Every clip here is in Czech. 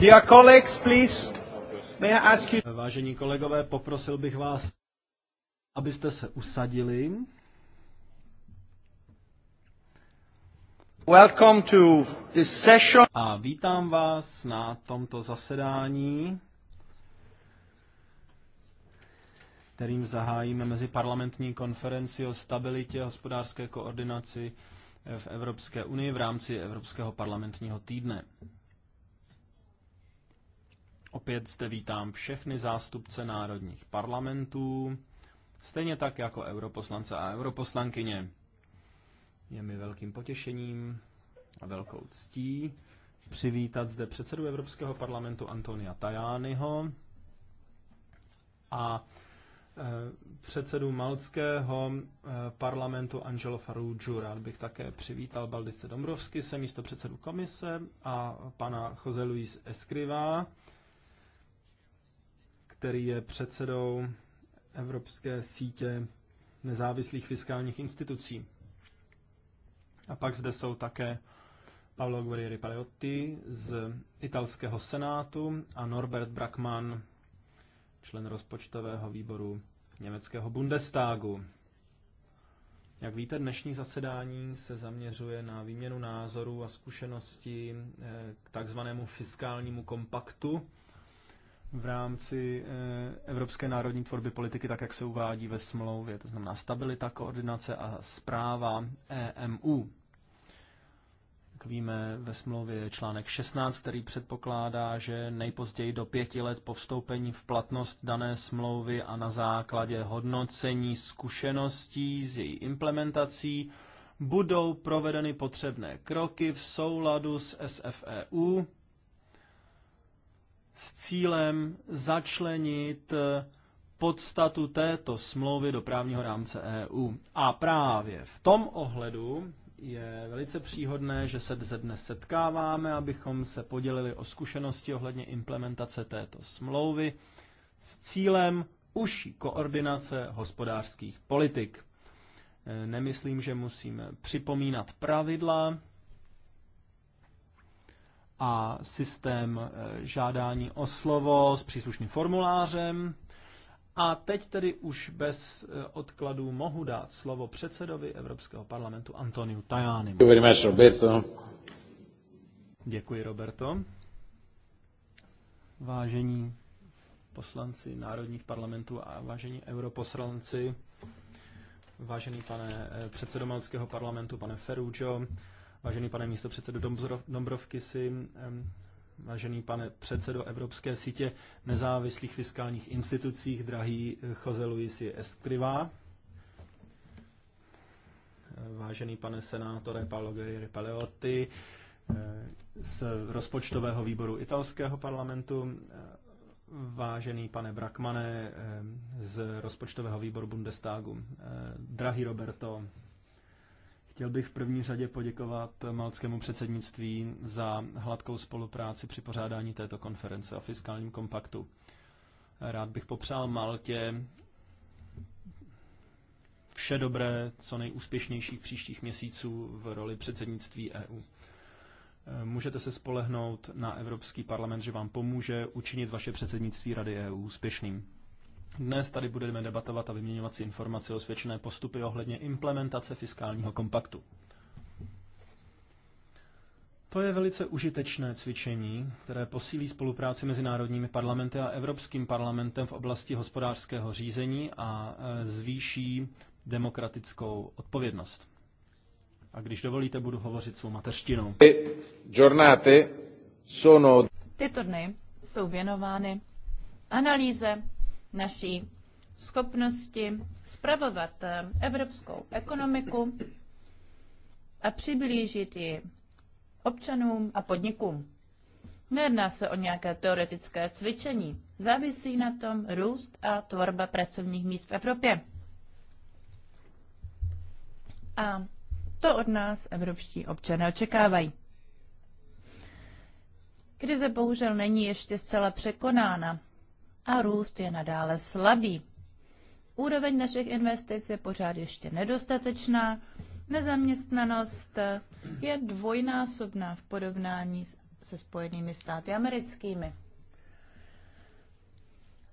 Dear colleagues, please, may I ask you... Vážení kolegové, poprosil bych vás, abyste se usadili. Welcome to this session. A vítám vás na tomto zasedání, kterým zahájíme meziparlamentní konferenci o stabilitě hospodářské koordinaci v Evropské unii v rámci Evropského parlamentního týdne. Opět zde vítám všechny zástupce národních parlamentů, stejně tak jako europoslance a europoslankyně. Je mi velkým potěšením a velkou ctí přivítat zde předsedu Evropského parlamentu Antonia Tajányho a e, předsedu Malckého e, parlamentu Angelo Farrugiu. Rád bych také přivítal Baldice Dombrovsky, se místo předsedu komise a pana Jose Luis Escrivá, který je předsedou Evropské sítě nezávislých fiskálních institucí. A pak zde jsou také Paolo Guerrieri Paleotti z italského senátu a Norbert Brackmann, člen rozpočtového výboru německého Bundestagu. Jak víte, dnešní zasedání se zaměřuje na výměnu názorů a zkušeností eh, k takzvanému fiskálnímu kompaktu, v rámci eh, Evropské národní tvorby politiky, tak jak se uvádí ve smlouvě, to znamená stabilita, koordinace a zpráva EMU. Jak víme, ve smlouvě je článek 16, který předpokládá, že nejpozději do pěti let po vstoupení v platnost dané smlouvy a na základě hodnocení zkušeností s její implementací budou provedeny potřebné kroky v souladu s SFEU, s cílem začlenit eh, podstatu této smlouvy do právního rámce EU. A právě v tom ohledu je velice příhodné, že se dnes setkáváme, abychom se podělili o zkušenosti ohledně implementace této smlouvy s cílem užší koordinace hospodářských politik. Eh, nemyslím, že musíme připomínat pravidla, a systém eh, žádání o slovo s příslušným formulářem. A teď tedy už bez eh, odkladů mohu dát slovo předsedovi Evropského parlamentu Antoniu Tajánimu. Roberto. Děkuji, Roberto. Vážení poslanci národních parlamentů a vážení europoslanci, vážený pane eh, předsedo Malckého parlamentu, pane Ferruggio, Vážený pane místo předsedo Dombrovky si, vážený pane předsedo Evropské sítě nezávislých fiskálních institucích, drahý eh, Jose Luisi Escrivá, eh, vážený pane senátore Paolo Guerrieri Paleotti eh, z rozpočtového výboru italského parlamentu, vážený pane Brakmane z rozpočtového výboru Bundestagu, drahý Roberto, Chtěl bych v první řadě poděkovat malckému předsednictví za hladkou spolupráci při pořádání této konference o fiskálním kompaktu. Rád bych popřál Maltě vše dobré, co nejúspěšnějších příštích měsíců v roli předsednictví EU. Můžete se spolehnout na Evropský parlament, že vám pomůže učinit vaše předsednictví Rady EU úspěšným. Dnes tady budeme debatovat a vyměňovat si informace o svědčené postupy ohledně implementace fiskálního kompaktu. To je velice užitečné cvičení, které posílí spolupráci mezi národními parlamenty a Evropským parlamentem v oblasti hospodářského řízení a e, zvýší demokratickou odpovědnost. A když dovolíte, budu hovořit svou mateřštinou. Tyto dny jsou věnovány analýze naší schopnosti spravovat eh, evropskou ekonomiku a přiblížit ji občanům a podnikům. Nejedná se o nějaké teoretické cvičení. Závisí na tom růst a tvorba pracovních míst v Evropě. A to od nás evropští občané očekávají. Krize bohužel není ještě zcela překonána a růst je nadále slabý. Úroveň našich investic je pořád ještě nedostatečná, nezaměstnanost je dvojnásobná v porovnání se Spojenými státy americkými.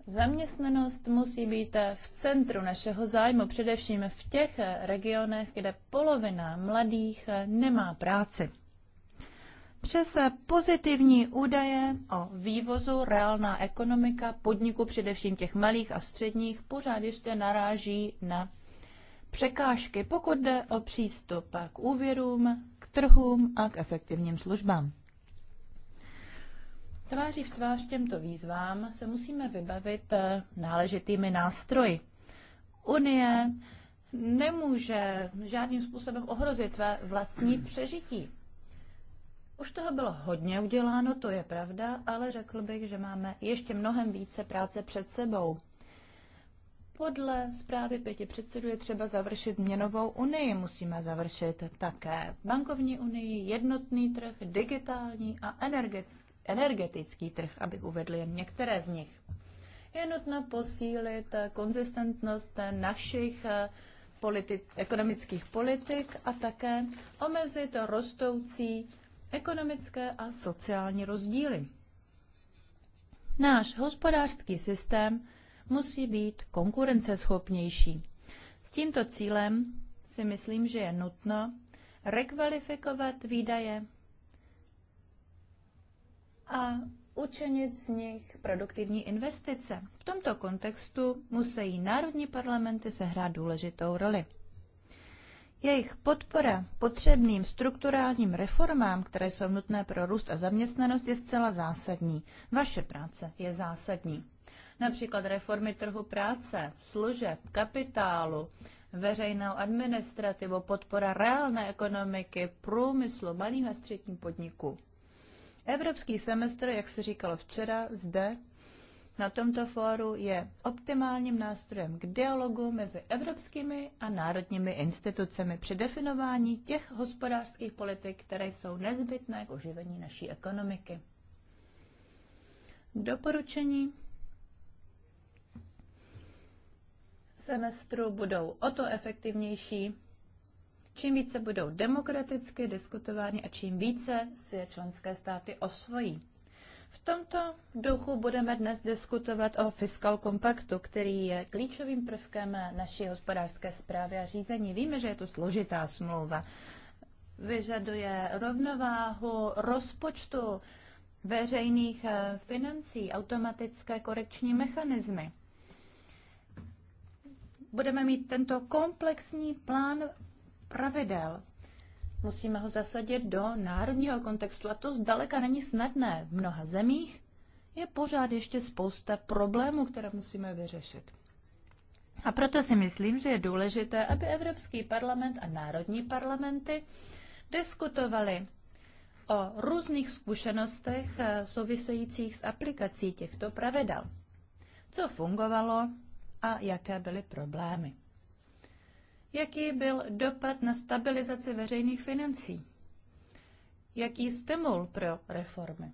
Zaměstnanost musí být v centru našeho zájmu, především v těch regionech, kde polovina mladých nemá práci. Přes pozitivní údaje o vývozu reálná ekonomika podniku, především těch malých a středních, pořád ještě naráží na překážky, pokud jde o přístup k úvěrům, k trhům a k efektivním službám. Tváří v tvář těmto výzvám se musíme vybavit eh, náležitými nástroji. Unie nemůže žádným způsobem ohrozit své vlastní přežití. Už toho bylo hodně uděláno, to je pravda, ale řekl bych, že máme ještě mnohem více práce před sebou. Podle zprávy pěti předsedů je třeba završit měnovou unii. Musíme završit také bankovní unii, jednotný trh, digitální a energetický trh, abych uvedl jen některé z nich. Je nutno posílit konzistentnost našich eh, politi- ekonomických politik a také omezit rostoucí ekonomické a sociální rozdíly. Náš hospodářský systém musí být konkurenceschopnější. S tímto cílem si myslím, že je nutno rekvalifikovat výdaje a učinit z nich produktivní investice. V tomto kontextu musí národní parlamenty sehrát důležitou roli. Jejich podpora potřebným strukturálním reformám, které jsou nutné pro růst a zaměstnanost, je zcela zásadní. Vaše práce je zásadní. Například reformy trhu práce, služeb, kapitálu, veřejnou administrativu, podpora reálné ekonomiky, průmyslu, malých a středních podniků. Evropský semestr, jak se říkalo včera, zde na tomto fóru je optimálním nástrojem k dialogu mezi evropskými a národními institucemi při definování těch hospodářských politik, které jsou nezbytné k oživení naší ekonomiky. Doporučení semestru budou o to efektivnější, čím více budou demokraticky diskutovány a čím více si je členské státy osvojí. V tomto duchu budeme dnes diskutovat o fiskal kompaktu, který je klíčovým prvkem naší hospodářské zprávy a řízení. Víme, že je to složitá smlouva. Vyžaduje rovnováhu rozpočtu veřejných eh, financí, automatické korekční mechanismy. Budeme mít tento komplexní plán pravidel Musíme ho zasadit do národního kontextu a to zdaleka není snadné. V mnoha zemích je pořád ještě spousta problémů, které musíme vyřešit. A proto si myslím, že je důležité, aby Evropský parlament a národní parlamenty diskutovali o různých zkušenostech eh, souvisejících s aplikací těchto pravidel. Co fungovalo a jaké byly problémy. Jaký byl dopad na stabilizaci veřejných financí? Jaký stimul pro reformy?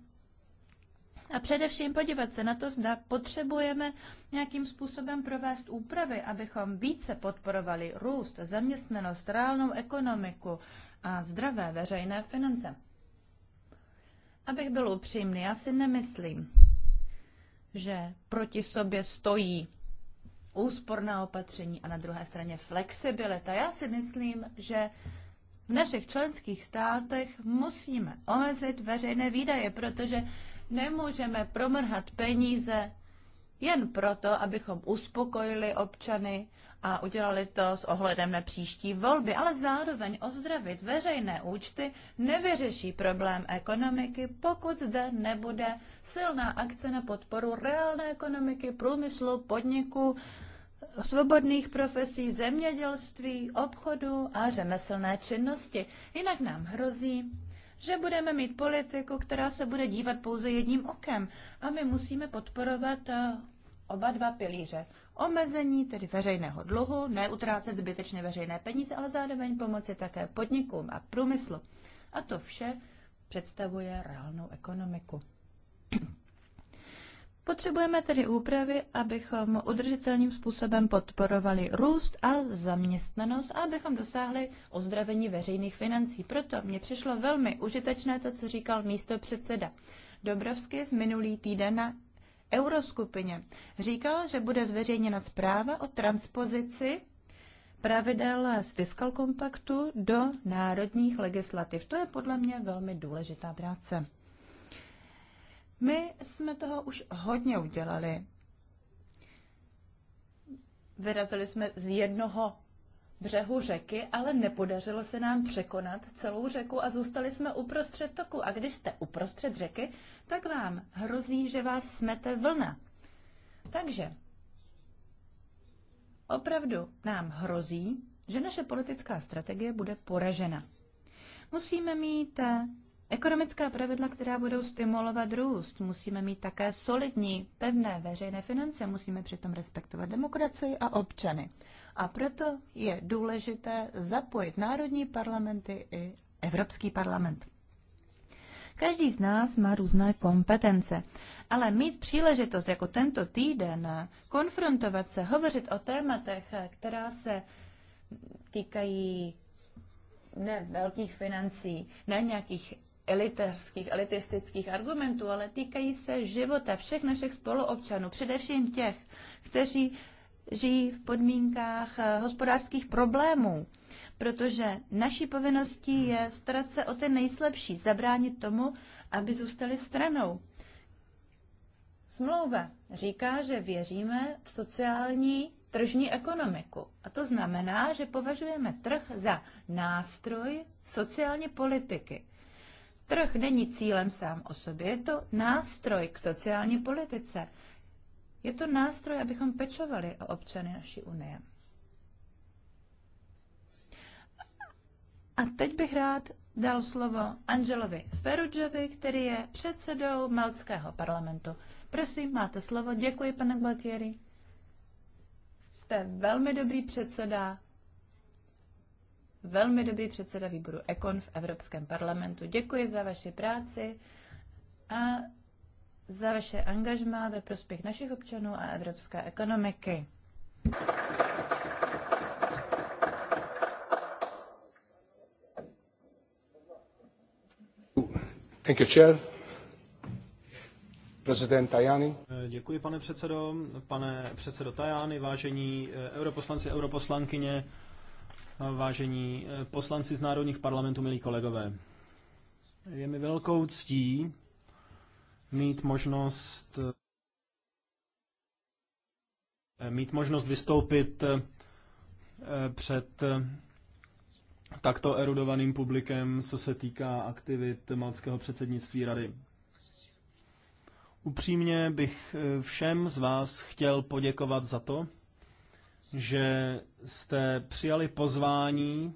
A především podívat se na to, zda potřebujeme nějakým způsobem provést úpravy, abychom více podporovali růst, zaměstnanost, reálnou ekonomiku a zdravé veřejné finance. Abych byl upřímný, já si nemyslím, že proti sobě stojí úsporná opatření a na druhé straně flexibilita. Já si myslím, že v našich členských státech musíme omezit veřejné výdaje, protože nemůžeme promrhat peníze jen proto, abychom uspokojili občany a udělali to s ohledem na příští volby, ale zároveň ozdravit veřejné účty nevyřeší problém ekonomiky, pokud zde nebude silná akce na podporu reálné ekonomiky, průmyslu, podniků, svobodných profesí, zemědělství, obchodu a řemeslné činnosti. Jinak nám hrozí, že budeme mít politiku, která se bude dívat pouze jedním okem a my musíme podporovat eh, oba dva pilíře omezení tedy veřejného dluhu, neutrácet zbytečně veřejné peníze, ale zároveň pomoci také podnikům a průmyslu. A to vše představuje reálnou ekonomiku. Potřebujeme tedy úpravy, abychom udržitelným způsobem podporovali růst a zaměstnanost a abychom dosáhli ozdravení veřejných financí. Proto mně přišlo velmi užitečné to, co říkal místo předseda Dobrovsky z minulý týden na euroskupině. Říkal, že bude zveřejněna zpráva o transpozici pravidel z Fiscal kompaktu do národních legislativ. To je podle mě velmi důležitá práce. My jsme toho už hodně udělali. Vyrazili jsme z jednoho břehu řeky, ale nepodařilo se nám překonat celou řeku a zůstali jsme uprostřed toku. A když jste uprostřed řeky, tak vám hrozí, že vás smete vlna. Takže opravdu nám hrozí, že naše politická strategie bude poražena. Musíme mít eh, Ekonomická pravidla, která budou stimulovat růst, musíme mít také solidní, pevné veřejné finance, musíme přitom respektovat demokracii a občany. A proto je důležité zapojit národní parlamenty i Evropský parlament. Každý z nás má různé kompetence, ale mít příležitost jako tento týden konfrontovat se, hovořit o tématech, která se týkají ne velkých financí, ne nějakých elitarských, elitistických argumentů, ale týkají se života všech našich spoluobčanů, především těch, kteří žijí v podmínkách eh, hospodářských problémů, protože naší povinností je starat se o ty nejslabší, zabránit tomu, aby zůstali stranou. Smlouva říká, že věříme v sociální tržní ekonomiku. A to znamená, že považujeme trh za nástroj sociální politiky. Trh není cílem sám o sobě, je to nástroj k sociální politice. Je to nástroj, abychom pečovali o občany naší unie. A teď bych rád dal slovo Angelovi Ferudžovi, který je předsedou Malckého parlamentu. Prosím, máte slovo. Děkuji, pane Gualtieri. Jste velmi dobrý předseda, velmi dobrý předseda výboru ECON v Evropském parlamentu. Děkuji za vaši práci a za vaše angažmá ve prospěch našich občanů a evropské ekonomiky. Thank you, Chair. President Tajani. Děkuji, pane předsedo. Pane předsedo Tajani, vážení eh, europoslanci, europoslankyně, vážení eh, poslanci z národních parlamentů, milí kolegové. Je mi velkou ctí mít možnost eh, mít možnost vystoupit eh, před eh, takto erudovaným publikem, co se týká aktivit malckého předsednictví rady. Upřímně bych všem z vás chtěl poděkovat za to, že jste přijali pozvání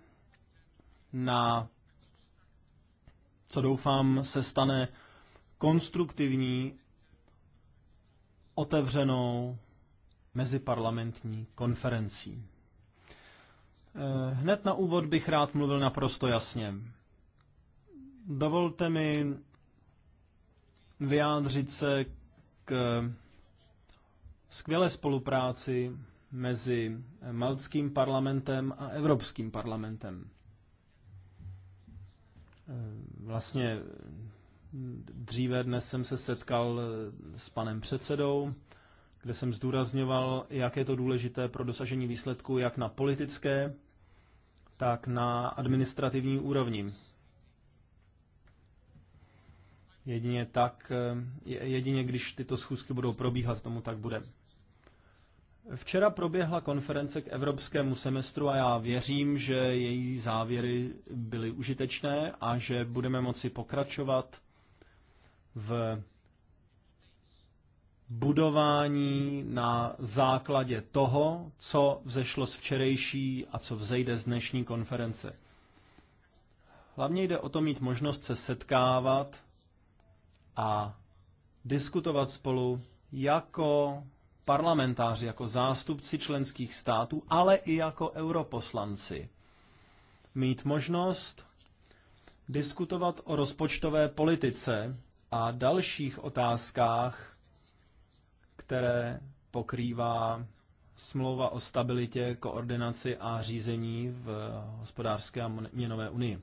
na, co doufám, se stane konstruktivní, otevřenou meziparlamentní konferencí. Eh, hned na úvod bych rád mluvil naprosto jasně. Dovolte mi vyjádřit se k skvělé spolupráci mezi Maltským parlamentem a Evropským parlamentem. Eh, vlastně Dříve dnes jsem se setkal eh, s panem předsedou, kde jsem zdůrazňoval, jak je to důležité pro dosažení výsledku jak na politické, tak na administrativní úrovni. Jedině tak, eh, jedině když tyto schůzky budou probíhat, tomu tak bude. Včera proběhla konference k evropskému semestru a já věřím, že její závěry byly užitečné a že budeme moci pokračovat v budování na základě toho, co vzešlo z včerejší a co vzejde z dnešní konference. Hlavně jde o to mít možnost se setkávat a diskutovat spolu jako parlamentáři, jako zástupci členských států, ale i jako europoslanci. Mít možnost diskutovat o rozpočtové politice, a dalších otázkách, které pokrývá smlouva o stabilitě, koordinaci a řízení v hospodářské a měnové unii.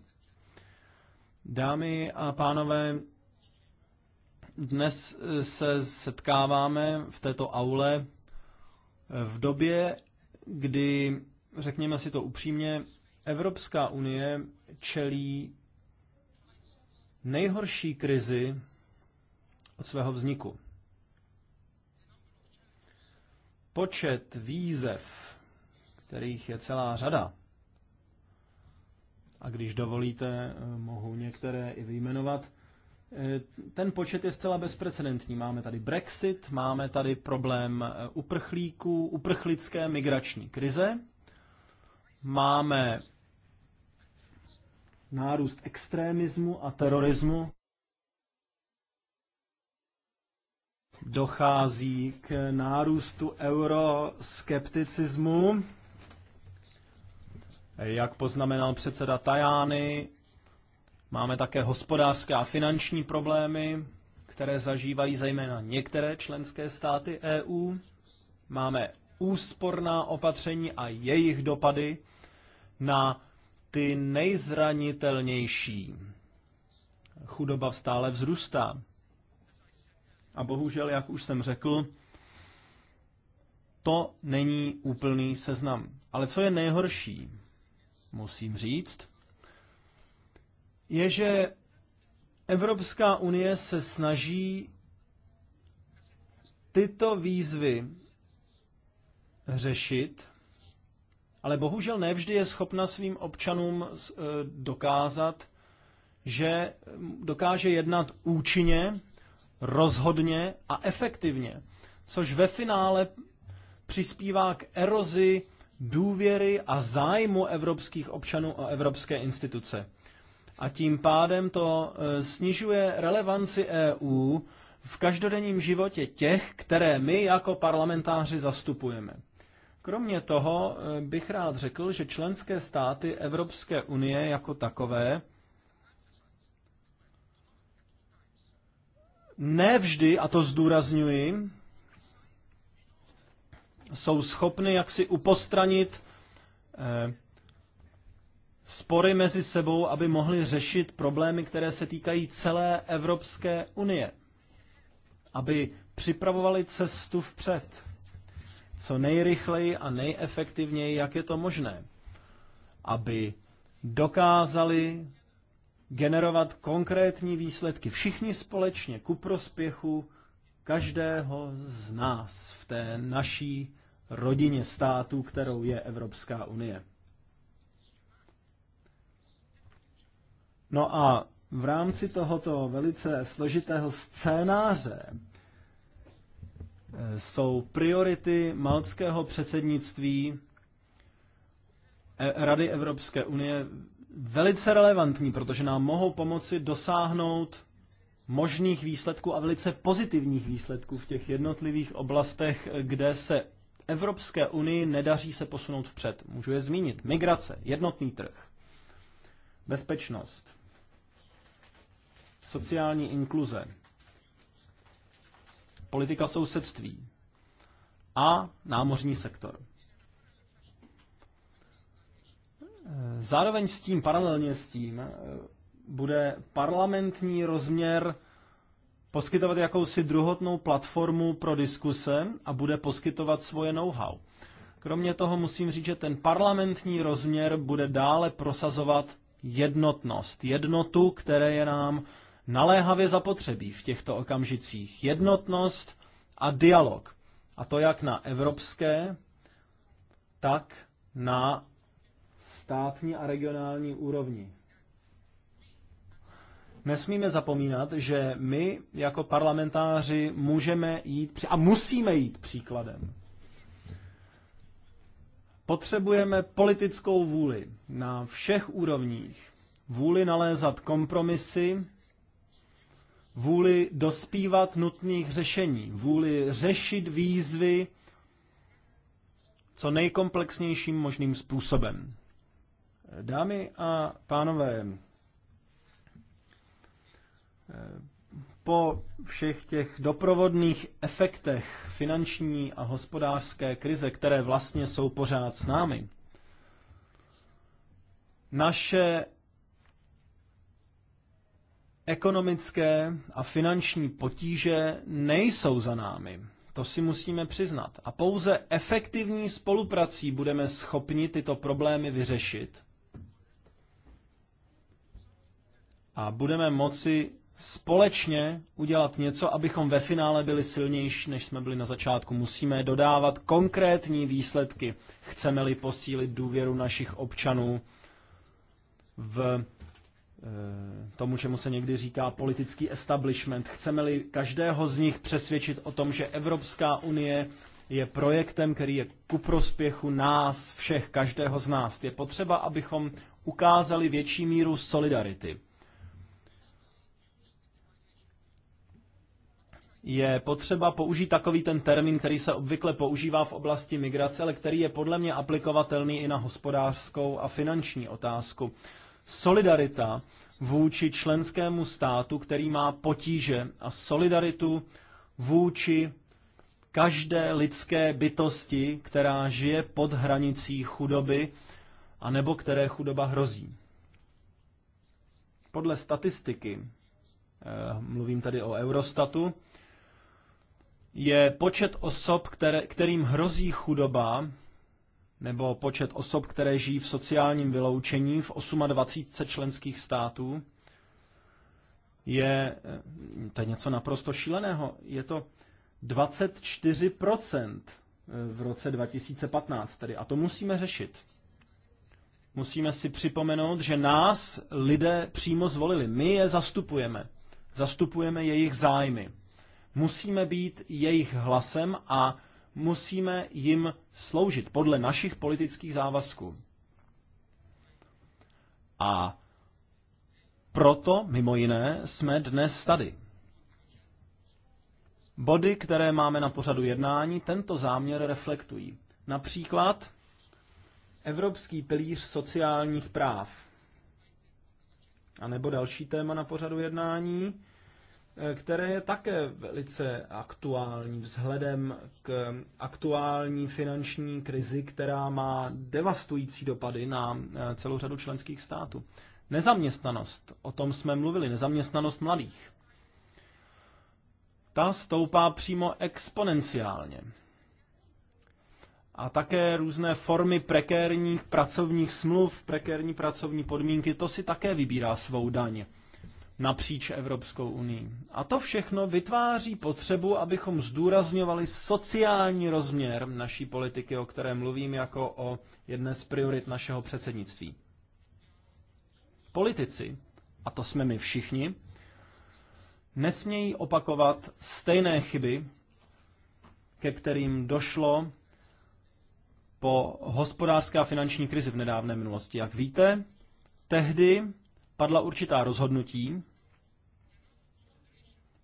Dámy a pánové, dnes eh, se setkáváme v této aule eh, v době, kdy, řekněme si to upřímně, Evropská unie čelí nejhorší krizi od svého vzniku. Počet výzev, kterých je celá řada, a když dovolíte, mohu některé i vyjmenovat, ten počet je zcela bezprecedentní. Máme tady Brexit, máme tady problém uprchlíků, uprchlické migrační krize, máme nárůst extremismu a terorismu, dochází k nárůstu euroskepticismu, jak poznamenal předseda Tajány, máme také hospodářské a finanční problémy, které zažívají zejména některé členské státy EU. Máme úsporná opatření a jejich dopady na ty nejzranitelnější. Chudoba stále vzrůstá. A bohužel, jak už jsem řekl, to není úplný seznam. Ale co je nejhorší, musím říct, je, že Evropská unie se snaží tyto výzvy řešit, ale bohužel nevždy je schopna svým občanům eh, dokázat, že dokáže jednat účinně rozhodně a efektivně, což ve finále přispívá k erozi důvěry a zájmu evropských občanů a evropské instituce. A tím pádem to e, snižuje relevanci EU v každodenním životě těch, které my jako parlamentáři zastupujeme. Kromě toho e, bych rád řekl, že členské státy Evropské unie jako takové nevždy, a to zdůrazňuji, jsou schopny jaksi upostranit eh, spory mezi sebou, aby mohli řešit problémy, které se týkají celé Evropské unie. Aby připravovali cestu vpřed. Co nejrychleji a nejefektivněji, jak je to možné. Aby dokázali generovat konkrétní výsledky. Všichni společně ku prospěchu každého z nás v té naší rodině států, kterou je Evropská unie. No a v rámci tohoto velice složitého scénáře eh, jsou priority malckého předsednictví eh, Rady Evropské unie velice relevantní, protože nám mohou pomoci dosáhnout možných výsledků a velice pozitivních výsledků v těch jednotlivých oblastech, kde se Evropské unii nedaří se posunout vpřed. Můžu je zmínit. Migrace, jednotný trh, bezpečnost, sociální inkluze, politika sousedství a námořní sektor. Zároveň s tím, paralelně s tím, eh, bude parlamentní rozměr poskytovat jakousi druhotnou platformu pro diskuse a bude poskytovat svoje know-how. Kromě toho musím říct, že ten parlamentní rozměr bude dále prosazovat jednotnost. Jednotu, které je nám naléhavě zapotřebí v těchto okamžicích. Jednotnost a dialog. A to jak na evropské, tak na státní a regionální úrovni. Nesmíme zapomínat, že my jako parlamentáři můžeme jít a musíme jít příkladem. Potřebujeme politickou vůli na všech úrovních, vůli nalézat kompromisy, vůli dospívat nutných řešení, vůli řešit výzvy co nejkomplexnějším možným způsobem. Dámy a pánové, po všech těch doprovodných efektech finanční a hospodářské krize, které vlastně jsou pořád s námi, naše ekonomické a finanční potíže nejsou za námi. To si musíme přiznat. A pouze efektivní spoluprací budeme schopni tyto problémy vyřešit a budeme moci společně udělat něco, abychom ve finále byli silnější, než jsme byli na začátku. Musíme dodávat konkrétní výsledky. Chceme-li posílit důvěru našich občanů v eh, tomu, čemu se někdy říká politický establishment. Chceme-li každého z nich přesvědčit o tom, že Evropská unie je projektem, který je ku prospěchu nás všech, každého z nás. Je potřeba, abychom ukázali větší míru solidarity je potřeba použít takový ten termín, který se obvykle používá v oblasti migrace, ale který je podle mě aplikovatelný i na hospodářskou a finanční otázku. Solidarita vůči členskému státu, který má potíže a solidaritu vůči každé lidské bytosti, která žije pod hranicí chudoby a nebo které chudoba hrozí. Podle statistiky, eh, mluvím tady o Eurostatu, je počet osob, které, kterým hrozí chudoba, nebo počet osob, které žijí v sociálním vyloučení v 28 členských států, je, eh, to je něco naprosto šíleného. Je to 24% eh, v roce 2015 tedy. A to musíme řešit. Musíme si připomenout, že nás lidé přímo zvolili. My je zastupujeme. Zastupujeme jejich zájmy. Musíme být jejich hlasem a musíme jim sloužit podle našich politických závazků. A proto, mimo jiné, jsme dnes tady. Body, které máme na pořadu jednání, tento záměr reflektují. Například Evropský pilíř sociálních práv. A nebo další téma na pořadu jednání, které je také velice aktuální vzhledem k aktuální finanční krizi, která má devastující dopady na eh, celou řadu členských států. Nezaměstnanost, o tom jsme mluvili, nezaměstnanost mladých. Ta stoupá přímo exponenciálně. A také různé formy prekérních pracovních smluv, prekérní pracovní podmínky, to si také vybírá svou daň napříč Evropskou unii. A to všechno vytváří potřebu, abychom zdůrazňovali sociální rozměr naší politiky, o které mluvím jako o jedné z priorit našeho předsednictví. Politici, a to jsme my všichni, nesmějí opakovat stejné chyby, ke kterým došlo po hospodářské a finanční krizi v nedávné minulosti. Jak víte, tehdy padla určitá rozhodnutí,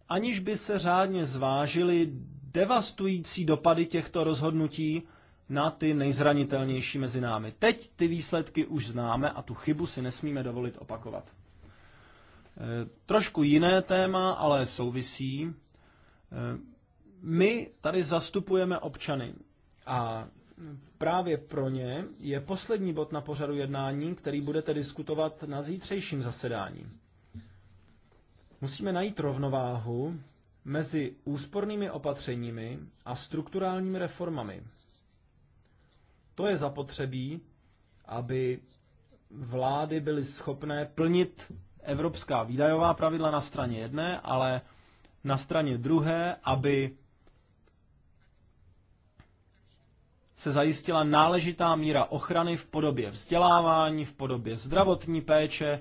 aniž by se řádně zvážily devastující dopady těchto rozhodnutí na ty nejzranitelnější mezi námi. Teď ty výsledky už známe a tu chybu si nesmíme dovolit opakovat. E, trošku jiné téma, ale souvisí. E, my tady zastupujeme občany a právě pro ně je poslední bod na pořadu jednání, který budete diskutovat na zítřejším zasedání. Musíme najít rovnováhu mezi úspornými opatřeními a strukturálními reformami. To je zapotřebí, aby vlády byly schopné plnit evropská výdajová pravidla na straně jedné, ale na straně druhé, aby se zajistila náležitá míra ochrany v podobě vzdělávání, v podobě zdravotní péče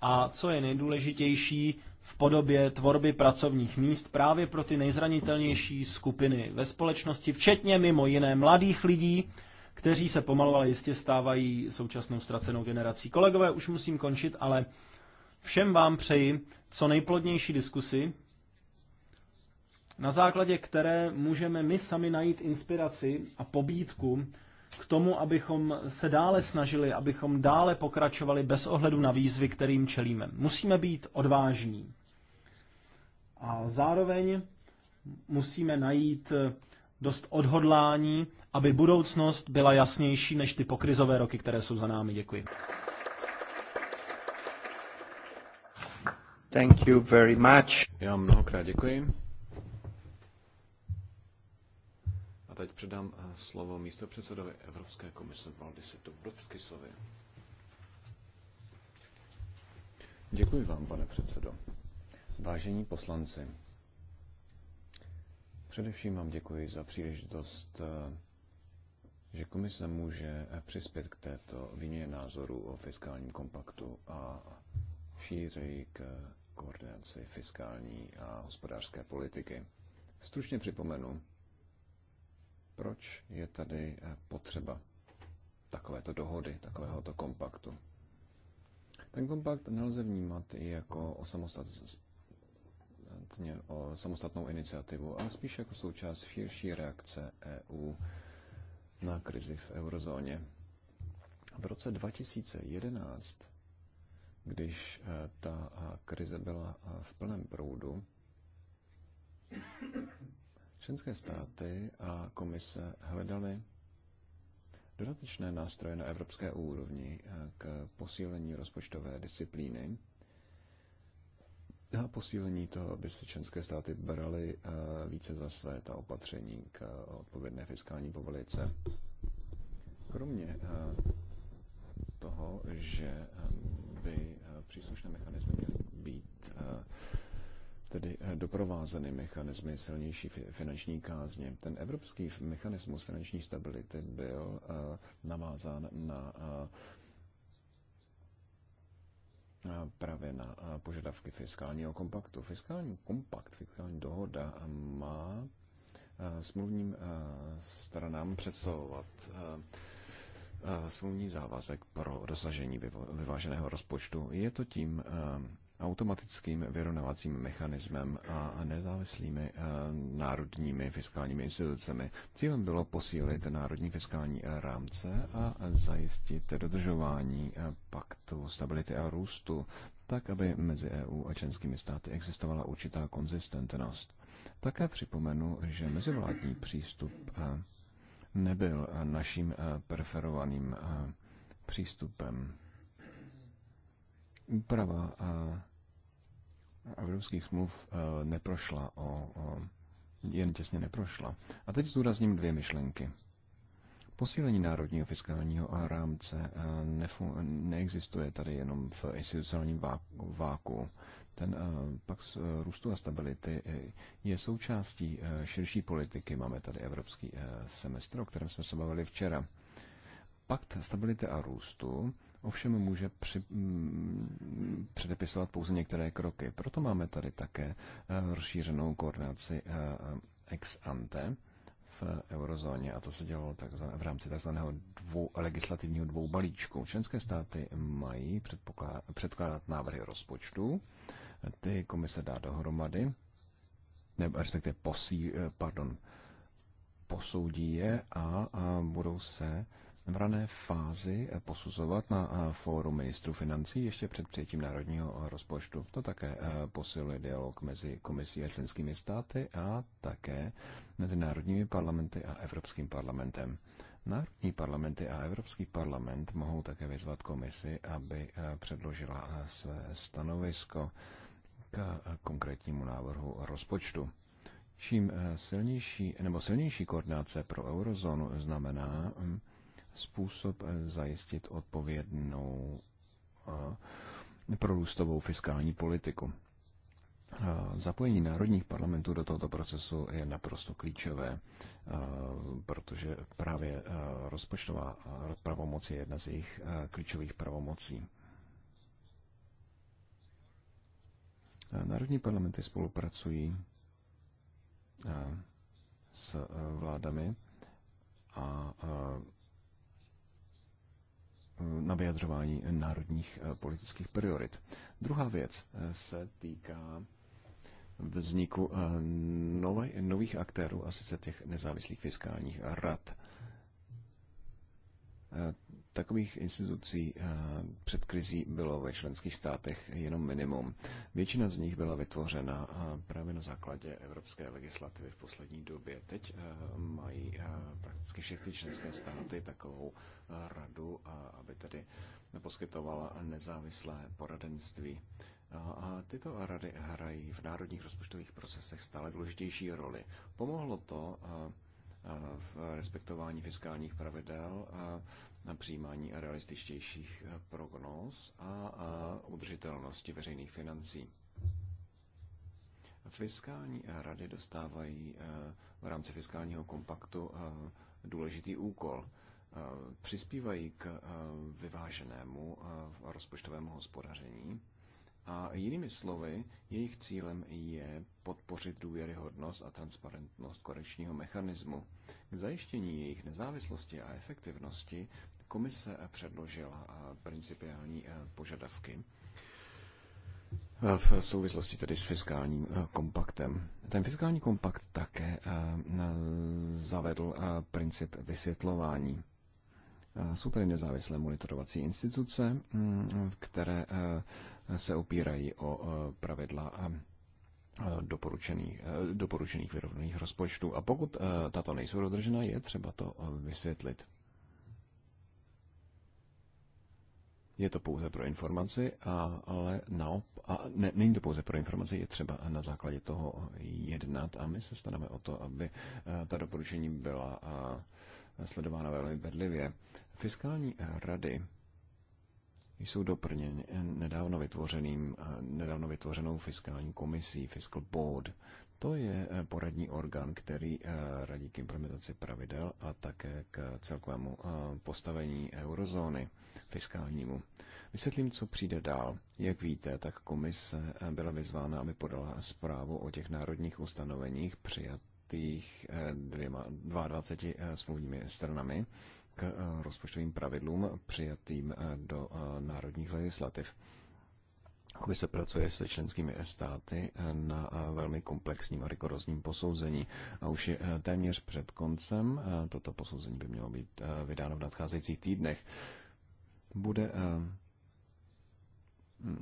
a, co je nejdůležitější, v podobě tvorby pracovních míst právě pro ty nejzranitelnější skupiny ve společnosti, včetně mimo jiné mladých lidí, kteří se pomalu, ale jistě stávají současnou ztracenou generací. Kolegové, už musím končit, ale všem vám přeji co nejplodnější diskusy, na základě které můžeme my sami najít inspiraci a pobídku k tomu, abychom se dále snažili, abychom dále pokračovali bez ohledu na výzvy, kterým čelíme. Musíme být odvážní. A zároveň musíme najít eh, dost odhodlání, aby budoucnost byla jasnější než ty pokrizové roky, které jsou za námi. Děkuji. Thank you very much. Já mnohokrát děkuji. teď předám eh, slovo místo předsedovi Evropské komise Valdisi Dobrovskisovi. Děkuji vám, pane předsedo. Vážení poslanci, především vám děkuji za příležitost, eh, že komise může eh, přispět k této výměně názoru o fiskálním kompaktu a šířeji k koordinaci fiskální a hospodářské politiky. Stručně připomenu, proč je tady eh, potřeba takovéto dohody, takovéhoto kompaktu. Ten kompakt nelze vnímat i jako o o samostatnou iniciativu, ale spíš jako součást širší reakce EU na krizi v eurozóně. V roce 2011, když eh, ta eh, krize byla v plném proudu, Členské státy a komise hledaly dodatečné nástroje na evropské úrovni eh, k posílení rozpočtové disciplíny a posílení toho, aby se členské státy braly eh, více za své ta opatření k eh, odpovědné fiskální povolice. Kromě toho, že by příslušné mechanismy měly být tedy eh, doprovázeny mechanismy silnější finanční kázně. Ten evropský mechanismus finanční stability byl eh, navázán na eh, právě na požadavky fiskálního kompaktu. Fiskální kompakt, fiskální dohoda má smluvním stranám představovat smluvní závazek pro dosažení vyváženého rozpočtu. Je to tím automatickým vyrovnavacím mechanismem a nezávislými eh, národními fiskálními institucemi. Cílem bylo posílit národní fiskální eh, rámce a zajistit dodržování eh, paktu stability a růstu, tak aby mezi EU a členskými státy existovala určitá konzistentnost. Také připomenu, že mezivládní přístup nebyl naším preferovaným přístupem úprava eh, evropských smluv eh, neprošla o, o jen těsně neprošla. A teď zdůrazním dvě myšlenky. Posílení národního fiskálního rámce eh, neexistuje tady jenom v institucionálním váku. Ten pak růstu a stability je součástí širší politiky. Máme tady evropský semestr, o kterém jsme se bavili včera. Pakt stability a růstu ovšem může při, mm, předepisovat pouze některé kroky. Proto máme tady také eh, rozšířenou koordinaci eh, eh, ex ante v eurozóně a to se dělalo v rámci tzv. dvou, legislativního dvou balíčku. Členské státy mají předkládat návrhy rozpočtu, ty komise dá dohromady, nebo respektive posí, pardon, posoudí je a, a budou se v rané fázi eh, posuzovat na eh, fóru ministrů financí ještě před přijetím národního eh, rozpočtu. To také posiluje dialog mezi komisí a členskými státy a také mezi národními parlamenty a Evropským parlamentem. Národní parlamenty a Evropský parlament mohou také vyzvat komisi, aby předložila své stanovisko k konkrétnímu návrhu rozpočtu. Čím silnější nebo silnější koordinace pro eurozónu znamená, hm, způsob eh, zajistit odpovědnou eh, prorůstovou fiskální politiku. Eh, zapojení národních parlamentů do tohoto procesu je naprosto klíčové, protože právě rozpočtová pravomoc je jedna z jejich klíčových pravomocí. Národní parlamenty spolupracují s vládami a na vyjadřování národních eh, politických priorit. Druhá věc eh, se týká vzniku eh, nové, nových aktérů, a sice těch nezávislých fiskálních rad. Takových institucí eh, před krizí bylo ve členských státech jenom minimum. Většina z nich byla vytvořena eh, právě na základě evropské legislativy v poslední době. Teď eh, mají prakticky všechny členské státy takovou radu, aby tedy poskytovala nezávislé poradenství. A tyto rady hrají v národních rozpočtových procesech stále důležitější roli. Pomohlo to v respektování fiskálních pravidel, na přijímání realističtějších eh, prognóz a udržitelnosti veřejných financí. Fiskální rady dostávají eh, v rámci fiskálního kompaktu eh, důležitý úkol. Přispívají k vyváženému rozpočtovému hospodaření a jinými slovy, jejich cílem je podpořit důvěryhodnost a transparentnost korekčního mechanismu. K zajištění jejich nezávislosti a efektivnosti komise předložila eh, principiální eh, požadavky eh, v souvislosti tedy s fiskálním kompaktem. Ten fiskální kompakt také zavedl princip vysvětlování. Jsou tady nezávislé monitorovací instituce, mm, které se opírají o pravidla doporučených, doporučených vyrovnaných rozpočtů. A pokud tato nejsou dodržena, je třeba to vysvětlit. Je to pouze pro informaci, a, ale naop, a ne, není to pouze pro informaci, je třeba na základě toho jednat a my se staneme o to, aby e, ta doporučení byla sledována velmi bedlivě. Fiskální rady jsou doprněny nedávno, vytvořeným, e, nedávno vytvořenou fiskální komisí, Fiscal Board. To je e, poradní orgán, který radí k implementaci pravidel a také k celkovému postavení eurozóny fiskálnímu. Vysvětlím, co přijde dál. Jak víte, tak komise byla vyzvána, aby podala zprávu o těch národních ustanoveních přijatých eh, dvěma, 22 eh, smluvními stranami k eh, rozpočtovým pravidlům přijatým do národních legislativ. se pracuje se členskými státy na velmi komplexním a rigorózním posouzení a už je téměř před koncem. Toto posouzení by mělo být vydáno v nadcházejících týdnech bude eh,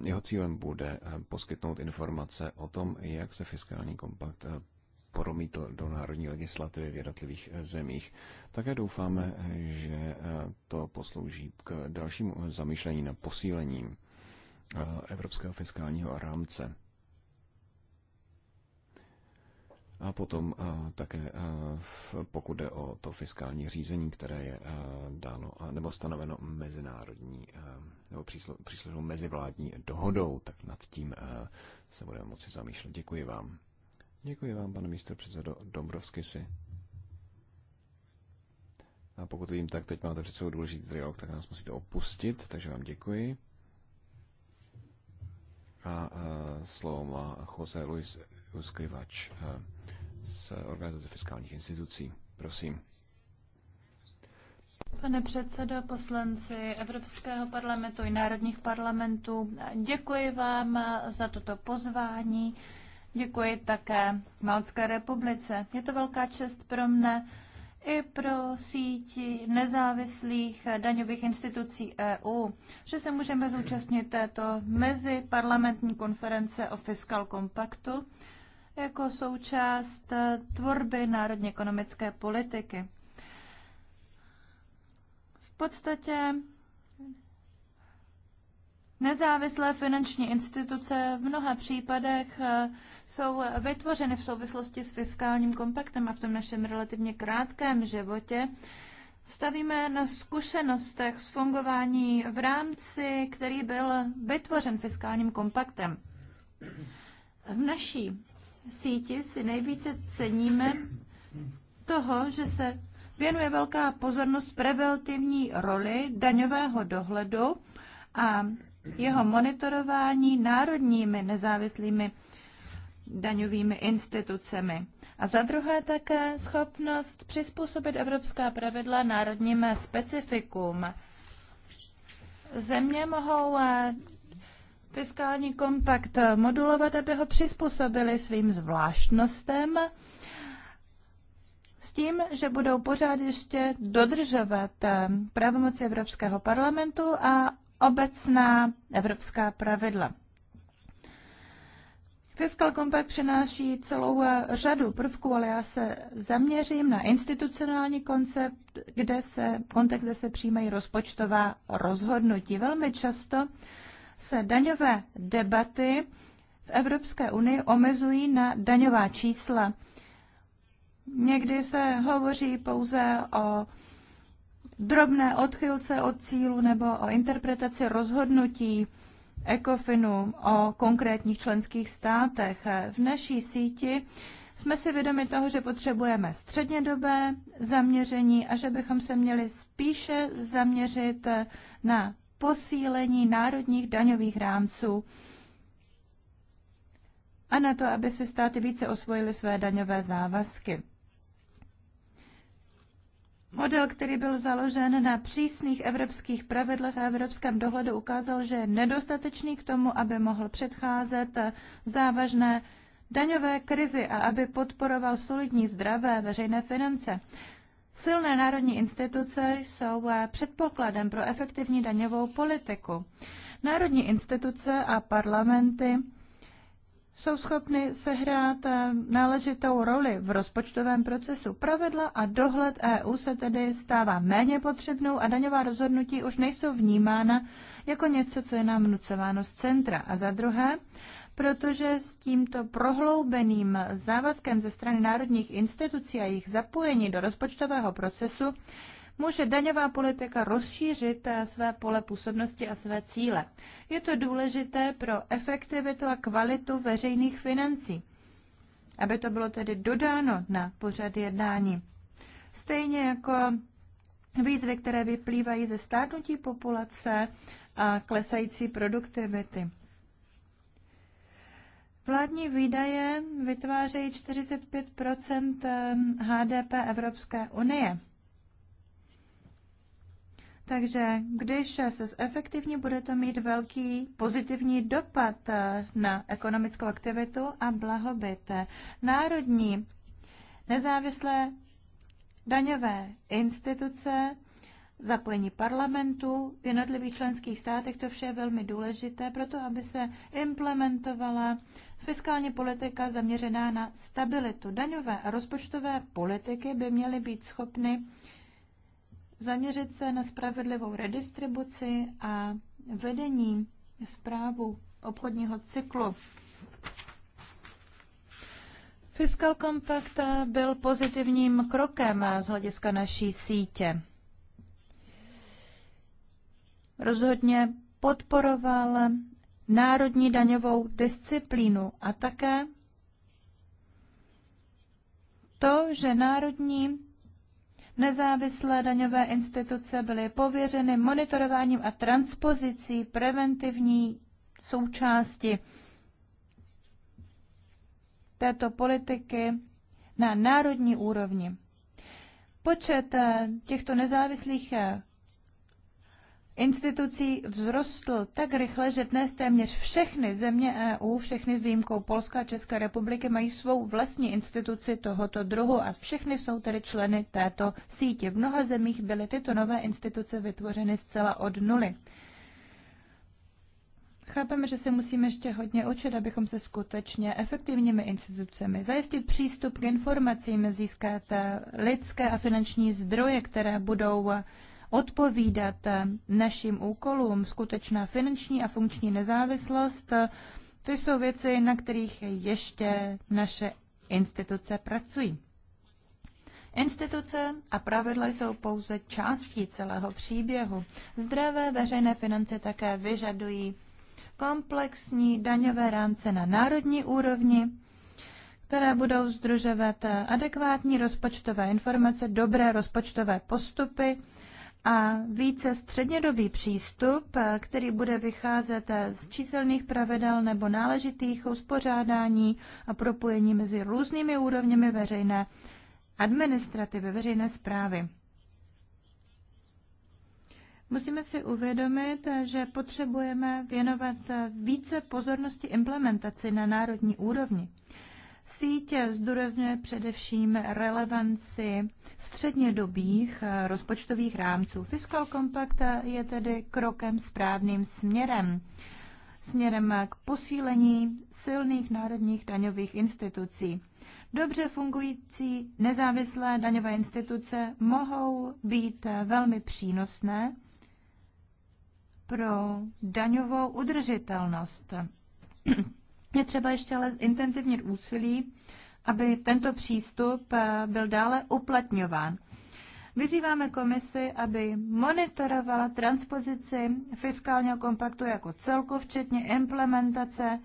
jeho cílem bude eh, poskytnout informace o tom, jak se fiskální kompakt eh, promítl do národní legislativy v jednotlivých zemích. Také doufáme, že to poslouží k dalšímu zamýšlení na posílení evropského fiskálního rámce. A potom eh, také, eh, pokud jde o to fiskální řízení, které je eh, dáno nebo stanoveno mezinárodní nebo příslušnou mezivládní dohodou, tak nad tím se budeme moci zamýšlet. Děkuji vám. Děkuji vám, pane místo předsedo Dombrovsky si. A pokud vím, tak teď máte před sebou důležitý dialog, tak nás musíte opustit, takže vám děkuji. A, a slovo má Jose Luis Uskrivač, z Organizace fiskálních institucí. Prosím. Pane předsedo, poslanci Evropského parlamentu i národních parlamentů, děkuji vám za toto pozvání. Děkuji také Malcké republice. Je to velká čest pro mne i pro síti nezávislých daňových institucí EU, že se můžeme zúčastnit této meziparlamentní konference o fiskal kompaktu jako součást eh, tvorby národně ekonomické politiky. V podstatě Nezávislé finanční instituce v mnoha případech eh, jsou vytvořeny v souvislosti s fiskálním kompaktem a v tom našem relativně krátkém životě stavíme na zkušenostech s fungování v rámci, který byl vytvořen fiskálním kompaktem. V naší síti si nejvíce ceníme toho, že se věnuje velká pozornost preventivní roli daňového dohledu a jeho monitorování národními nezávislými daňovými institucemi. A za druhé také schopnost přizpůsobit evropská pravidla národním specifikům. Země mohou eh, fiskální kompakt modulovat, aby ho přizpůsobili svým zvláštnostem s tím, že budou pořád ještě dodržovat eh, pravomoci Evropského parlamentu a obecná evropská pravidla. Fiskal Compact přináší celou eh, řadu prvků, ale já se zaměřím na institucionální koncept, kde se, kontext, kde se přijímají rozpočtová rozhodnutí. Velmi často se daňové debaty v Evropské unii omezují na daňová čísla. Někdy se hovoří pouze o drobné odchylce od cílu nebo o interpretaci rozhodnutí ECOFINu o konkrétních členských státech. V naší síti jsme si vědomi toho, že potřebujeme střednědobé zaměření a že bychom se měli spíše zaměřit na posílení národních daňových rámců a na to, aby si státy více osvojily své daňové závazky. Model, který byl založen na přísných evropských pravidlech a evropském dohledu, ukázal, že je nedostatečný k tomu, aby mohl předcházet závažné daňové krizi a aby podporoval solidní zdravé veřejné finance. Silné národní instituce jsou eh, předpokladem pro efektivní daňovou politiku. Národní instituce a parlamenty jsou schopny sehrát eh, náležitou roli v rozpočtovém procesu. Pravidla a dohled EU se tedy stává méně potřebnou a daňová rozhodnutí už nejsou vnímána jako něco, co je nám vnucováno z centra. A za druhé, protože s tímto prohloubeným závazkem ze strany národních institucí a jejich zapojení do rozpočtového procesu může daňová politika rozšířit eh, své pole působnosti a své cíle. Je to důležité pro efektivitu a kvalitu veřejných financí, aby to bylo tedy dodáno na pořad jednání. Stejně jako výzvy, které vyplývají ze státnutí populace a klesající produktivity. Vládní výdaje vytvářejí 45 ehm, HDP Evropské unie. Takže když se zefektivní, bude to mít velký pozitivní dopad eh, na ekonomickou aktivitu a blahobyt. Národní nezávislé daňové instituce, zapojení parlamentu v jednotlivých členských státech, to vše je velmi důležité proto, aby se implementovala Fiskální politika zaměřená na stabilitu. Daňové a rozpočtové politiky by měly být schopny zaměřit se na spravedlivou redistribuci a vedení zprávu obchodního cyklu. Fiscal Compact byl pozitivním krokem z hlediska naší sítě. Rozhodně podporoval národní daňovou disciplínu a také to, že národní nezávislé daňové instituce byly pověřeny monitorováním a transpozicí preventivní součásti této politiky na národní úrovni. Počet eh, těchto nezávislých eh, institucí vzrostl tak rychle, že dnes téměř všechny země EU, všechny s výjimkou Polska a České republiky, mají svou vlastní instituci tohoto druhu a všechny jsou tedy členy této sítě. V mnoha zemích byly tyto nové instituce vytvořeny zcela od nuly. Chápeme, že se musíme ještě hodně učit, abychom se skutečně efektivními institucemi zajistit přístup k informacím, získat lidské a finanční zdroje, které budou odpovídat našim úkolům, skutečná finanční a funkční nezávislost, to jsou věci, na kterých ještě naše instituce pracují. Instituce a pravidla jsou pouze částí celého příběhu. Zdravé veřejné finance také vyžadují komplexní daňové rámce na národní úrovni, které budou združovat adekvátní rozpočtové informace, dobré rozpočtové postupy a více střednědobý přístup, eh, který bude vycházet eh, z číselných pravidel nebo náležitých uspořádání a propojení mezi různými úrovněmi veřejné administrativy, veřejné zprávy. Musíme si uvědomit, eh, že potřebujeme věnovat více pozornosti implementaci na národní úrovni sítě zdůrazňuje především relevanci střednědobých eh, rozpočtových rámců. Fiscal Compact eh, je tedy krokem správným směrem směrem eh, k posílení silných národních daňových institucí. Dobře fungující nezávislé daňové instituce mohou být velmi přínosné pro daňovou udržitelnost. Je třeba ještě ale intenzivnit úsilí, aby tento přístup eh, byl dále uplatňován. Vyzýváme komisi, aby monitorovala transpozici fiskálního kompaktu jako celku, včetně implementace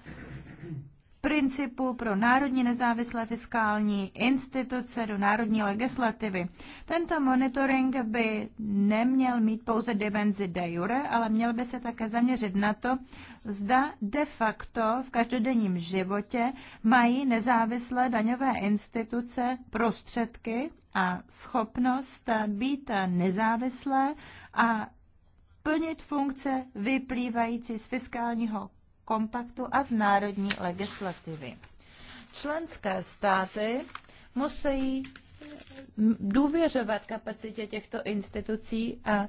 principu pro národní nezávislé fiskální instituce do národní legislativy. Tento monitoring by neměl mít pouze dimenzi de jure, ale měl by se také zaměřit na to, zda de facto v každodenním životě mají nezávislé daňové instituce prostředky a schopnost být nezávislé a plnit funkce vyplývající z fiskálního kompaktu a z národní legislativy. Členské státy musí důvěřovat kapacitě těchto institucí a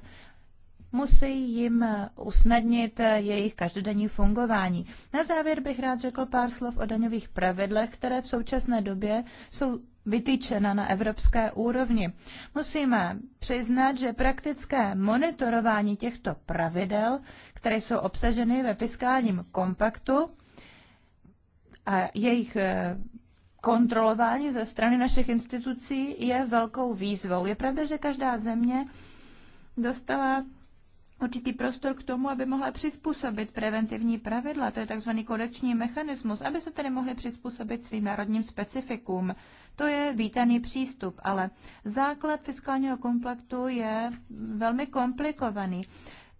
musí jim usnadnit jejich každodenní fungování. Na závěr bych rád řekl pár slov o daňových pravidlech, které v současné době jsou vytýčena na evropské úrovni. Musíme přiznat, že praktické monitorování těchto pravidel, které jsou obsaženy ve fiskálním kompaktu a jejich eh, kontrolování ze strany našich institucí je velkou výzvou. Je pravda, že každá země dostala určitý prostor k tomu, aby mohla přizpůsobit preventivní pravidla, to je tzv. kodeční mechanismus, aby se tedy mohly přizpůsobit svým národním specifikům. To je vítaný přístup, ale základ fiskálního kompaktu je velmi komplikovaný.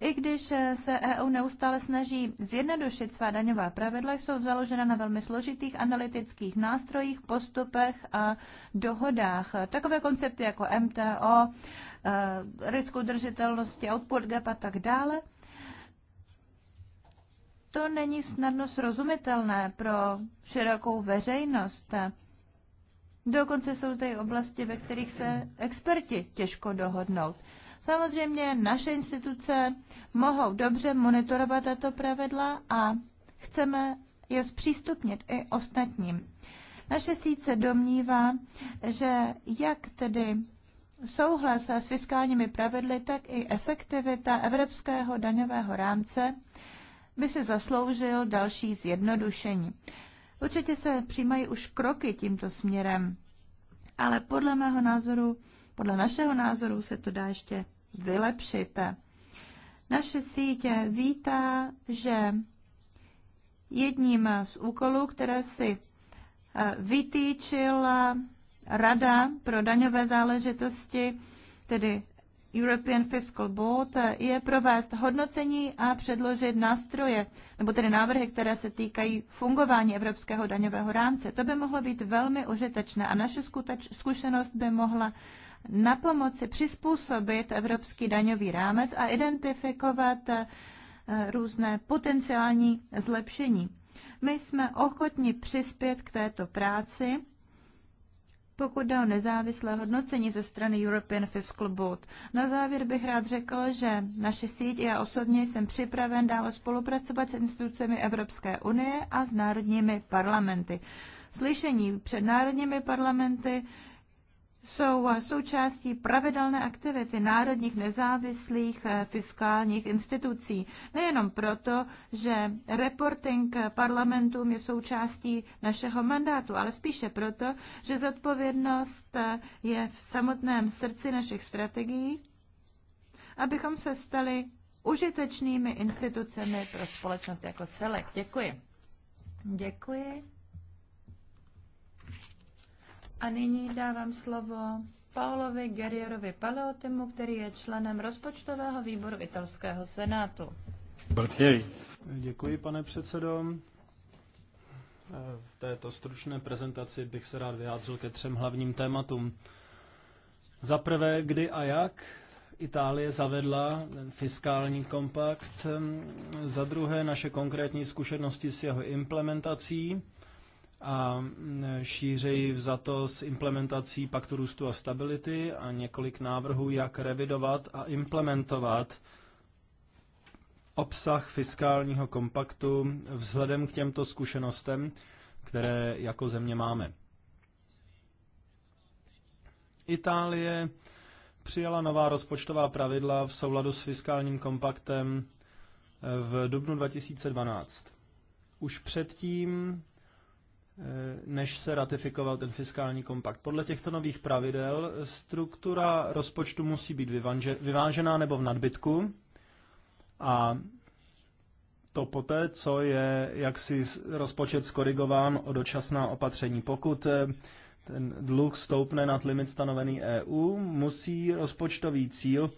I když eh, se EU neustále snaží zjednodušit svá daňová pravidla, jsou založena na velmi složitých analytických nástrojích, postupech a dohodách. Takové koncepty jako MTO, eh, risk udržitelnosti, output gap a tak dále, to není snadno srozumitelné pro širokou veřejnost. Dokonce jsou tady oblasti, ve kterých se experti těžko dohodnou. Samozřejmě naše instituce mohou dobře monitorovat tato pravidla a chceme je zpřístupnit i ostatním. Naše síť se domnívá, že jak tedy souhlas s fiskálními pravidly, tak i efektivita evropského daňového rámce by se zasloužil další zjednodušení. Určitě se přijímají už kroky tímto směrem, ale podle mého názoru podle našeho názoru se to dá ještě vylepšit. Naše sítě vítá, že jedním z úkolů, které si eh, vytýčila Rada pro daňové záležitosti, tedy European Fiscal Board, je provést hodnocení a předložit nástroje, nebo tedy návrhy, které se týkají fungování evropského daňového rámce. To by mohlo být velmi užitečné a naše zkušenost by mohla na pomoci přizpůsobit evropský daňový rámec a identifikovat eh, různé potenciální zlepšení. My jsme ochotni přispět k této práci, pokud jde o nezávislé hodnocení ze strany European Fiscal Board. Na závěr bych rád řekl, že naše síť i já osobně jsem připraven dále spolupracovat s institucemi Evropské unie a s národními parlamenty. Slyšení před národními parlamenty jsou součástí pravidelné aktivity národních nezávislých eh, fiskálních institucí. Nejenom proto, že reporting parlamentům je součástí našeho mandátu, ale spíše proto, že zodpovědnost eh, je v samotném srdci našich strategií, abychom se stali užitečnými institucemi pro společnost jako celek. Děkuji. Děkuji. A nyní dávám slovo Paolovi Guerrierovi Paleotemu, který je členem rozpočtového výboru italského senátu. Děkuji, pane předsedo. V této stručné prezentaci bych se rád vyjádřil ke třem hlavním tématům. Za prvé, kdy a jak Itálie zavedla ten fiskální kompakt. Za druhé, naše konkrétní zkušenosti s jeho implementací a mm, za to s implementací Paktu růstu a stability a několik návrhů, jak revidovat a implementovat obsah fiskálního kompaktu vzhledem k těmto zkušenostem, které jako země máme. Itálie přijala nová rozpočtová pravidla v souladu s fiskálním kompaktem v dubnu 2012. Už předtím Eh, než se ratifikoval ten fiskální kompakt. Podle těchto nových pravidel struktura rozpočtu musí být vyvážená nebo v nadbytku a to poté, co je jaksi rozpočet skorigován o dočasná opatření. Pokud eh, ten dluh stoupne nad limit stanovený EU, musí rozpočtový cíl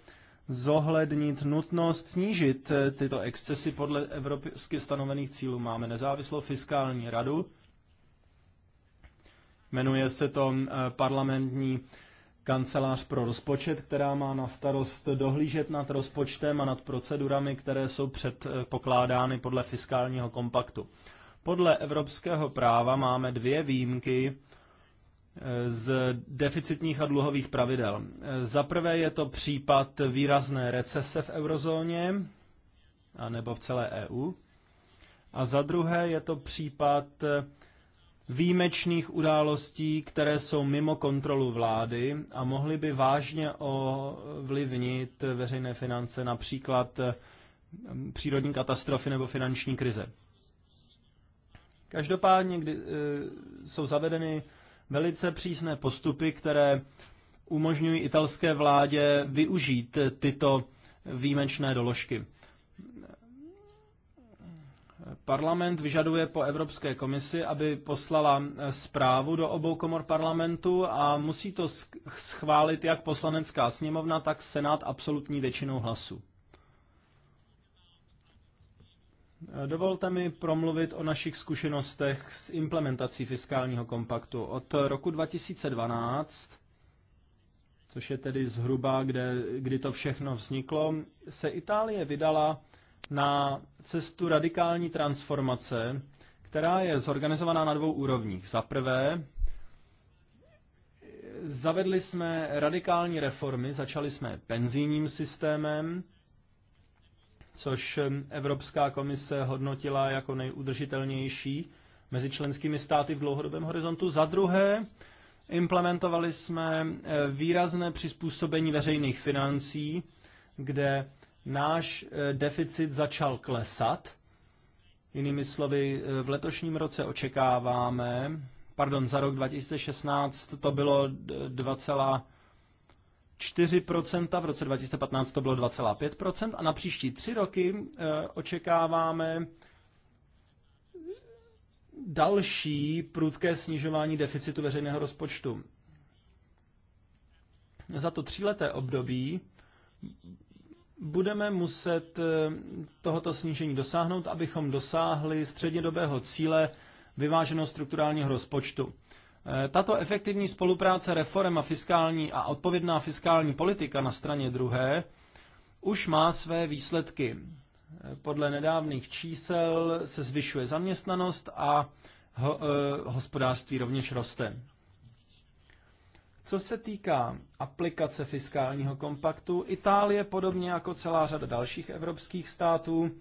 zohlednit nutnost snížit eh, tyto excesy podle evropsky stanovených cílů. Máme nezávislou fiskální radu, Jmenuje se to eh, parlamentní kancelář pro rozpočet, která má na starost dohlížet nad rozpočtem a nad procedurami, které jsou předpokládány podle fiskálního kompaktu. Podle evropského práva máme dvě výjimky eh, z deficitních a dluhových pravidel. Eh, za prvé je to případ výrazné recese v eurozóně a nebo v celé EU. A za druhé je to případ výjimečných událostí, které jsou mimo kontrolu vlády a mohly by vážně ovlivnit veřejné finance, například mm, přírodní katastrofy nebo finanční krize. Každopádně kdy, e, jsou zavedeny velice přísné postupy, které umožňují italské vládě využít tyto výjimečné doložky. Parlament vyžaduje po Evropské komisi, aby poslala eh, zprávu do obou komor parlamentu a musí to schválit jak poslanecká sněmovna, tak senát absolutní většinou hlasů. Eh, dovolte mi promluvit o našich zkušenostech s implementací fiskálního kompaktu. Od roku 2012, což je tedy zhruba, kde, kdy to všechno vzniklo, se Itálie vydala na cestu radikální transformace, která je zorganizovaná na dvou úrovních. Za prvé, zavedli jsme radikální reformy, začali jsme penzijním systémem, což Evropská komise hodnotila jako nejudržitelnější mezi členskými státy v dlouhodobém horizontu. Za druhé, implementovali jsme eh, výrazné přizpůsobení veřejných financí, kde náš eh, deficit začal klesat. Jinými slovy, eh, v letošním roce očekáváme, pardon, za rok 2016 to bylo 2,4%, v roce 2015 to bylo 2,5% a na příští tři roky eh, očekáváme další prudké snižování deficitu veřejného rozpočtu. Za to tříleté období budeme muset eh, tohoto snížení dosáhnout, abychom dosáhli střednědobého cíle vyváženého strukturálního rozpočtu. Eh, tato efektivní spolupráce reform a fiskální a odpovědná fiskální politika na straně druhé už má své výsledky. Eh, podle nedávných čísel se zvyšuje zaměstnanost a ho, e, hospodářství rovněž roste. Co se týká aplikace fiskálního kompaktu, Itálie, podobně jako celá řada dalších evropských států,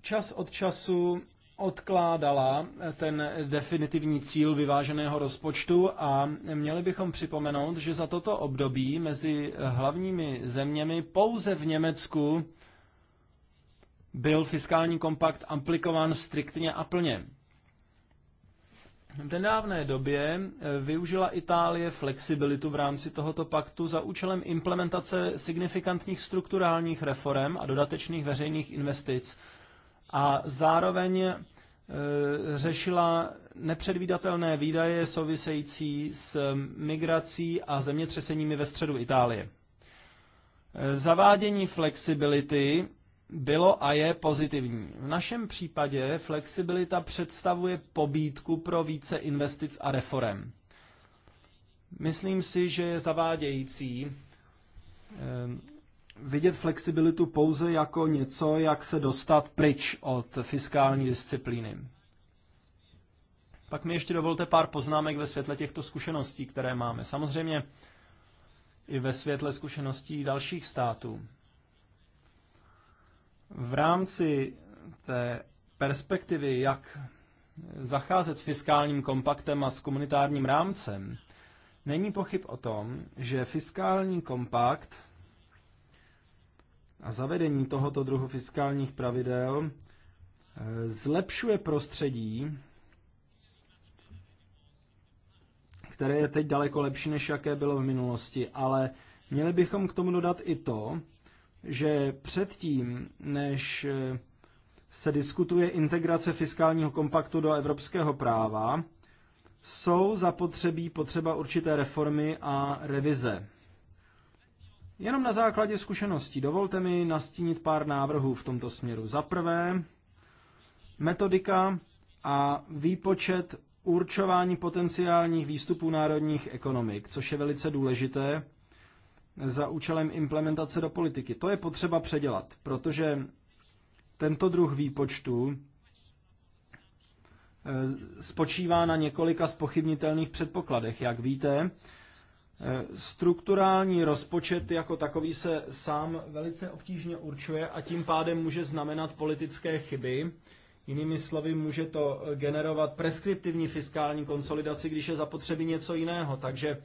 čas od času odkládala ten definitivní cíl vyváženého rozpočtu a měli bychom připomenout, že za toto období mezi hlavními zeměmi pouze v Německu byl fiskální kompakt aplikován striktně a plně. V nedávné době eh, využila Itálie flexibilitu v rámci tohoto paktu za účelem implementace signifikantních strukturálních reform a dodatečných veřejných investic a zároveň eh, řešila nepředvídatelné výdaje související s eh, migrací a zemětřeseními ve středu Itálie. Zavádění flexibility bylo a je pozitivní. V našem případě flexibilita představuje pobídku pro více investic a reform. Myslím si, že je zavádějící eh, vidět flexibilitu pouze jako něco, jak se dostat pryč od fiskální disciplíny. Pak mi ještě dovolte pár poznámek ve světle těchto zkušeností, které máme. Samozřejmě i ve světle zkušeností dalších států. V rámci té perspektivy, jak zacházet s fiskálním kompaktem a s komunitárním rámcem, není pochyb o tom, že fiskální kompakt a zavedení tohoto druhu fiskálních pravidel eh, zlepšuje prostředí, které je teď daleko lepší, než jaké bylo v minulosti, ale měli bychom k tomu dodat i to, že předtím, než eh, se diskutuje integrace fiskálního kompaktu do evropského práva, jsou zapotřebí potřeba určité reformy a revize. Jenom na základě zkušeností dovolte mi nastínit pár návrhů v tomto směru. Za prvé, metodika a výpočet určování potenciálních výstupů národních ekonomik, což je velice důležité, za účelem implementace do politiky. To je potřeba předělat, protože tento druh výpočtu eh, spočívá na několika spochybnitelných předpokladech. Jak víte, eh, strukturální rozpočet jako takový se sám velice obtížně určuje a tím pádem může znamenat politické chyby. Jinými slovy, může to generovat preskriptivní fiskální konsolidaci, když je zapotřebí něco jiného. Takže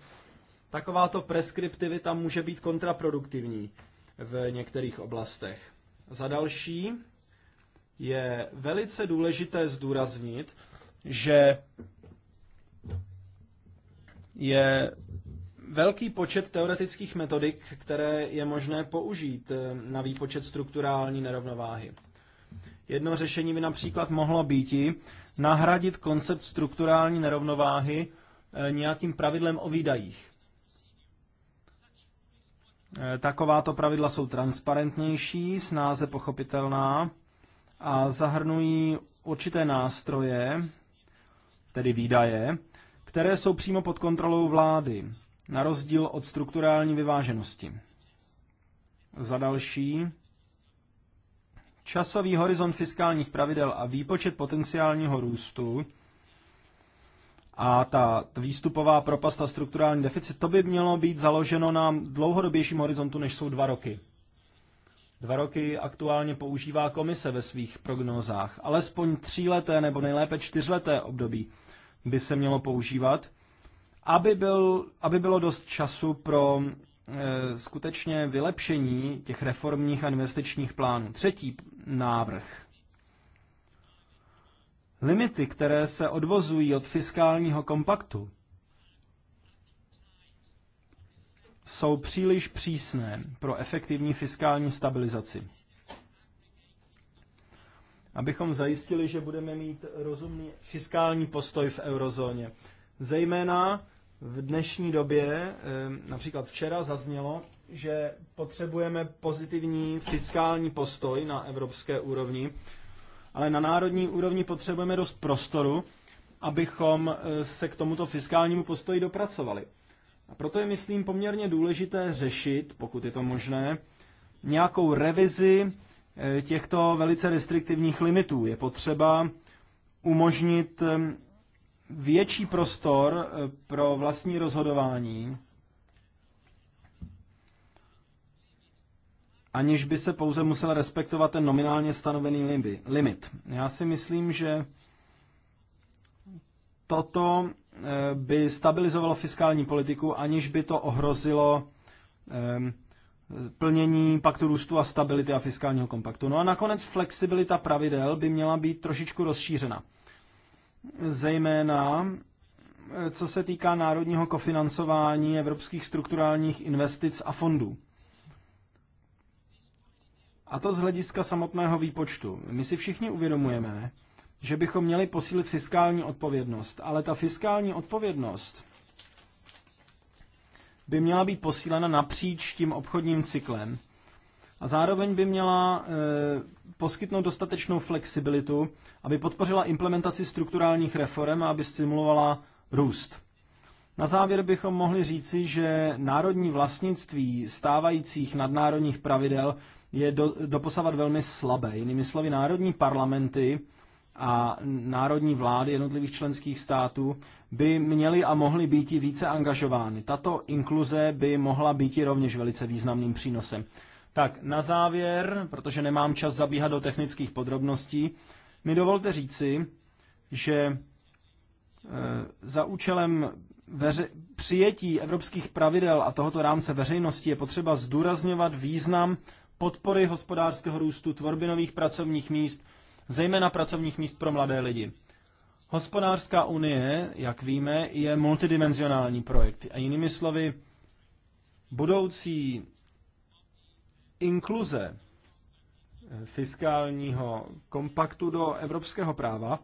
Takováto preskriptivita může být kontraproduktivní v některých oblastech. Za další je velice důležité zdůraznit, že je velký počet teoretických metodik, které je možné použít eh, na výpočet strukturální nerovnováhy. Jedno řešení by například mohlo být i nahradit koncept strukturální nerovnováhy eh, nějakým pravidlem o výdajích. Eh, takováto pravidla jsou transparentnější, snáze pochopitelná a zahrnují určité nástroje, tedy výdaje, které jsou přímo pod kontrolou vlády, na rozdíl od strukturální vyváženosti. Za další, časový horizont fiskálních pravidel a výpočet potenciálního růstu a ta výstupová propast a strukturální deficit, to by mělo být založeno na dlouhodobějším horizontu, než jsou dva roky. Dva roky aktuálně používá komise ve svých prognózách. Alespoň tříleté nebo nejlépe čtyřleté období by se mělo používat, aby, byl, aby bylo dost času pro e, skutečně vylepšení těch reformních a investičních plánů. Třetí návrh Limity, které se odvozují od fiskálního kompaktu, jsou příliš přísné pro efektivní fiskální stabilizaci. Abychom zajistili, že budeme mít rozumný fiskální postoj v eurozóně. Zejména v dnešní době, například včera zaznělo, že potřebujeme pozitivní fiskální postoj na evropské úrovni, ale na národní úrovni potřebujeme dost prostoru, abychom eh, se k tomuto fiskálnímu postoji dopracovali. A proto je, myslím, poměrně důležité řešit, pokud je to možné, nějakou revizi eh, těchto velice restriktivních limitů. Je potřeba umožnit eh, větší prostor pro vlastní rozhodování aniž by se pouze musel respektovat ten nominálně stanovený limit. Já si myslím, že toto eh, by stabilizovalo fiskální politiku, aniž by to ohrozilo ehm, plnění paktu růstu a stability a fiskálního kompaktu. No a nakonec flexibilita pravidel by měla být trošičku rozšířena. Zejména eh, co se týká národního kofinancování evropských strukturálních investic a fondů. A to z hlediska samotného výpočtu. My si všichni uvědomujeme, že bychom měli posílit fiskální odpovědnost, ale ta fiskální odpovědnost by měla být posílena napříč tím obchodním cyklem a zároveň by měla e, poskytnout dostatečnou flexibilitu, aby podpořila implementaci strukturálních reform a aby stimulovala růst. Na závěr bychom mohli říci, že národní vlastnictví stávajících nadnárodních pravidel je do, doposavat velmi slabé. Jinými slovy, národní parlamenty a národní vlády jednotlivých členských států by měly a mohly být i více angažovány. Tato inkluze by mohla být i rovněž velice významným přínosem. Tak na závěr, protože nemám čas zabíhat do technických podrobností, mi dovolte říci, že e, za účelem veře- přijetí evropských pravidel a tohoto rámce veřejnosti je potřeba zdůrazňovat význam podpory hospodářského růstu, tvorby nových pracovních míst, zejména pracovních míst pro mladé lidi. Hospodářská unie, jak víme, je multidimenzionální projekt. A jinými slovy, budoucí inkluze eh, fiskálního kompaktu do evropského práva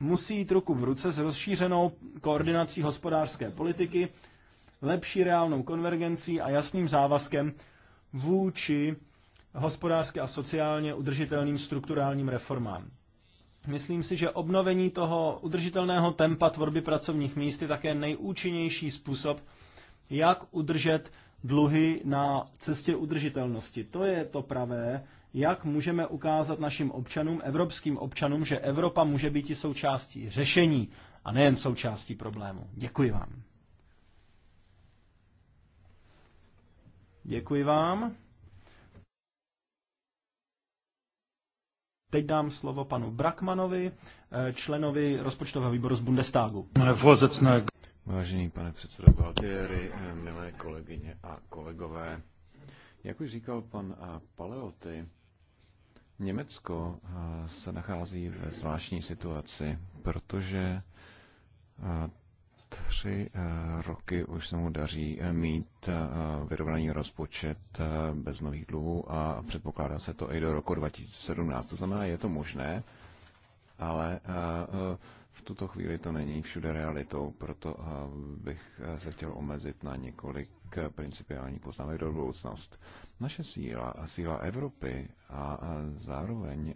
musí jít ruku v ruce s rozšířenou koordinací hospodářské politiky, lepší reálnou konvergencí a jasným závazkem vůči hospodářsky a sociálně udržitelným strukturálním reformám. Myslím si, že obnovení toho udržitelného tempa tvorby pracovních míst je také nejúčinnější způsob, jak udržet dluhy na cestě udržitelnosti. To je to pravé, jak můžeme ukázat našim občanům, evropským občanům, že Evropa může být i součástí řešení a nejen součástí problému. Děkuji vám. Děkuji vám. Teď dám slovo panu Brakmanovi, eh, členovi rozpočtového výboru z Bundestagu. Vážený pane předsedo Baltieri, eh, milé kolegyně a kolegové, jak už říkal pan eh, Paleoty, Německo se nachází ve zvláštní situaci, protože tři eh, roky už se mu daří eh, mít eh, vyrovnaný rozpočet bez nových dluhů a předpokládá se to i do roku 2017. To znamená, je to možné, ale v tuto chvíli to není všude realitou, proto bych se chtěl omezit na několik k principiální poznámek do budoucnost. Naše síla, síla Evropy a zároveň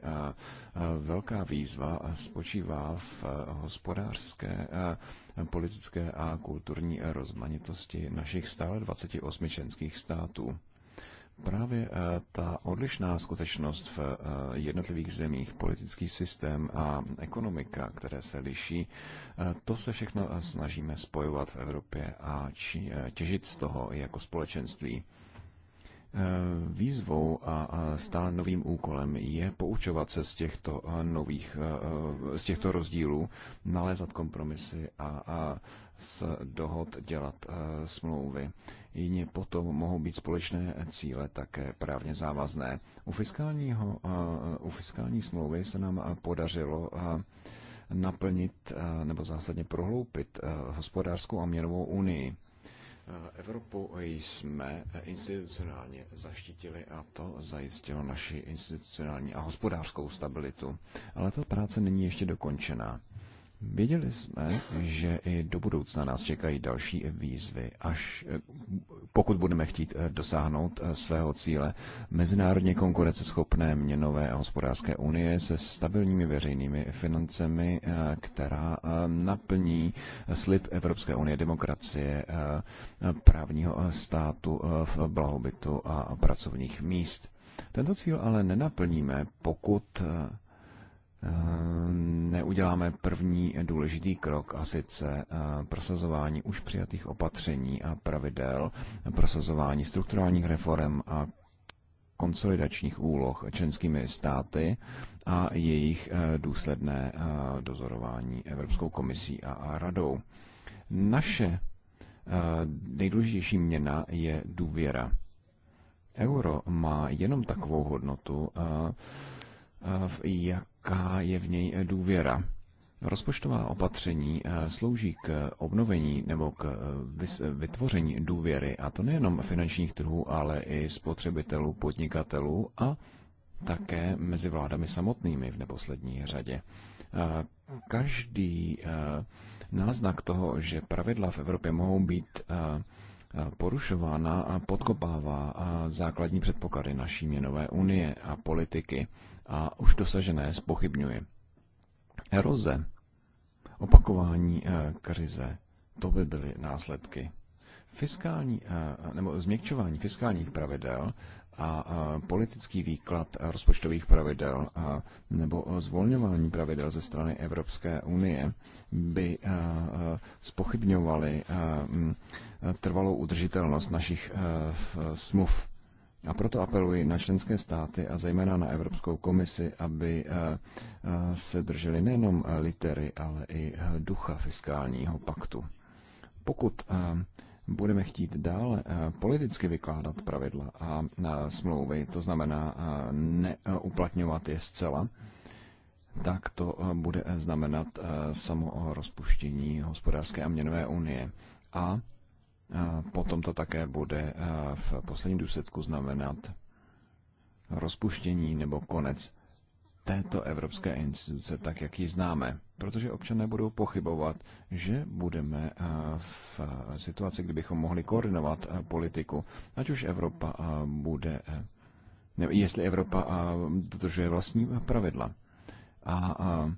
velká výzva spočívá v hospodářské, politické a kulturní rozmanitosti našich stále 28 členských států. Právě eh, ta odlišná skutečnost v eh, jednotlivých zemích, politický systém a ekonomika, které se liší, eh, to se všechno snažíme spojovat v Evropě a těžit z toho jako společenství. Eh, výzvou a stále novým úkolem je poučovat se z těchto eh, nových, eh, z těchto rozdílů, nalézat kompromisy a z dohod dělat smlouvy. Jině potom mohou být společné cíle také právně závazné. U, fiskálního, u fiskální smlouvy se nám podařilo naplnit nebo zásadně prohloupit hospodářskou a měnovou unii. Evropu jsme institucionálně zaštítili a to zajistilo naši institucionální a hospodářskou stabilitu. Ale ta práce není ještě dokončená. Věděli jsme, že i do budoucna nás čekají další výzvy, až pokud budeme chtít eh, dosáhnout eh, svého cíle mezinárodně konkurenceschopné měnové a hospodářské unie se stabilními veřejnými financemi, eh, která naplní slib Evropské unie demokracie, právního státu v blahobytu a pracovních míst. Tento cíl ale nenaplníme, pokud Eh, neuděláme první důležitý krok a sice eh, prosazování už přijatých opatření a pravidel, prosazování strukturálních reform a konsolidačních úloh členskými státy a jejich eh, důsledné dozorování Evropskou komisí a radou. Naše nejdůležitější měna je důvěra. Euro má jenom takovou hodnotu, jak jaká je v něj důvěra. Rozpočtová opatření eh, slouží k obnovení nebo k eh, vytvoření důvěry, a to nejenom finančních trhů, ale i spotřebitelů, podnikatelů a také mezi vládami samotnými v neposlední řadě. Eh, každý náznak toho, že pravidla v Evropě mohou být porušována a podkopává základní předpoklady naší měnové unie a politiky a už dosažené spochybňuje. Eroze, opakování e, krize, to by byly následky. Fiskální, e, nebo změkčování fiskálních pravidel a politický výklad rozpočtových pravidel nebo zvolňování pravidel ze strany Evropské unie by spochybňovaly trvalou udržitelnost našich smluv. A proto apeluji na členské státy a zejména na Evropskou komisi, aby se drželi nejenom litery, ale i ducha fiskálního paktu. Pokud budeme chtít dále eh, politicky vykládat pravidla a eh, smlouvy, to znamená eh, neuplatňovat je zcela, tak to bude znamenat samo rozpuštění hospodářské a měnové unie. A potom to také bude v posledním důsledku znamenat rozpuštění nebo konec této evropské instituce, tak jak ji známe protože občané budou pochybovat, že budeme eh, v situaci, kdybychom mohli koordinovat eh, politiku, ať už Evropa eh, bude, jestli Evropa dodržuje vlastní pravidla. A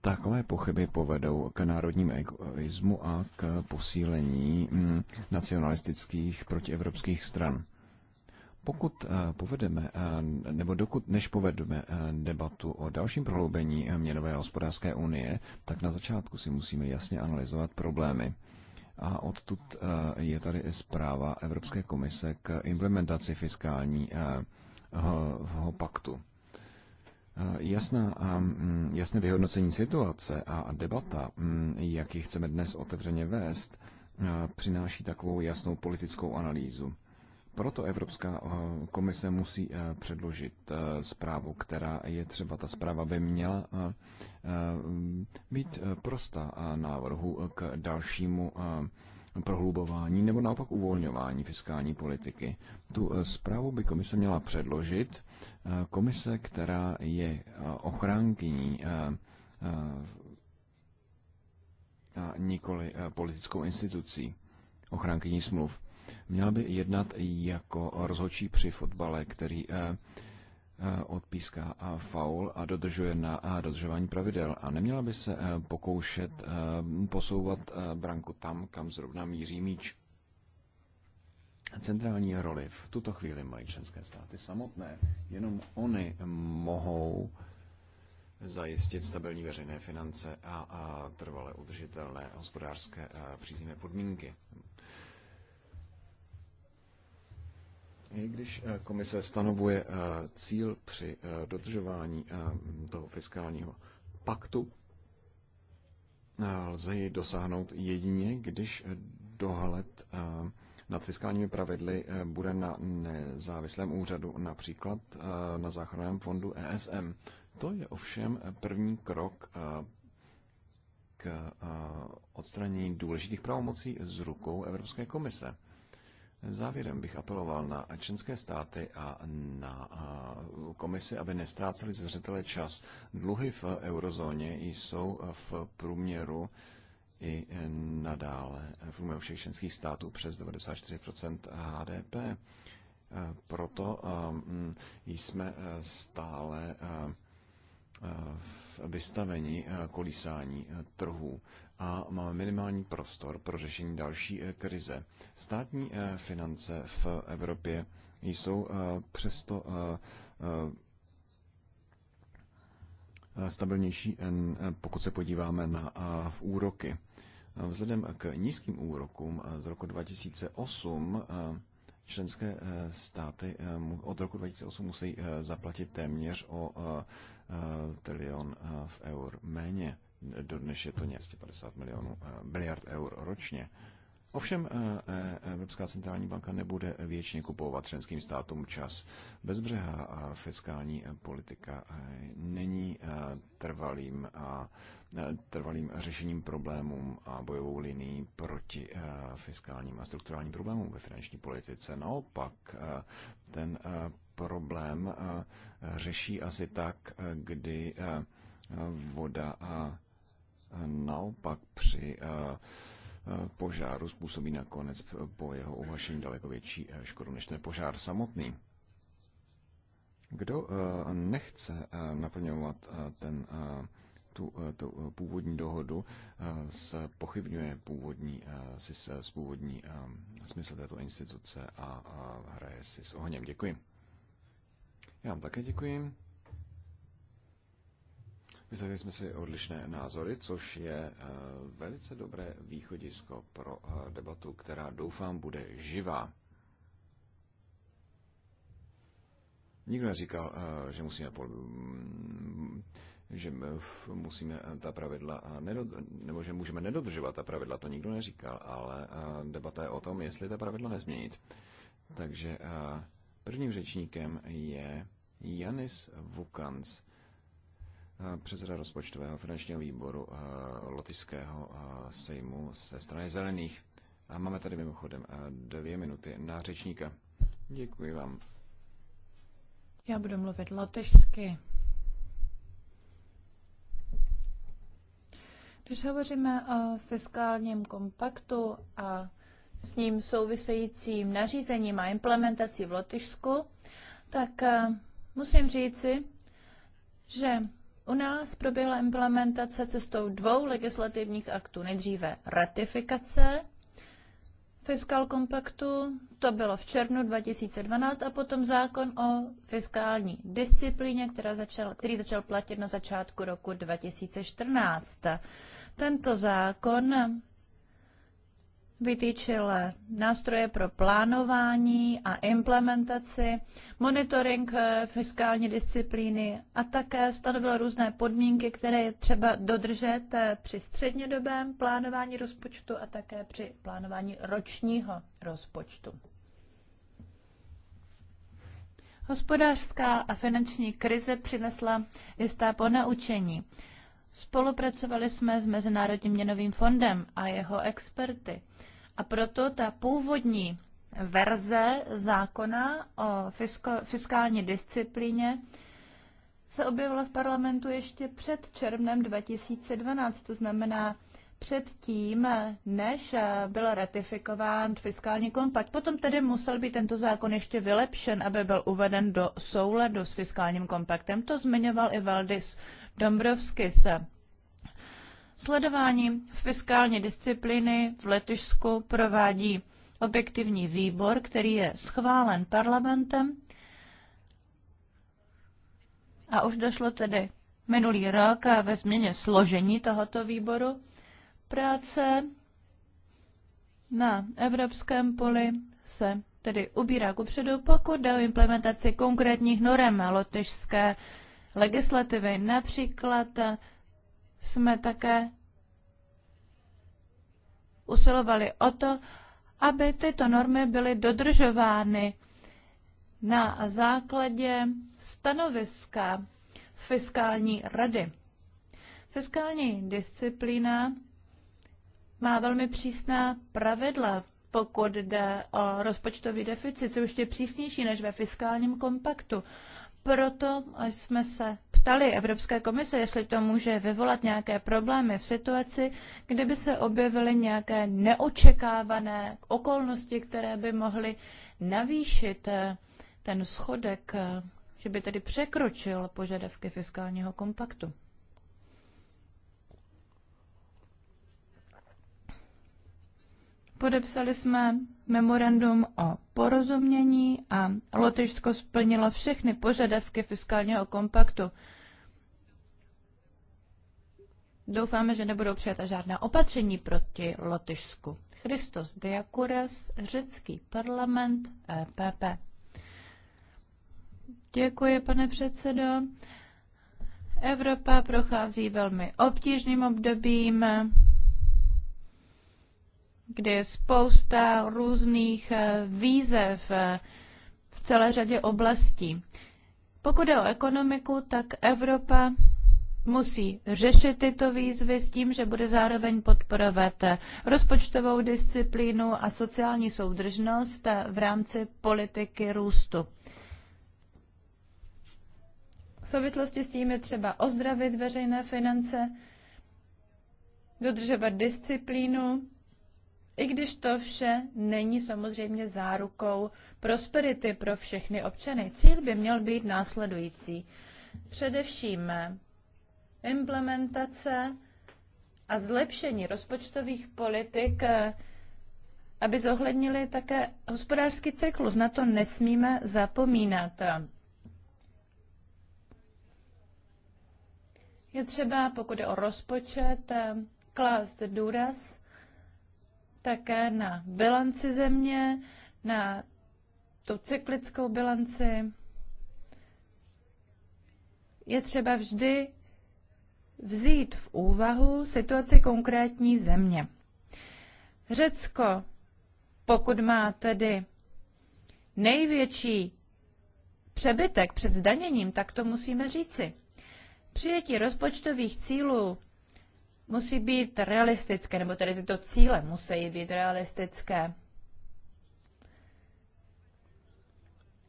takové pochyby povedou k národnímu egoismu a k posílení hm, nacionalistických protievropských stran pokud eh, povedeme, eh, nebo dokud než povedeme eh, debatu o dalším prohloubení měnové a hospodářské unie, tak na začátku si musíme jasně analyzovat problémy. A odtud je tady zpráva Evropské komise k implementaci fiskálního paktu. Jasná, mm, jasné vyhodnocení situace a debata, mm, jak ji chceme dnes otevřeně vést, přináší takovou jasnou politickou analýzu proto Evropská eh, komise musí eh, předložit eh, zprávu, která je třeba, ta zpráva by měla být prosta návrhu k dalšímu prohlubování nebo naopak uvolňování fiskální politiky. Tu zprávu by komise měla předložit. Komise, která je ochránkyní nikoli politickou institucí, ochránkyní smluv. Měla by jednat jako rozhodčí při fotbale, který eh, eh, odpíská eh, faul a dodržuje na dodržování pravidel. A neměla by se pokoušet posouvat branku tam, kam zrovna míří míč. Centrální roli v tuto chvíli mají členské státy samotné. Jenom oni mohou zajistit stabilní veřejné finance a, a trvale udržitelné hospodářské a příznivé podmínky I když eh, komise stanovuje eh, cíl při eh, dodržování toho fiskálního paktu, lze ji dosáhnout jedině, když dohled nad fiskálními pravidly bude na nezávislém úřadu, například na záchranném fondu ESM. To je ovšem první krok k odstranění důležitých pravomocí z rukou Evropské komise. Závěrem bych apeloval na členské státy a na komisi, aby nestráceli zřetele čas. Dluhy v eurozóně jsou v průměru i nadále v průměru všech členských států přes 94% HDP. E, proto e, jsme e, stále vystaveni kolísání trhů a máme minimální prostor pro řešení další eh, krize. Státní eh, finance v Evropě jsou eh, přesto stabilnější, pokud se podíváme na úroky. Vzhledem k nízkým úrokům z roku 2008 členské státy od roku 2008 musí zaplatit téměř o trilion v eur méně dodnes je to nějak 150 milionů eh, miliard eur ročně. Ovšem eh, eh, Evropská centrální banka nebude věčně kupovat členským státům čas. Bezbřehá a fiskální politika není trvalým, a, trvalým řešením problémům a bojovou linií proti fiskálním a strukturálním problémům ve finanční politice. Naopak ten problém řeší asi tak, kdy voda a naopak při eh, eh, požáru způsobí nakonec po jeho uhašení daleko větší eh, škodu než ten požár samotný. Kdo nechce naplňovat ten, tu, tu původní dohodu, pochybňuje původní, si se z původní smysl této instituce a hraje si s ohněm. Děkuji. Já vám také děkuji. Vyslechli jsme si odlišné názory, což je eh, velice dobré východisko pro eh, debatu, která doufám bude živá. Nikdo neříkal, eh, že musíme, po, mm, že musíme ta pravidla, nedod, nebo že můžeme nedodržovat ta pravidla, to nikdo neříkal, ale debata je o tom, jestli ta pravidla nezměnit. Takže prvním řečníkem je Janis Vukans Eh, předseda rozpočtového finančního výboru eh, Lotyšského eh, sejmu ze strany zelených. A máme tady mimochodem dvě minuty na řečníka. Děkuji vám. Já budu mluvit lotyšsky. Když hovoříme o fiskálním kompaktu a s ním souvisejícím nařízením a implementací v Lotyšsku, tak musím říci, že u nás proběhla implementace cestou dvou legislativních aktů. Nejdříve ratifikace fiskal kompaktu, to bylo v červnu 2012, a potom zákon o fiskální disciplíně, která začal, který začal platit na začátku roku 2014. Tento zákon vytýčil nástroje pro plánování a implementaci, monitoring eh, fiskální disciplíny a také stanovil různé podmínky, které je třeba dodržet eh, při střednědobém plánování rozpočtu a také při plánování ročního rozpočtu. Hospodářská a finanční krize přinesla jistá ponaučení. Spolupracovali jsme s Mezinárodním měnovým fondem a jeho experty – a proto ta původní verze zákona o fisko- fiskální disciplíně se objevila v parlamentu ještě před červnem 2012, to znamená před tím, než byl ratifikován fiskální kompakt. Potom tedy musel být tento zákon ještě vylepšen, aby byl uveden do souladu s fiskálním kompaktem. To zmiňoval i Valdis Dombrovskis Sledování fiskální disciplíny v Letišsku provádí objektivní výbor, který je schválen parlamentem. A už došlo tedy minulý rok a ve změně složení tohoto výboru práce na evropském poli se tedy ubírá kupředu, pokud jde o implementaci konkrétních norem lotyšské legislativy, například jsme také usilovali o to, aby tyto normy byly dodržovány na základě stanoviska fiskální rady. Fiskální disciplína má velmi přísná pravidla, pokud jde o rozpočtový deficit, což ještě přísnější než ve fiskálním kompaktu proto jsme se ptali Evropské komise, jestli to může vyvolat nějaké problémy v situaci, kdyby se objevily nějaké neočekávané okolnosti, které by mohly navýšit eh, ten schodek, eh, že by tedy překročil požadavky fiskálního kompaktu. Podepsali jsme memorandum o porozumění a Lotyšsko splnilo všechny požadavky fiskálního kompaktu. Doufáme, že nebudou přijata žádná opatření proti Lotyšsku. Christos Diakures, řecký parlament, EPP. Děkuji, pane předsedo. Evropa prochází velmi obtížným obdobím kdy je spousta různých eh, výzev eh, v celé řadě oblastí. Pokud je o ekonomiku, tak Evropa musí řešit tyto výzvy s tím, že bude zároveň podporovat eh, rozpočtovou disciplínu a sociální soudržnost v rámci politiky růstu. V souvislosti s tím je třeba ozdravit veřejné finance, dodržovat disciplínu i když to vše není samozřejmě zárukou prosperity pro všechny občany, cíl by měl být následující. Především implementace a zlepšení rozpočtových politik, aby zohlednili také hospodářský cyklus. Na to nesmíme zapomínat. Je třeba, pokud je o rozpočet, klást důraz také na bilanci země, na tu cyklickou bilanci. Je třeba vždy vzít v úvahu situaci konkrétní země. Řecko, pokud má tedy největší přebytek před zdaněním, tak to musíme říci. Přijetí rozpočtových cílů musí být realistické, nebo tedy tyto cíle musí být realistické.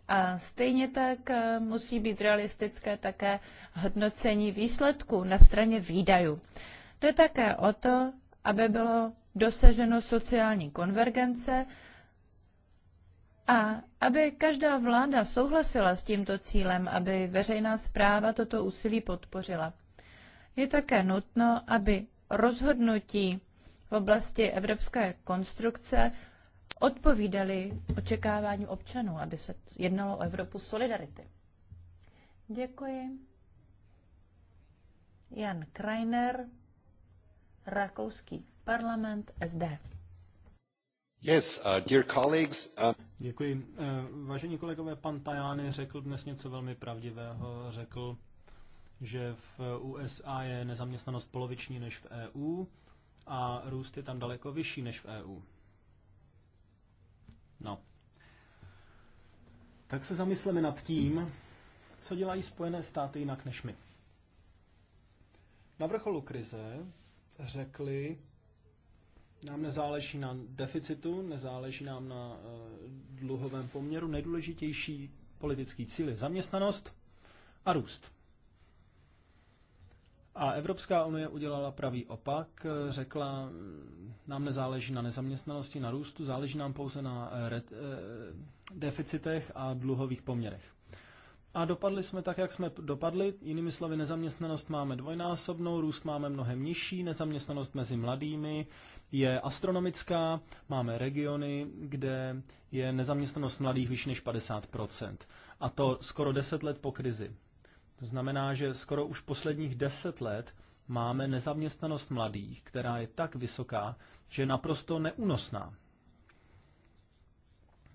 A stejně tak eh, musí být realistické také hodnocení výsledků na straně výdajů. Jde také o to, aby bylo dosaženo sociální konvergence a aby každá vláda souhlasila s tímto cílem, aby veřejná zpráva toto úsilí podpořila. Je také nutno, aby rozhodnutí v oblasti evropské konstrukce odpovídaly očekávání občanů, aby se jednalo o Evropu solidarity. Děkuji. Jan Kreiner, Rakouský parlament SD. Yes, uh, dear colleagues, uh... Děkuji. Eh, vážení kolegové, pan Tajány řekl dnes něco velmi pravdivého. Řekl, že v USA je nezaměstnanost poloviční než v EU a růst je tam daleko vyšší než v EU. No. Tak se zamysleme nad tím, co dělají Spojené státy jinak než my. Na vrcholu krize řekli, nám nezáleží na deficitu, nezáleží nám na eh, dluhovém poměru. Nejdůležitější politický cíl je zaměstnanost a růst. A Evropská unie udělala pravý opak, řekla, nám nezáleží na nezaměstnanosti, na růstu, záleží nám pouze na eh, eh, deficitech a dluhových poměrech. A dopadli jsme tak, jak jsme dopadli. Jinými slovy, nezaměstnanost máme dvojnásobnou, růst máme mnohem nižší, nezaměstnanost mezi mladými je astronomická, máme regiony, kde je nezaměstnanost mladých vyšší než 50%. A to skoro 10 let po krizi. To znamená, že skoro už posledních deset let máme nezaměstnanost mladých, která je tak vysoká, že je naprosto neúnosná.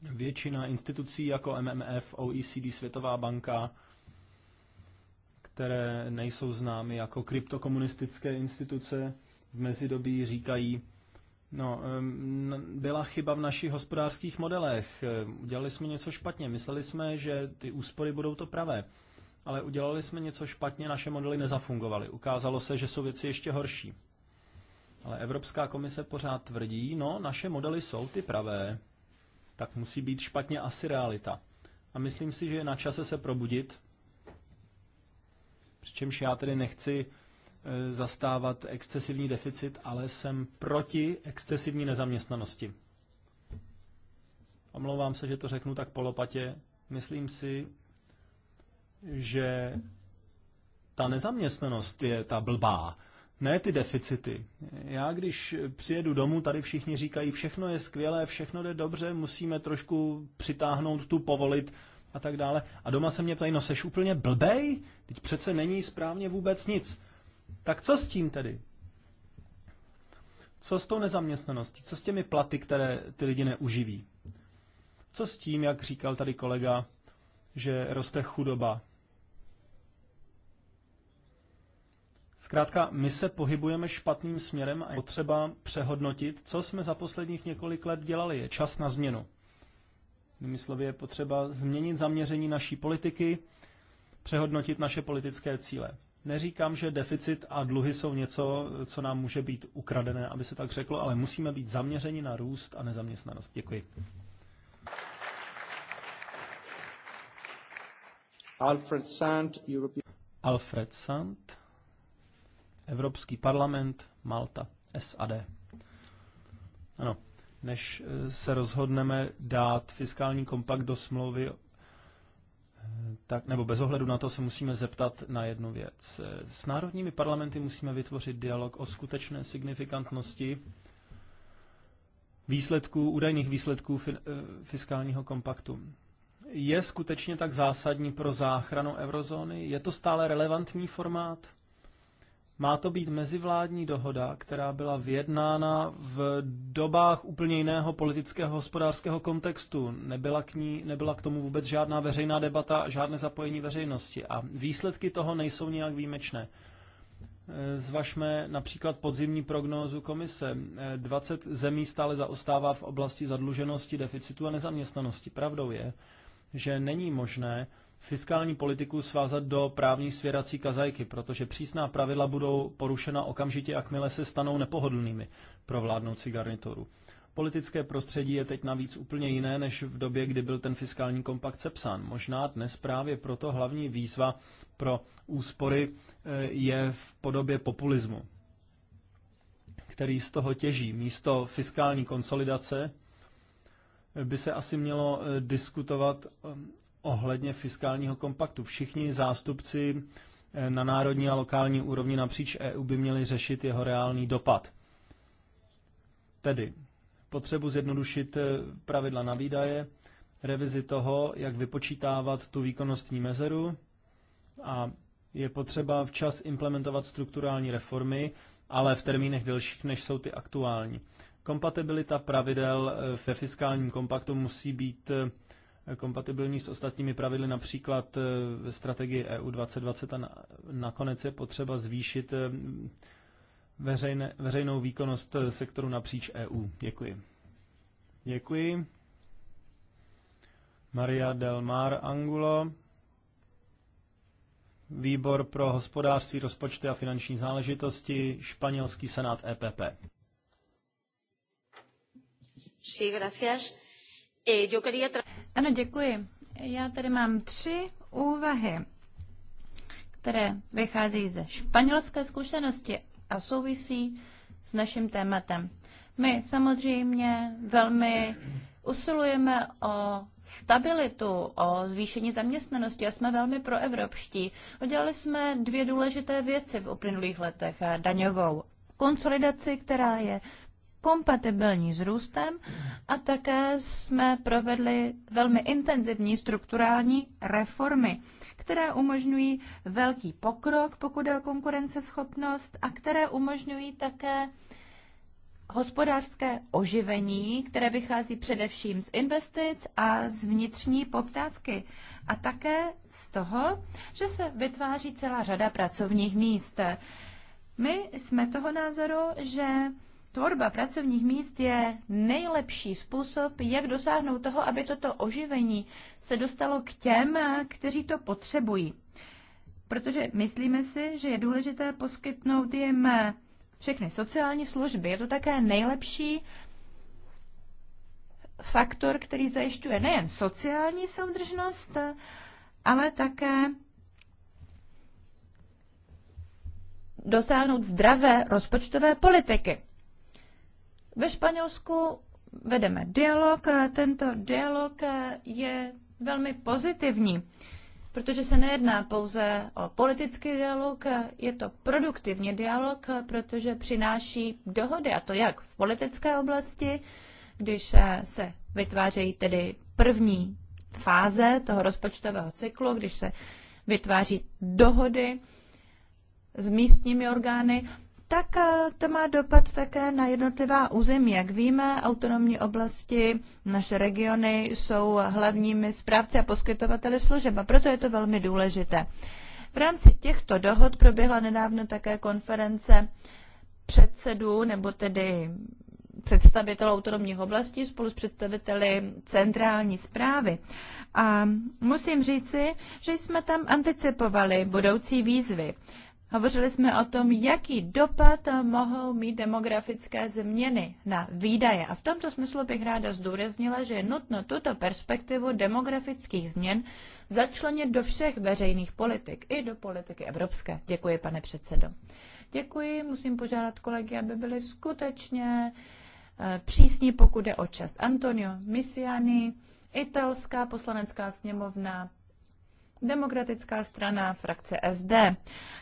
Většina institucí jako MMF, OECD, Světová banka, které nejsou známy jako kryptokomunistické instituce, v mezidobí říkají, No, byla chyba v našich hospodářských modelech. Udělali jsme něco špatně. Mysleli jsme, že ty úspory budou to pravé ale udělali jsme něco špatně, naše modely nezafungovaly. Ukázalo se, že jsou věci ještě horší. Ale Evropská komise pořád tvrdí, no, naše modely jsou ty pravé, tak musí být špatně asi realita. A myslím si, že je na čase se probudit, přičemž já tedy nechci e, zastávat excesivní deficit, ale jsem proti excesivní nezaměstnanosti. Omlouvám se, že to řeknu tak polopatě. Myslím si, že ta nezaměstnanost je ta blbá, ne ty deficity. Já když přijedu domů, tady všichni říkají, všechno je skvělé, všechno jde dobře, musíme trošku přitáhnout tu, povolit a tak dále. A doma se mě ptají, no seš úplně blbej? Teď přece není správně vůbec nic. Tak co s tím tedy? Co s tou nezaměstnaností? Co s těmi platy, které ty lidi neuživí? Co s tím, jak říkal tady kolega, že roste chudoba Zkrátka, my se pohybujeme špatným směrem a je potřeba přehodnotit, co jsme za posledních několik let dělali. Je čas na změnu. Jinými slovy, je potřeba změnit zaměření naší politiky, přehodnotit naše politické cíle. Neříkám, že deficit a dluhy jsou něco, co nám může být ukradené, aby se tak řeklo, ale musíme být zaměřeni na růst a nezaměstnanost. Děkuji. Alfred Sand, European... Alfred Sand, Evropský parlament, Malta, SAD. Ano, než eh, se rozhodneme dát fiskální kompakt do smlouvy, eh, tak, nebo bez ohledu na to se musíme zeptat na jednu věc. Eh, s národními parlamenty musíme vytvořit dialog o skutečné signifikantnosti výsledků, údajných výsledků fiskálního kompaktu. Je skutečně tak zásadní pro záchranu eurozóny? Je to stále relevantní formát? Má to být mezivládní dohoda, která byla vyjednána v dobách úplně jiného politického hospodářského kontextu. Nebyla k, ní, nebyla k tomu vůbec žádná veřejná debata, žádné zapojení veřejnosti. A výsledky toho nejsou nijak výjimečné. E, zvažme například podzimní prognózu komise. 20 e, zemí stále zaostává v oblasti zadluženosti, deficitu a nezaměstnanosti. Pravdou je, že není možné fiskální politiku svázat do právní svěrací kazajky, protože přísná pravidla budou porušena okamžitě, jakmile se stanou nepohodlnými pro vládnoucí garnituru. Politické prostředí je teď navíc úplně jiné než v době, kdy byl ten fiskální kompakt sepsán. Možná dnes právě proto hlavní výzva pro úspory eh, je v podobě populismu, který z toho těží. Místo fiskální konsolidace by se asi mělo eh, diskutovat eh, ohledně fiskálního kompaktu. Všichni zástupci eh, na národní a lokální úrovni napříč EU by měli řešit jeho reálný dopad. Tedy potřebu zjednodušit eh, pravidla na výdaje, revizi toho, jak vypočítávat tu výkonnostní mezeru a je potřeba včas implementovat strukturální reformy, ale v termínech delších, než jsou ty aktuální. Kompatibilita pravidel eh, ve fiskálním kompaktu musí být kompatibilní s ostatními pravidly, například eh, ve strategii EU 2020 a nakonec je potřeba zvýšit eh, veřejne, veřejnou výkonnost eh, sektoru napříč EU. Děkuji. Děkuji. Maria Del Mar Angulo, Výbor pro hospodářství, rozpočty a finanční záležitosti, španělský senát EPP. Sí, gracias. Eh, yo quería ano, děkuji. Já tady mám tři úvahy, které vycházejí ze španělské zkušenosti a souvisí s naším tématem. My samozřejmě velmi usilujeme o stabilitu, o zvýšení zaměstnanosti a jsme velmi proevropští. Udělali jsme dvě důležité věci v uplynulých letech. Daňovou konsolidaci, která je kompatibilní s růstem a také jsme provedli velmi intenzivní strukturální reformy, které umožňují velký pokrok, pokud je o konkurenceschopnost, a které umožňují také hospodářské oživení, které vychází především z investic a z vnitřní poptávky. A také z toho, že se vytváří celá řada pracovních míst. My jsme toho názoru, že Tvorba pracovních míst je nejlepší způsob, jak dosáhnout toho, aby toto oživení se dostalo k těm, kteří to potřebují. Protože myslíme si, že je důležité poskytnout jim všechny sociální služby. Je to také nejlepší faktor, který zajišťuje nejen sociální soudržnost, ale také dosáhnout zdravé rozpočtové politiky. Ve Španělsku vedeme dialog. Tento dialog je velmi pozitivní, protože se nejedná pouze o politický dialog, je to produktivní dialog, protože přináší dohody, a to jak v politické oblasti, když se vytvářejí tedy první fáze toho rozpočtového cyklu, když se vytváří dohody s místními orgány, tak eh, to má dopad také na jednotlivá území. Jak víme, autonomní oblasti, naše regiony jsou hlavními správci a poskytovateli služeb a proto je to velmi důležité. V rámci těchto dohod proběhla nedávno také konference předsedů nebo tedy představitelů autonomních oblastí spolu s představiteli centrální zprávy. A musím říci, že jsme tam anticipovali budoucí výzvy. Hovořili jsme o tom, jaký dopad mohou mít demografické změny na výdaje. A v tomto smyslu bych ráda zdůraznila, že je nutno tuto perspektivu demografických změn začlenit do všech veřejných politik, i do politiky evropské. Děkuji, pane předsedo. Děkuji, musím požádat kolegy, aby byli skutečně eh, přísní, pokud je o čas. Antonio Misiani, italská poslanecká sněmovna, Demokratická strana frakce SD.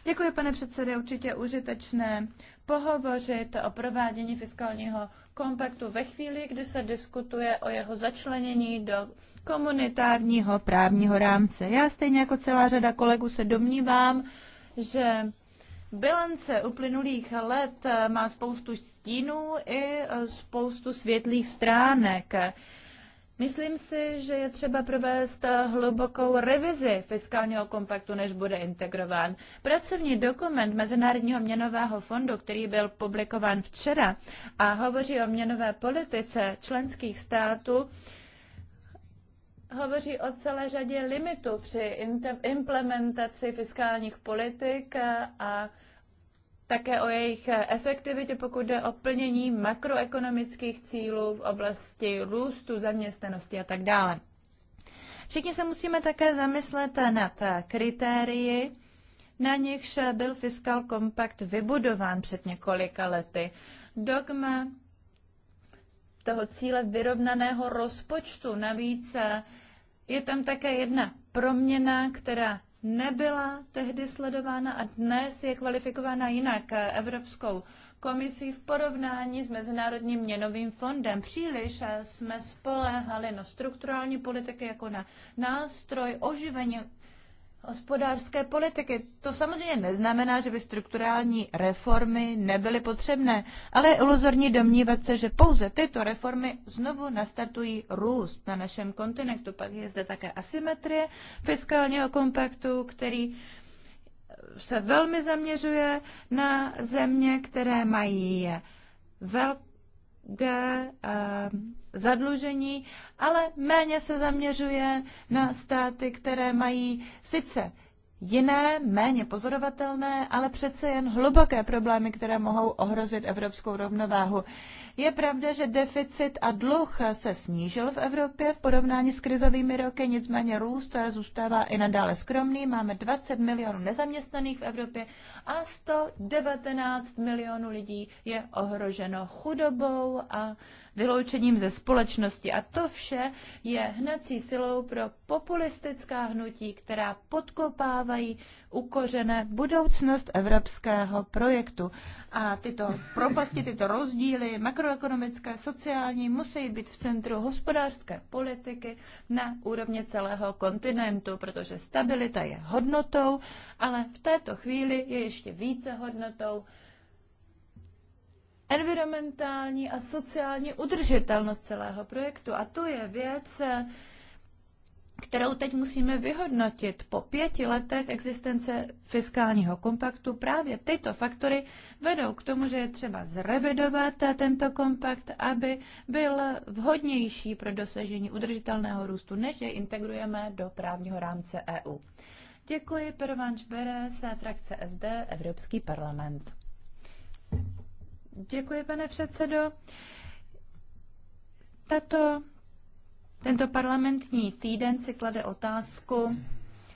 Děkuji, pane předsedy, určitě užitečné pohovořit o provádění fiskálního kompaktu ve chvíli, kdy se diskutuje o jeho začlenění do komunitárního právního rámce. Já stejně jako celá řada kolegů se domnívám, že bilance uplynulých let má spoustu stínů i spoustu světlých stránek. Myslím si, že je třeba provést hlubokou revizi fiskálního kompaktu, než bude integrován. Pracovní dokument Mezinárodního měnového fondu, který byl publikován včera a hovoří o měnové politice členských států, hovoří o celé řadě limitů při implementaci fiskálních politik a také o jejich efektivitě, pokud jde o plnění makroekonomických cílů v oblasti růstu, zaměstnanosti a tak dále. Všichni se musíme také zamyslet nad kritérii, na nichž byl fiskal kompakt vybudován před několika lety. Dogma toho cíle vyrovnaného rozpočtu. Navíc je tam také jedna proměna, která nebyla tehdy sledována a dnes je kvalifikována jinak Evropskou komisí v porovnání s Mezinárodním měnovým fondem. Příliš jsme spoléhali na strukturální politiky jako na nástroj oživení hospodářské politiky. To samozřejmě neznamená, že by strukturální reformy nebyly potřebné, ale je iluzorní domnívat se, že pouze tyto reformy znovu nastartují růst na našem kontinentu. Pak je zde také asymetrie fiskálního kompaktu, který se velmi zaměřuje na země, které mají velké eh, zadlužení ale méně se zaměřuje na státy, které mají sice jiné, méně pozorovatelné, ale přece jen hluboké problémy, které mohou ohrozit evropskou rovnováhu. Je pravda, že deficit a dluh se snížil v Evropě v porovnání s krizovými roky, nicméně růst zůstává i nadále skromný. Máme 20 milionů nezaměstnaných v Evropě a 119 milionů lidí je ohroženo chudobou a vyloučením ze společnosti. A to vše je hnací silou pro populistická hnutí, která podkopávají ukořené budoucnost evropského projektu. A tyto propasti, tyto rozdíly makroekonomické, sociální musí být v centru hospodářské politiky na úrovni celého kontinentu, protože stabilita je hodnotou, ale v této chvíli je ještě více hodnotou. Environmentální a sociální udržitelnost celého projektu. A to je věc, kterou teď musíme vyhodnotit. Po pěti letech existence fiskálního kompaktu právě tyto faktory vedou k tomu, že je třeba zrevidovat tento kompakt, aby byl vhodnější pro dosažení udržitelného růstu, než je integrujeme do právního rámce EU. Děkuji, Pervanč Beres, frakce SD, Evropský parlament. Děkuji, pane předsedo. Tato, tento parlamentní týden si klade otázku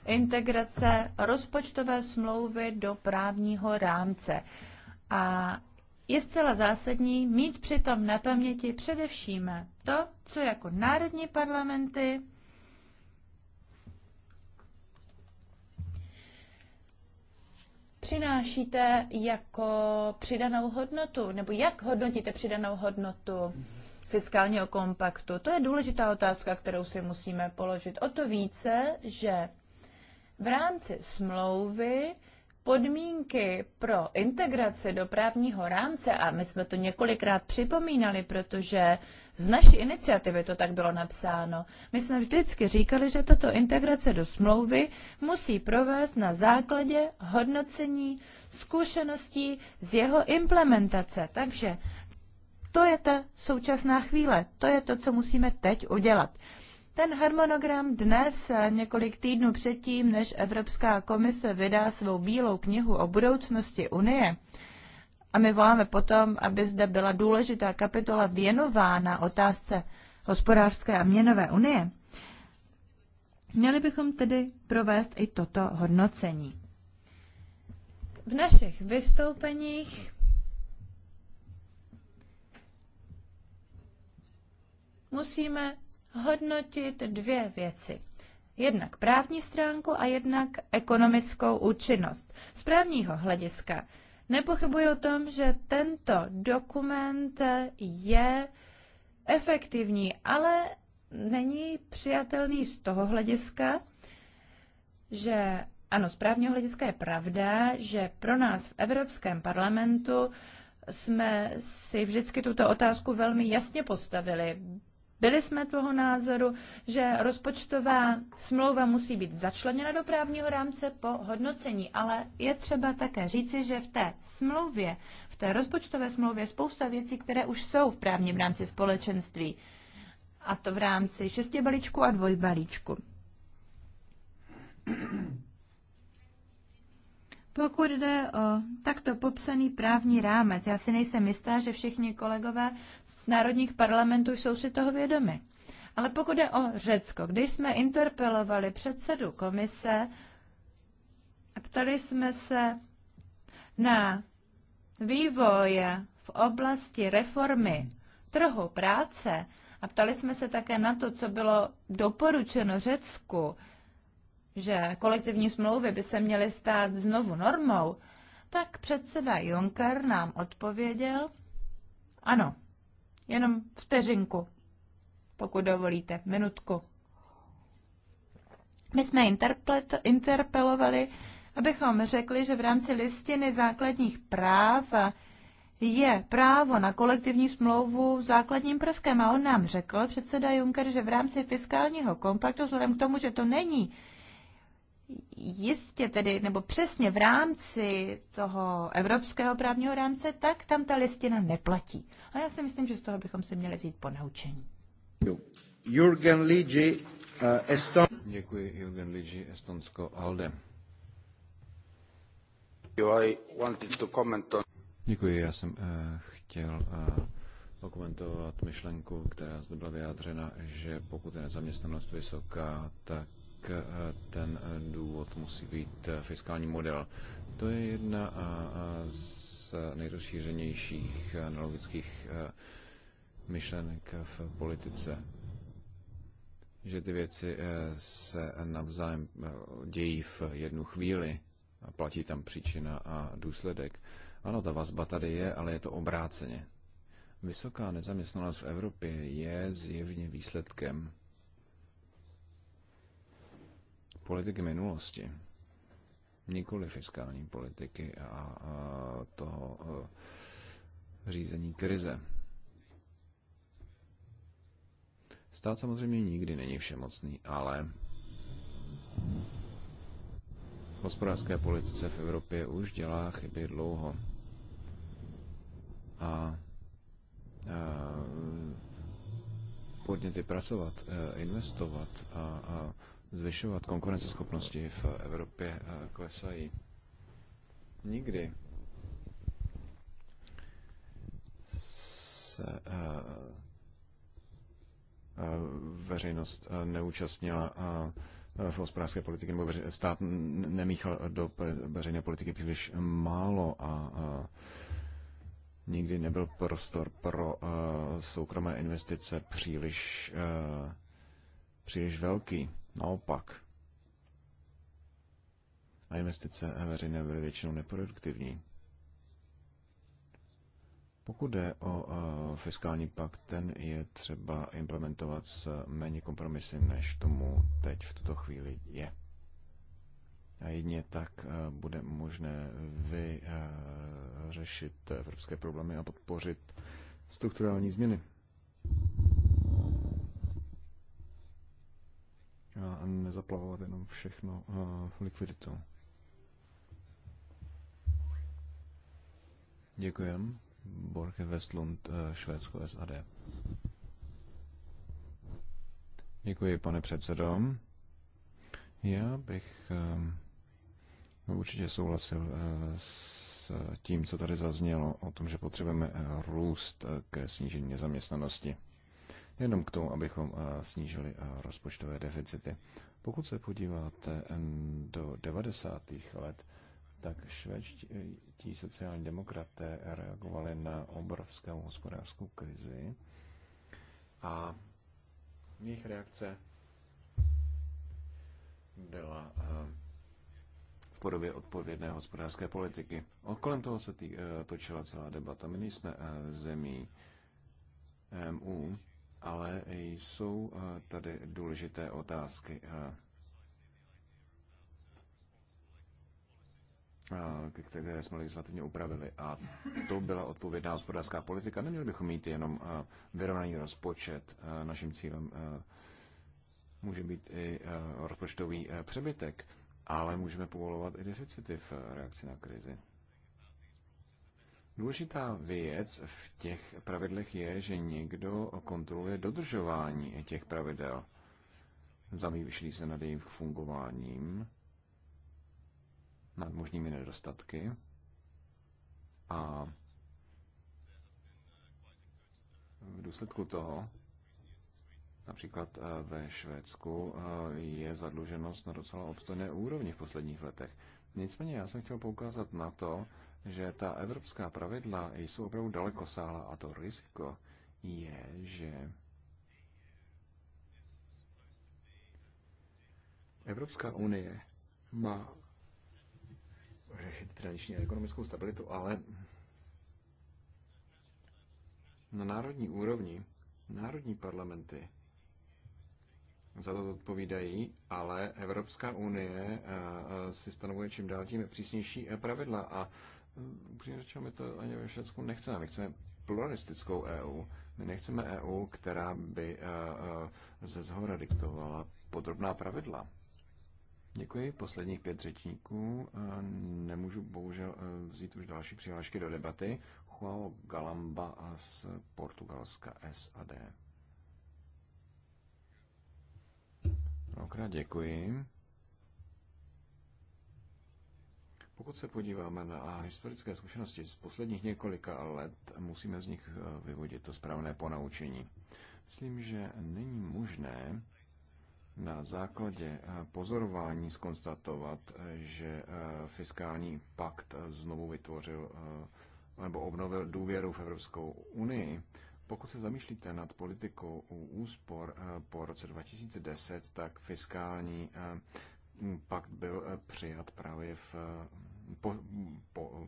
integrace rozpočtové smlouvy do právního rámce. A je zcela zásadní mít přitom na paměti především to, co jako národní parlamenty přinášíte jako přidanou hodnotu, nebo jak hodnotíte přidanou hodnotu fiskálního kompaktu? To je důležitá otázka, kterou si musíme položit. O to více, že v rámci smlouvy podmínky pro integraci do právního rámce, a my jsme to několikrát připomínali, protože z naší iniciativy to tak bylo napsáno, my jsme vždycky říkali, že tato integrace do smlouvy musí provést na základě hodnocení zkušeností z jeho implementace. Takže to je ta současná chvíle, to je to, co musíme teď udělat. Ten harmonogram dnes, eh, několik týdnů předtím, než Evropská komise vydá svou bílou knihu o budoucnosti Unie, a my voláme potom, aby zde byla důležitá kapitola věnována otázce hospodářské a měnové unie, měli bychom tedy provést i toto hodnocení. V našich vystoupeních musíme hodnotit dvě věci. Jednak právní stránku a jednak ekonomickou účinnost. Z právního hlediska nepochybuji o tom, že tento dokument je efektivní, ale není přijatelný z toho hlediska, že ano, z právního hlediska je pravda, že pro nás v Evropském parlamentu jsme si vždycky tuto otázku velmi jasně postavili. Byli jsme toho názoru, že rozpočtová smlouva musí být začleněna do právního rámce po hodnocení, ale je třeba také říci, že v té smlouvě, v té rozpočtové smlouvě je spousta věcí, které už jsou v právním rámci společenství. A to v rámci šesti balíčku a dvojbalíčku. Pokud jde o takto popsaný právní rámec, já si nejsem jistá, že všichni kolegové z národních parlamentů jsou si toho vědomi. Ale pokud jde o Řecko, když jsme interpelovali předsedu komise a ptali jsme se na vývoje v oblasti reformy trhu práce a ptali jsme se také na to, co bylo doporučeno Řecku že kolektivní smlouvy by se měly stát znovu normou, tak předseda Juncker nám odpověděl, ano, jenom vteřinku, pokud dovolíte, minutku. My jsme interpelovali, abychom řekli, že v rámci listiny základních práv je právo na kolektivní smlouvu základním prvkem. A on nám řekl, předseda Juncker, že v rámci fiskálního kompaktu, vzhledem k tomu, že to není jistě tedy, nebo přesně v rámci toho evropského právního rámce, tak tam ta listina neplatí. A já si myslím, že z toho bychom si měli vzít po naučení. Jürgen Ligi, uh, Eston... Děkuji, Jürgen Ligi, Estonsko, Alde. I wanted to comment on... Děkuji, já jsem uh, chtěl uh, okomentovat myšlenku, která zde byla vyjádřena, že pokud je nezaměstnanost vysoká, tak Eh, ten eh, důvod musí být eh, fiskální model. To je jedna z nejrozšířenějších analogických myšlenek v politice že ty věci se navzájem dějí v jednu chvíli a platí tam příčina a důsledek. Ano, ta vazba tady je, ale je to obráceně. Vysoká nezaměstnanost v Evropě je zjevně výsledkem politiky minulosti, nikoli fiskální politiky a, a toho a, e, řízení krize. Stát samozřejmě nikdy není všemocný, ale v hospodářské politice v Evropě už dělá chyby dlouho. A, a e, podněty pracovat, e, investovat a, a zvyšovat konkurenceschopnosti v Evropě eh, klesají. Nikdy se eh, eh, veřejnost neúčastnila v hospodářské politiky, nebo stát nemíchal do veřejné politiky příliš málo a nikdy nebyl prostor pro soukromé investice příliš, příliš velký. Naopak. A investice veřejné byly většinou neproduktivní. Pokud jde o eh, fiskální pakt, ten je třeba implementovat s méně kompromisy, než tomu teď v tuto chvíli je. A jedině tak eh, bude možné vyřešit eh, evropské problémy a podpořit strukturální změny. a nezaplavovat jenom všechno likviditou. Děkujem. Borke Westlund, e, Švédsko SAD. Děkuji, pane předsedo. Já bych e, no, určitě souhlasil e, s tím, co tady zaznělo o tom, že potřebujeme růst ke snížení nezaměstnanosti. Jenom k tomu, abychom eh, snížili eh, rozpočtové deficity. Pokud se podíváte eh, do 90. let, tak švédští sociální demokraté reagovali na obrovskou hospodářskou krizi a jejich reakce byla v podobě odpovědné hospodářské politiky. Kolem toho se tý, točila celá debata. My nejsme zemí MU, ale jsou eh, tady důležité otázky, eh, eh, které jsme legislativně upravili. A to byla odpovědná hospodářská politika. Neměli bychom mít jenom vyrovnaný rozpočet. Naším cílem může být i rozpočtový přebytek, ale můžeme povolovat i deficity v reakci na krizi. Důležitá věc v těch pravidlech je, že někdo kontroluje dodržování těch pravidel. Zamýšlí se nad jejich fungováním, nad možnými nedostatky a v důsledku toho Například eh, ve Švédsku eh, je zadluženost na docela obstojné úrovni v posledních letech. Nicméně já jsem chtěl poukázat na to, že ta evropská pravidla jsou opravdu sála a to riziko je, že Evropská unie má řešit tradiční a ekonomickou stabilitu, ale na národní úrovni národní parlamenty za to odpovídají, ale Evropská unie eh, eh, si stanovuje čím dál tím přísnější eh, pravidla a Mm, upřímně řečeno, my to ani ve Švédsku nechceme. My chceme pluralistickou EU. My nechceme EU, která by eh, eh, ze zhora diktovala podrobná pravidla. Děkuji. Posledních pět řečníků. Eh, nemůžu bohužel vzít už další přihlášky do debaty. Juan Galamba z Portugalska SAD. Mnohokrát děkuji. Pokud se podíváme na historické zkušenosti z posledních několika let, musíme z nich eh, vyvodit to správné ponaučení. Myslím, že není možné na základě eh, pozorování skonstatovat, eh, že fiskální pakt znovu vytvořil nebo obnovil důvěru v Evropskou unii. Pokud se zamýšlíte nad politikou úspor po roce 2010, tak fiskální pakt byl přijat právě v po, po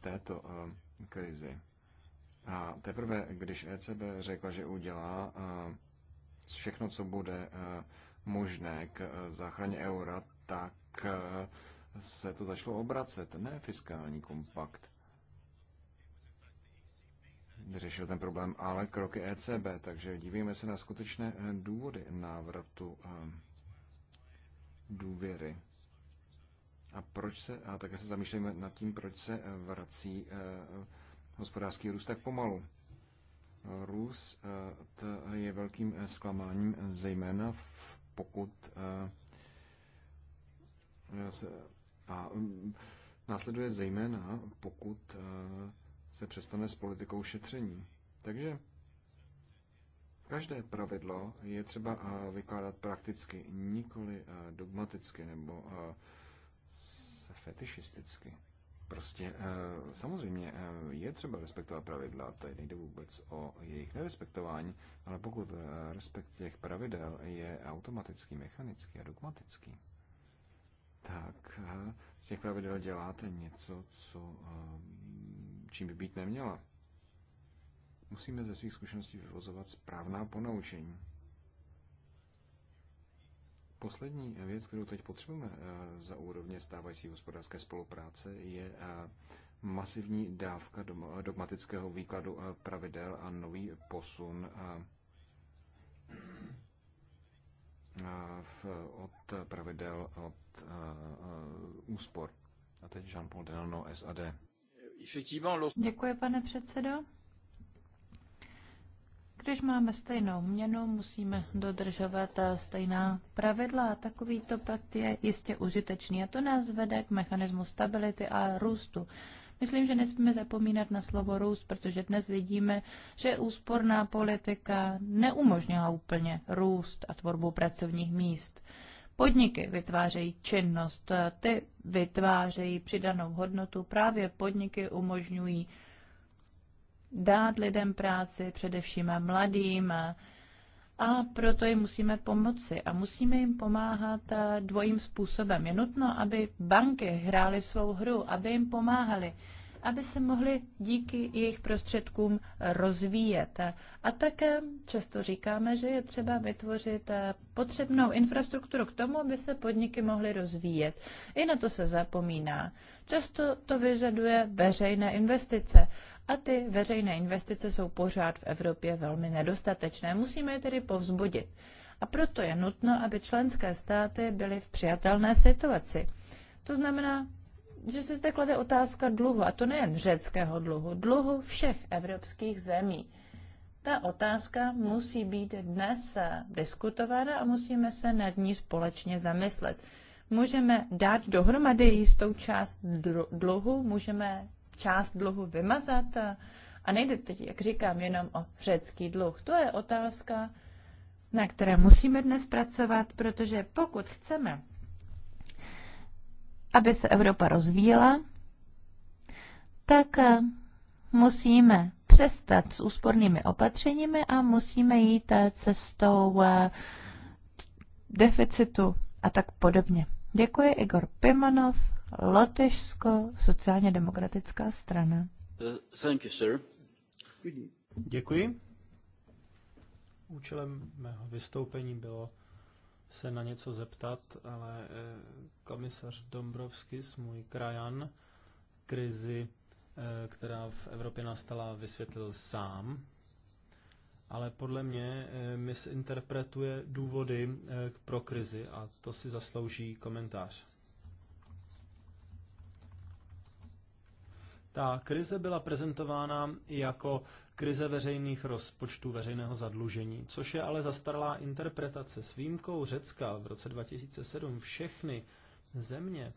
této eh, krizi. A teprve, když ECB řekla, že udělá eh, všechno, co bude eh, možné k záchraně eura, tak se to začalo obracet, ne fiskální kompakt. Řešil ten problém, ale kroky ECB, takže dívíme se na skutečné důvody návratu důvěry. A proč se, a také se zamýšlíme nad tím, proč se eh, vrací eh, hospodářský růst tak pomalu. Růst eh, je velkým zklamáním, zejména v, pokud se, a mm, následuje zejména, pokud se přestane s politikou šetření. Takže Každé pravidlo je třeba vykládat prakticky, nikoli dogmaticky nebo fetišisticky. Prostě eh, samozřejmě eh, je třeba respektovat pravidla, tady nejde vůbec o jejich nerespektování, ale pokud eh, respekt těch pravidel je automatický, mechanický a dogmatický, tak z těch pravidel děláte něco, co, čím by být neměla. Musíme ze svých zkušeností vyvozovat správná ponaučení. Poslední věc, kterou teď potřebujeme eh, za úrovně stávající hospodářské spolupráce, je eh, masivní dávka dogmatického výkladu eh, pravidel a nový posun od pravidel od úspor. A teď Jean-Paul Delano, SAD. Děkuji, pane předsedo. Když máme stejnou měnu, musíme dodržovat eh, stejná pravidla a takovýto pakt je jistě užitečný. A to nás vede k mechanismu stability a růstu. Myslím, že nesmíme zapomínat na slovo růst, protože dnes vidíme, že úsporná politika neumožnila úplně růst a tvorbu pracovních míst. Podniky vytvářejí činnost, eh, ty vytvářejí přidanou hodnotu, právě podniky umožňují dát lidem práci, především mladým, a proto jim musíme pomoci a musíme jim pomáhat eh, dvojím způsobem. Je nutno, aby banky hrály svou hru, aby jim pomáhali, aby se mohly díky jejich prostředkům rozvíjet. A také často říkáme, že je třeba vytvořit eh, potřebnou infrastrukturu k tomu, aby se podniky mohly rozvíjet. I na to se zapomíná. Často to vyžaduje veřejné investice a ty veřejné investice jsou pořád v Evropě velmi nedostatečné. Musíme je tedy povzbudit. A proto je nutno, aby členské státy byly v přijatelné situaci. To znamená, že se zde klade otázka dluhu, a to nejen řeckého dluhu, dluhu všech evropských zemí. Ta otázka musí být dnes diskutována a musíme se nad ní společně zamyslet. Můžeme dát dohromady jistou část dluhu, můžeme část dluhu vymazat? A nejde teď, jak říkám, jenom o řecký dluh. To je otázka, na které musíme dnes pracovat, protože pokud chceme, aby se Evropa rozvíjela, tak eh, musíme přestat s úspornými opatřeními a musíme jít eh, cestou eh, deficitu a tak podobně. Děkuji Igor Pimanov Lotyšsko sociálně demokratická strana. Uh, thank you, sir. Děkuji. Účelem mého vystoupení bylo se na něco zeptat, ale eh, komisař Dombrovskis, můj krajan, krizi, eh, která v Evropě nastala, vysvětlil sám. Ale podle mě eh, misinterpretuje důvody pro krizi a to si zaslouží komentář. Ta krize byla prezentována jako krize veřejných rozpočtů, veřejného zadlužení, což je ale zastaralá interpretace. S výjimkou Řecka v roce 2007 všechny země,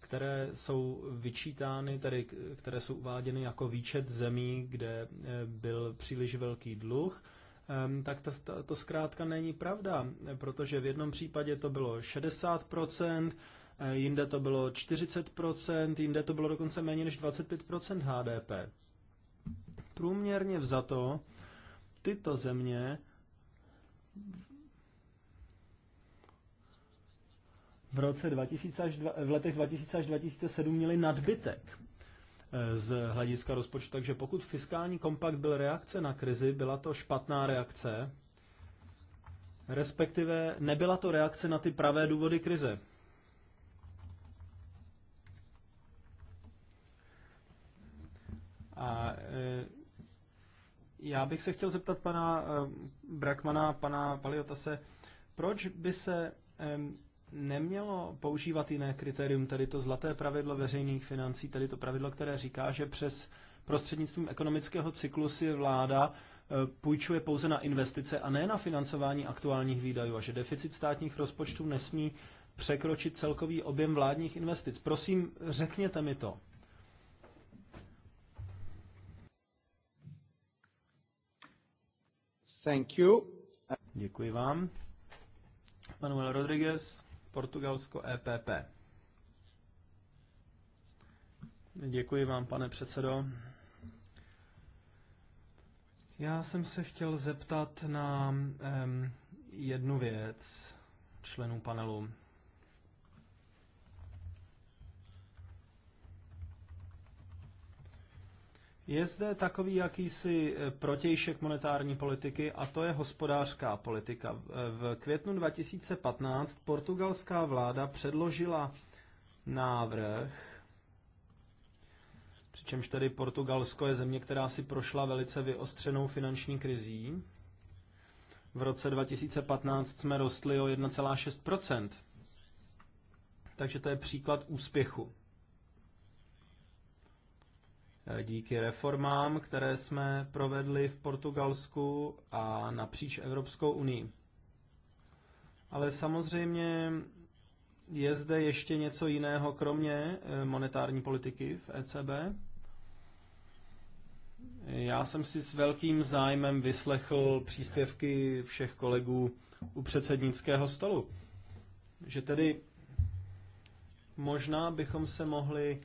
které jsou vyčítány, tedy které jsou uváděny jako výčet zemí, kde eh, byl příliš velký dluh, ehm, tak to, to zkrátka není pravda, protože v jednom případě to bylo 60%, Eh, jinde to bylo 40%, jinde to bylo dokonce méně než 25% HDP. Průměrně vzato tyto země v, roce 2000 až dva, v letech 2000 až 2007 měly nadbytek eh, z hlediska rozpočtu. Takže pokud fiskální kompakt byl reakce na krizi, byla to špatná reakce, respektive nebyla to reakce na ty pravé důvody krize. A e, já bych se chtěl zeptat pana e, Brakmana, pana Paliotase, proč by se e, nemělo používat jiné kritérium, tedy to zlaté pravidlo veřejných financí, tedy to pravidlo, které říká, že přes prostřednictvím ekonomického cyklu si vláda půjčuje pouze na investice a ne na financování aktuálních výdajů a že deficit státních rozpočtů nesmí překročit celkový objem vládních investic. Prosím, řekněte mi to. Thank you. Děkuji vám. Manuel Rodriguez, Portugalsko EPP. Děkuji vám, pane předsedo. Já jsem se chtěl zeptat na um, jednu věc členů panelu. Je zde takový jakýsi eh, protějšek monetární politiky a to je hospodářská politika. V eh, květnu 2015 portugalská vláda předložila návrh, přičemž tedy Portugalsko je země, která si prošla velice vyostřenou finanční krizí. V roce 2015 jsme rostli o 1,6%. Takže to je příklad úspěchu díky reformám, které jsme provedli v Portugalsku a napříč Evropskou unii. Ale samozřejmě je zde ještě něco jiného, kromě eh, monetární politiky v ECB? Já jsem si s velkým zájmem vyslechl příspěvky všech kolegů u předsednického stolu. Že tedy možná bychom se mohli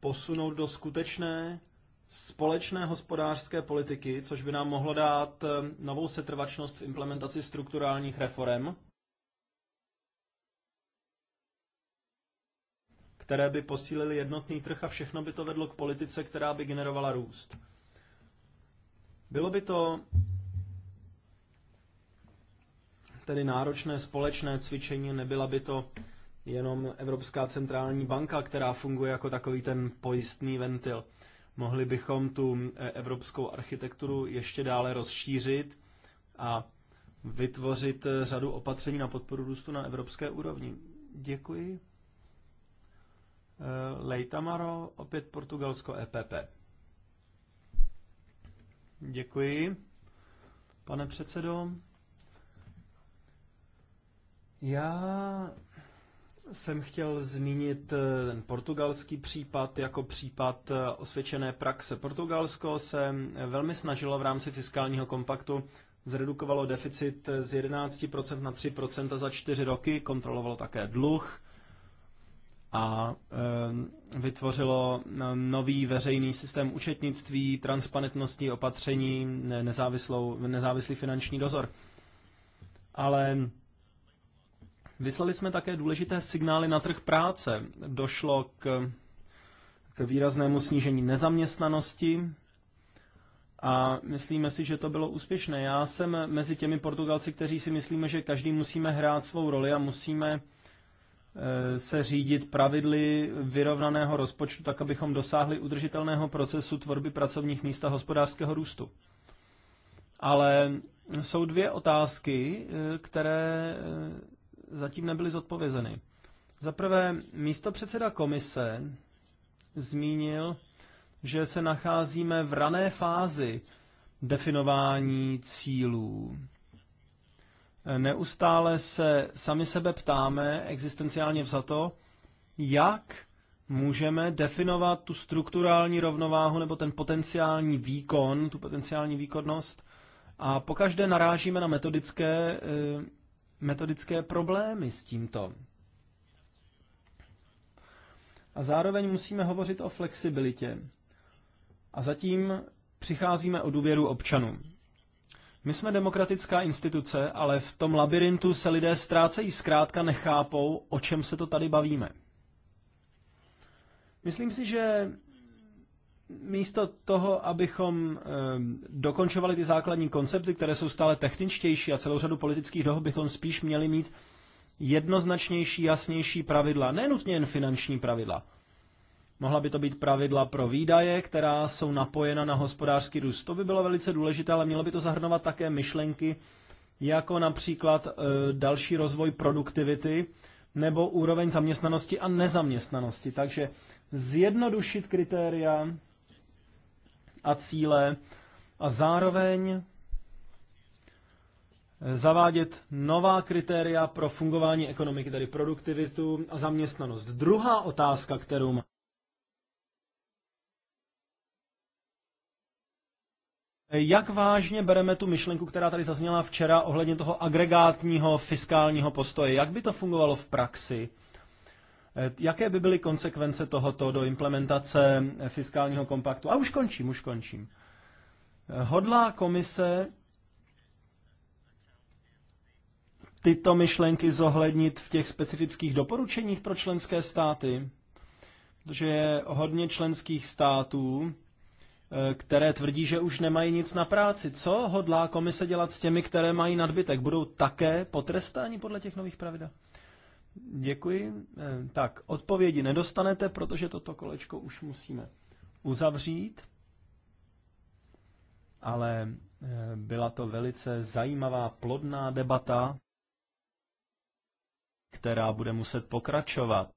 posunout do skutečné společné hospodářské politiky, což by nám mohlo dát eh, novou setrvačnost v implementaci strukturálních reform, které by posílily jednotný trh a všechno by to vedlo k politice, která by generovala růst. Bylo by to tedy náročné společné cvičení, nebyla by to jenom Evropská centrální banka, která funguje jako takový ten pojistný ventil. Mohli bychom tu e, evropskou architekturu ještě dále rozšířit a vytvořit e, řadu opatření na podporu růstu na evropské úrovni. Děkuji. E, Leitamaro, opět Portugalsko EPP. Děkuji, pane předsedo. Já jsem chtěl zmínit eh, ten portugalský případ jako případ eh, osvědčené praxe. Portugalsko se eh, velmi snažilo v rámci fiskálního kompaktu zredukovalo deficit z 11% na 3% za 4 roky, kontrolovalo také dluh a vytvořilo nový veřejný systém účetnictví, transparentnostní opatření, nezávislou, nezávislý finanční dozor. Ale Vyslali jsme také důležité signály na trh práce. Došlo k, k výraznému snížení nezaměstnanosti a myslíme si, že to bylo úspěšné. Já jsem mezi těmi Portugalci, kteří si myslíme, že každý musíme hrát svou roli a musíme e, se řídit pravidly vyrovnaného rozpočtu, tak abychom dosáhli udržitelného procesu tvorby pracovních míst a hospodářského růstu. Ale jsou dvě otázky, e, které e, zatím nebyly zodpovězeny. Za prvé, místo předseda komise zmínil, že se nacházíme v rané fázi definování cílů. Neustále se sami sebe ptáme, existenciálně vzato, jak můžeme definovat tu strukturální rovnováhu nebo ten potenciální výkon, tu potenciální výkonnost. A pokaždé narážíme na metodické eh, metodické problémy s tímto. A zároveň musíme hovořit o flexibilitě. A zatím přicházíme o důvěru občanů. My jsme demokratická instituce, ale v tom labirintu se lidé ztrácejí, zkrátka nechápou, o čem se to tady bavíme. Myslím si, že místo toho, abychom ehm, dokončovali ty základní koncepty, které jsou stále techničtější a celou řadu politických dohod, bychom spíš měli mít jednoznačnější, jasnější pravidla, nenutně jen finanční pravidla. Mohla by to být pravidla pro výdaje, která jsou napojena na hospodářský růst. To by bylo velice důležité, ale mělo by to zahrnovat také myšlenky, jako například e, další rozvoj produktivity nebo úroveň zaměstnanosti a nezaměstnanosti. Takže zjednodušit kritéria, a cíle a zároveň zavádět nová kritéria pro fungování ekonomiky, tedy produktivitu a zaměstnanost. Druhá otázka, kterou má. Jak vážně bereme tu myšlenku, která tady zazněla včera ohledně toho agregátního fiskálního postoje? Jak by to fungovalo v praxi? Eh, jaké by byly konsekvence tohoto do implementace eh, fiskálního kompaktu? A už končím, už končím. Eh, hodlá komise tyto myšlenky zohlednit v těch specifických doporučeních pro členské státy? Protože je hodně členských států, které tvrdí, že už nemají nic na práci. Co hodlá komise dělat s těmi, které mají nadbytek? Budou také potrestáni podle těch nových pravidel? Děkuji. Eh, tak, odpovědi nedostanete, protože toto kolečko už musíme uzavřít. Ale eh, byla to velice zajímavá, plodná debata, která bude muset pokračovat.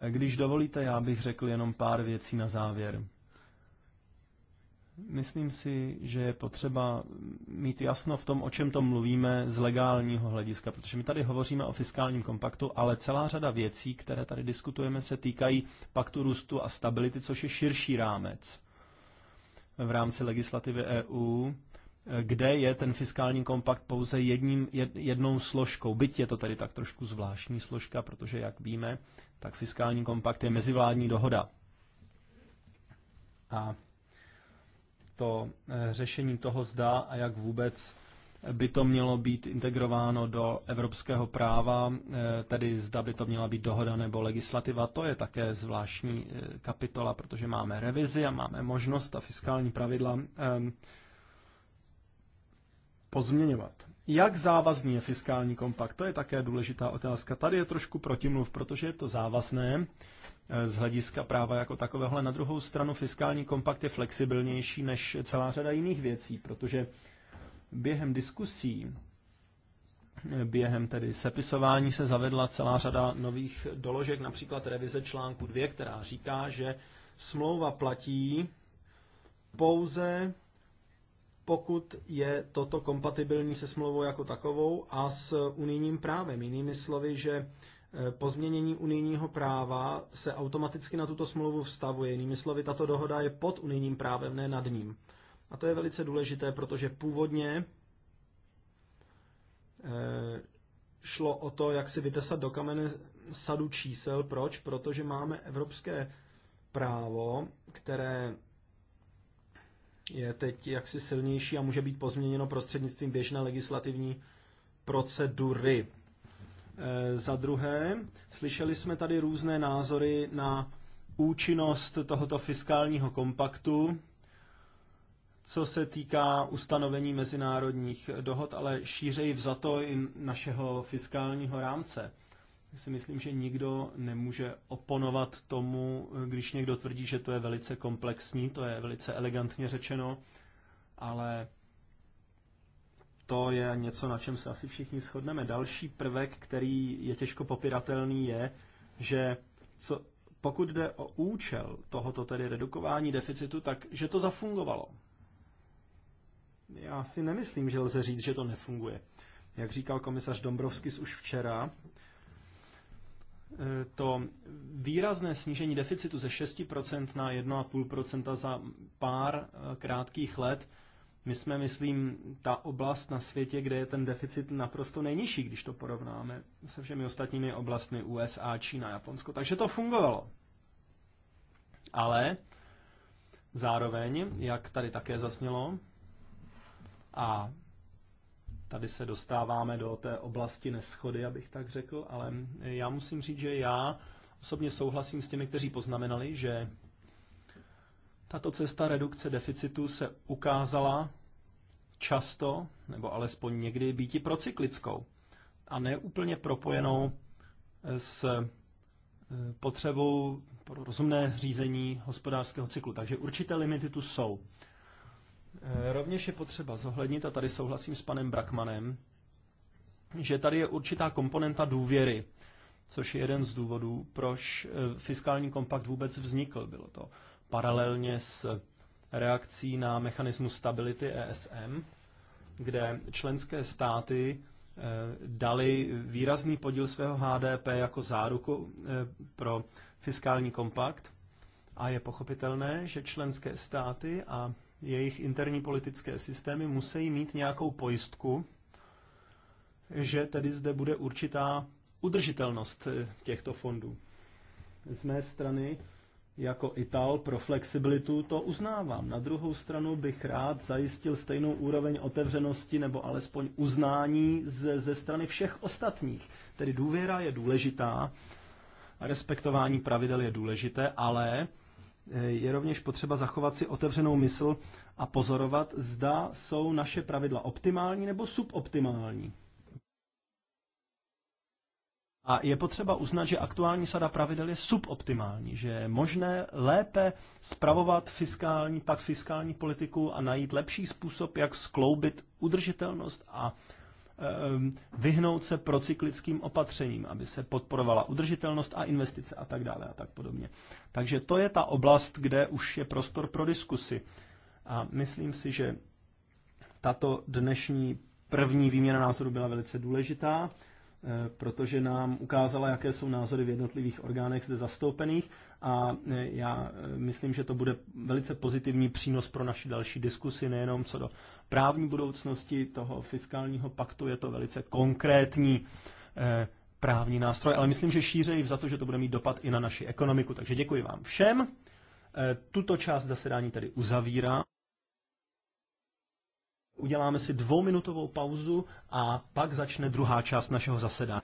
Eh, když dovolíte, já bych řekl jenom pár věcí na závěr. Myslím si, že je potřeba mít jasno v tom, o čem to mluvíme z legálního hlediska, protože my tady hovoříme o fiskálním kompaktu, ale celá řada věcí, které tady diskutujeme, se týkají paktu růstu a stability, což je širší rámec v rámci legislativy EU, kde je ten fiskální kompakt pouze jedním, jednou složkou. Byť je to tady tak trošku zvláštní složka, protože, jak víme, tak fiskální kompakt je mezivládní dohoda. A to eh, řešení toho zdá a jak vůbec by to mělo být integrováno do evropského práva, eh, tedy zda by to měla být dohoda nebo legislativa. To je také zvláštní eh, kapitola, protože máme revizi a máme možnost a fiskální pravidla ehm, pozměňovat. Jak závazný je fiskální kompakt? To je také důležitá otázka. Tady je trošku protimluv, protože je to závazné eh, z hlediska práva jako takového, ale na druhou stranu fiskální kompakt je flexibilnější než celá řada jiných věcí, protože během diskusí, eh, během tedy sepisování se zavedla celá řada nových doložek, například revize článku 2, která říká, že smlouva platí pouze pokud je toto kompatibilní se smlouvou jako takovou a s unijním právem. Jinými slovy, že e, po změnění unijního práva se automaticky na tuto smlouvu vztahuje. Jinými slovy, tato dohoda je pod unijním právem, ne nad ním. A to je velice důležité, protože původně e, šlo o to, jak si vytesat do kamene sadu čísel. Proč? Protože máme evropské právo, které je teď jaksi silnější a může být pozměněno prostřednictvím běžné legislativní procedury. E, za druhé, slyšeli jsme tady různé názory na účinnost tohoto fiskálního kompaktu, co se týká ustanovení mezinárodních dohod, ale šířej vzato i našeho fiskálního rámce si myslím, že nikdo nemůže oponovat tomu, když někdo tvrdí, že to je velice komplexní, to je velice elegantně řečeno, ale to je něco, na čem se asi všichni shodneme. Další prvek, který je těžko popiratelný, je, že co, pokud jde o účel tohoto tedy redukování deficitu, tak že to zafungovalo. Já si nemyslím, že lze říct, že to nefunguje. Jak říkal komisař Dombrovskis už včera, Eh, to výrazné snížení deficitu ze 6% na 1,5% za pár eh, krátkých let, my jsme, myslím, ta oblast na světě, kde je ten deficit naprosto nejnižší, když to porovnáme se všemi ostatními oblastmi USA, Čína, Japonsko. Takže to fungovalo. Ale zároveň, jak tady také zasnělo, a Tady se dostáváme do té oblasti neschody, abych tak řekl, ale já musím říct, že já osobně souhlasím s těmi, kteří poznamenali, že tato cesta redukce deficitu se ukázala často, nebo alespoň někdy býti procyklickou a ne úplně propojenou s eh, potřebou pro rozumné řízení hospodářského cyklu. Takže určité limity tu jsou. Eh, rovněž je potřeba zohlednit, a tady souhlasím s panem Brakmanem, že tady je určitá komponenta důvěry, což je jeden z důvodů, proč eh, fiskální kompakt vůbec vznikl. Bylo to paralelně s reakcí na mechanismus stability ESM, kde členské státy eh, dali výrazný podíl svého HDP jako záruku pro fiskální kompakt. A je pochopitelné, že členské státy a jejich interní politické systémy musí mít nějakou pojistku, že tedy zde bude určitá udržitelnost eh, těchto fondů. Z mé strany jako Ital pro flexibilitu to uznávám. Na druhou stranu bych rád zajistil stejnou úroveň otevřenosti nebo alespoň uznání ze, ze strany všech ostatních. Tedy důvěra je důležitá, respektování pravidel je důležité, ale je rovněž potřeba zachovat si otevřenou mysl a pozorovat, zda jsou naše pravidla optimální nebo suboptimální. A je potřeba uznat, že aktuální sada pravidel je suboptimální, že je možné lépe spravovat fiskální, pak fiskální politiku a najít lepší způsob, jak skloubit udržitelnost a Ehm, vyhnout se procyklickým opatřením, aby se podporovala udržitelnost a investice a tak dále a tak podobně. Takže to je ta oblast, kde už je prostor pro diskusy. A myslím si, že tato dnešní první výměna názoru byla velice důležitá. Eh, protože nám ukázala, jaké jsou názory v jednotlivých orgánech zde zastoupených a eh, já eh, myslím, že to bude velice pozitivní přínos pro naši další diskusi, nejenom co do právní budoucnosti toho fiskálního paktu, je to velice konkrétní právní nástroj, ale myslím, že šířeji za to, že to bude mít dopad i na naši ekonomiku. Takže děkuji vám všem. Tuto část zasedání tedy uzavírám. Uděláme si dvouminutovou pauzu a pak začne druhá část našeho zasedání.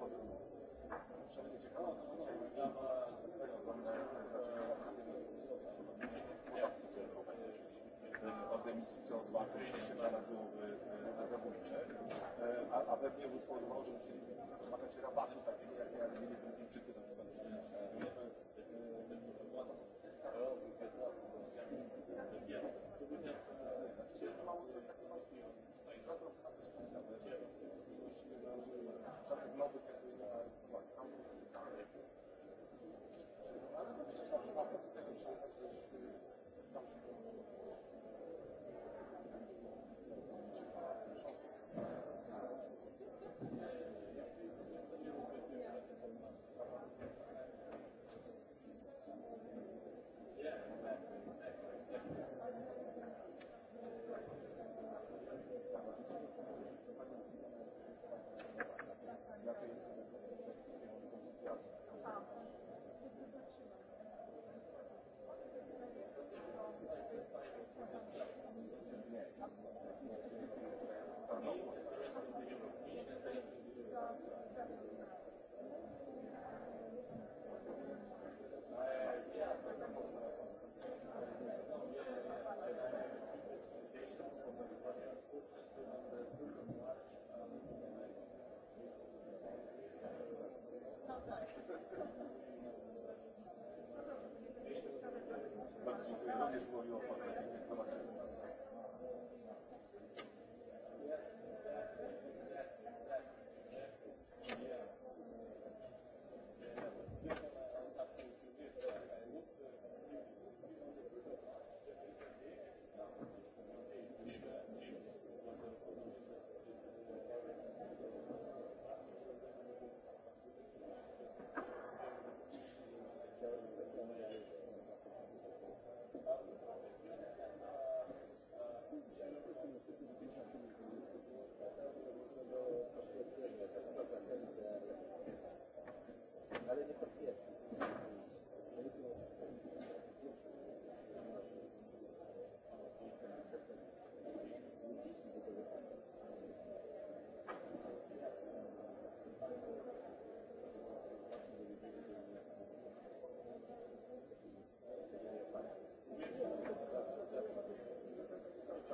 od emisji CO2, które się na zabójcze, a, a pewnie spowodowało, że musieli wymagać rabatów takich jak mieli Brytyjczycy na przykład. Mało to, something logical.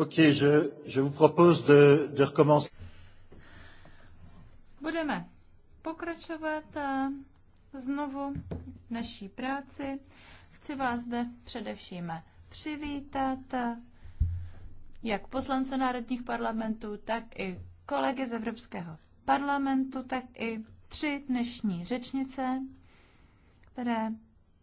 OK, je, je vous propose de, de recommencer. Budeme pokračovat eh, znovu naší práci. Chci vás zde především přivítat eh, jak poslance národních parlamentů, tak i kolegy z Evropského parlamentu, tak i tři dnešní řečnice, které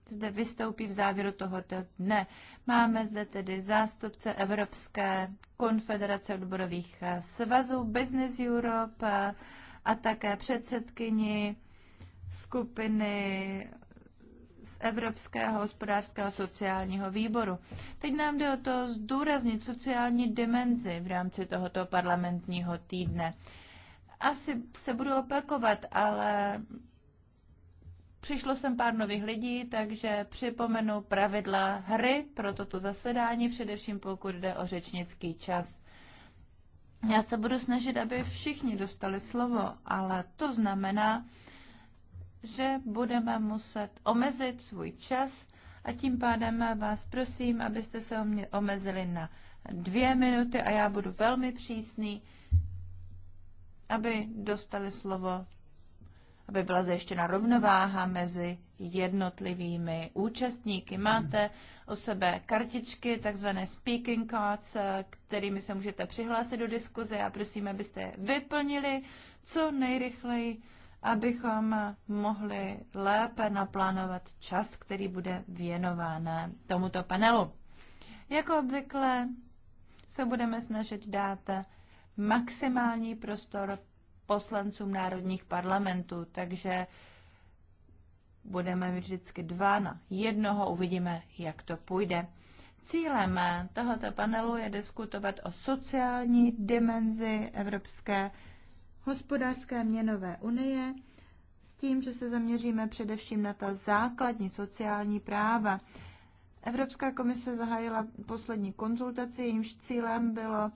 zde vystoupí v závěru tohoto dne. Máme zde tedy zástupce Evropské konfederace odborových eh, svazů Business Europe eh, a také předsedkyni skupiny z Evropského hospodářského sociálního výboru. Teď nám jde o to zdůraznit sociální dimenzi v rámci tohoto parlamentního týdne asi se budu opakovat, ale Přišlo sem pár nových lidí, takže připomenu pravidla hry pro toto zasedání, především pokud jde o řečnický čas. Já se budu snažit, aby všichni dostali slovo, ale to znamená, že budeme muset omezit svůj čas a tím pádem vás prosím, abyste se omezili na dvě minuty a já budu velmi přísný, aby dostali slovo aby byla zajištěna rovnováha mezi jednotlivými účastníky. Máte o sebe kartičky, takzvané speaking cards, kterými se můžete přihlásit do diskuze a prosím, abyste je vyplnili co nejrychleji, abychom mohli lépe naplánovat čas, který bude věnován tomuto panelu. Jako obvykle se budeme snažit dát maximální prostor poslancům národních parlamentů, takže budeme mít vždycky dva na jednoho, uvidíme, jak to půjde. Cílem tohoto panelu je diskutovat o sociální dimenzi Evropské hospodářské měnové unie s tím, že se zaměříme především na ta základní sociální práva. Evropská komise zahájila poslední konzultaci, jejímž cílem bylo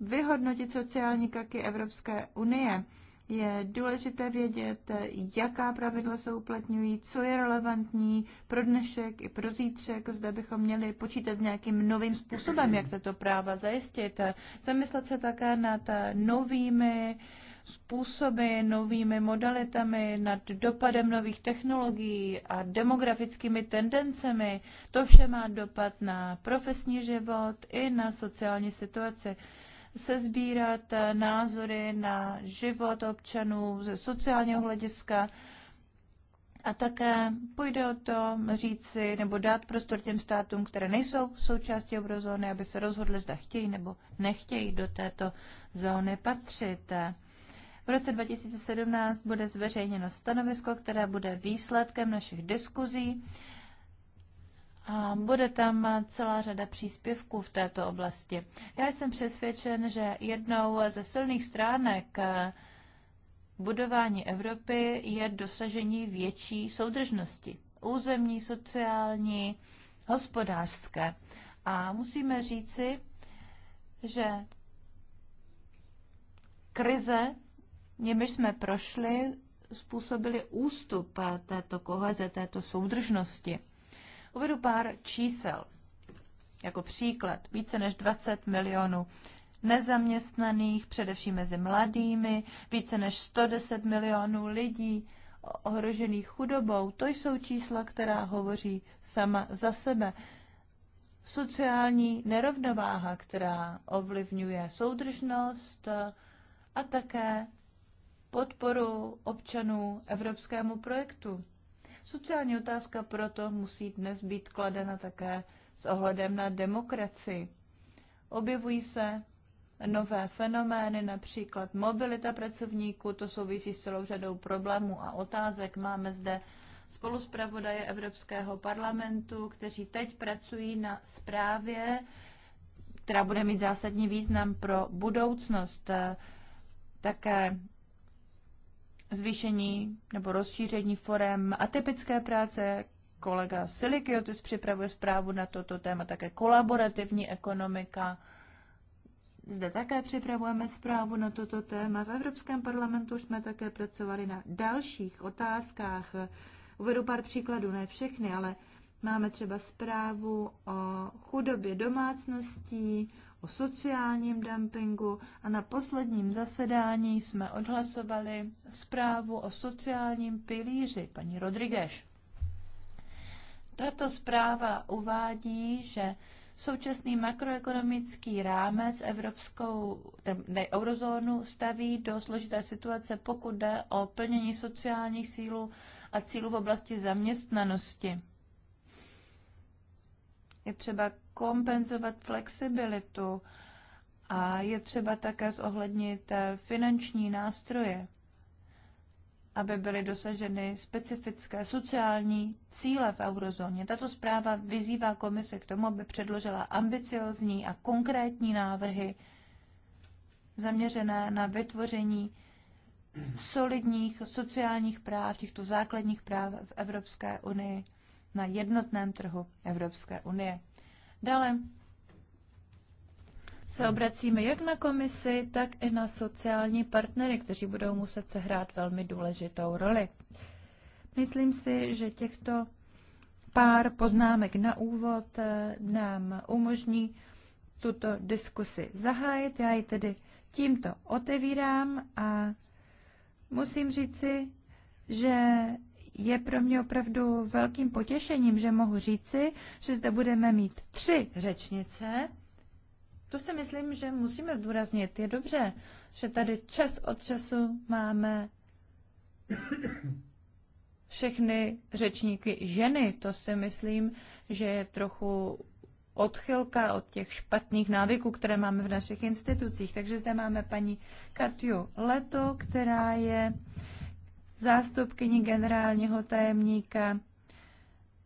vyhodnotit sociální kaky Evropské unie. Je důležité vědět, jaká pravidla se uplatňují, co je relevantní pro dnešek i pro zítřek. Zde bychom měli počítat s nějakým novým způsobem, jak tato práva zajistit. Zamyslet se také nad novými způsoby, novými modalitami, nad dopadem nových technologií a demografickými tendencemi. To vše má dopad na profesní život i na sociální situaci sezbírat eh, názory na život občanů ze sociálního hlediska. A také půjde o to říci nebo dát prostor těm státům, které nejsou součástí eurozóny, aby se rozhodli, zda chtějí nebo nechtějí do této zóny patřit. V roce 2017 bude zveřejněno stanovisko, které bude výsledkem našich diskuzí a bude tam celá řada příspěvků v této oblasti. Já jsem přesvědčen, že jednou ze silných stránek eh, budování Evropy je dosažení větší soudržnosti. Územní, sociální, hospodářské. A musíme říci, že krize, němiž jsme prošli, způsobily ústup eh, této koheze, této soudržnosti. Uvedu pár čísel. Jako příklad, více než 20 milionů nezaměstnaných, především mezi mladými, více než 110 milionů lidí ohrožených chudobou. To jsou čísla, která hovoří sama za sebe. Sociální nerovnováha, která ovlivňuje soudržnost a také podporu občanů evropskému projektu. Sociální otázka proto musí dnes být kladena také s ohledem na demokracii. Objevují se nové fenomény, například mobilita pracovníků, to souvisí s celou řadou problémů a otázek. Máme zde spoluspravodaje Evropského parlamentu, kteří teď pracují na zprávě, která bude mít zásadní význam pro budoucnost. Také zvýšení nebo rozšíření forem atypické práce. Kolega Silikiotis připravuje zprávu na toto téma, také kolaborativní ekonomika. Zde také připravujeme zprávu na toto téma. V Evropském parlamentu jsme také pracovali na dalších otázkách. Uvedu pár příkladů, ne všechny, ale máme třeba zprávu o chudobě domácností, o sociálním dumpingu a na posledním zasedání jsme odhlasovali zprávu o sociálním pilíři paní Rodriguez. Tato zpráva uvádí, že současný makroekonomický rámec evropskou ne, eurozónu staví do složité situace, pokud jde o plnění sociálních sílů a cílů v oblasti zaměstnanosti. Je třeba kompenzovat flexibilitu a je třeba také zohlednit eh, finanční nástroje, aby byly dosaženy specifické sociální cíle v eurozóně. Tato zpráva vyzývá komise k tomu, aby předložila ambiciozní a konkrétní návrhy zaměřené na vytvoření solidních sociálních práv, těchto základních práv v Evropské unii na jednotném trhu Evropské unie. Dále se obracíme jak na komisi, tak i na sociální partnery, kteří budou muset sehrát velmi důležitou roli. Myslím si, že těchto pár poznámek na úvod eh, nám umožní tuto diskusi zahájit. Já ji tedy tímto otevírám a musím říci, že je pro mě opravdu velkým potěšením, že mohu říci, že zde budeme mít tři řečnice. To si myslím, že musíme zdůraznit. Je dobře, že tady čas od času máme všechny řečníky ženy. To si myslím, že je trochu odchylka od těch špatných návyků, které máme v našich institucích. Takže zde máme paní Katiu Leto, která je uh, zástupkyni generálního tajemníka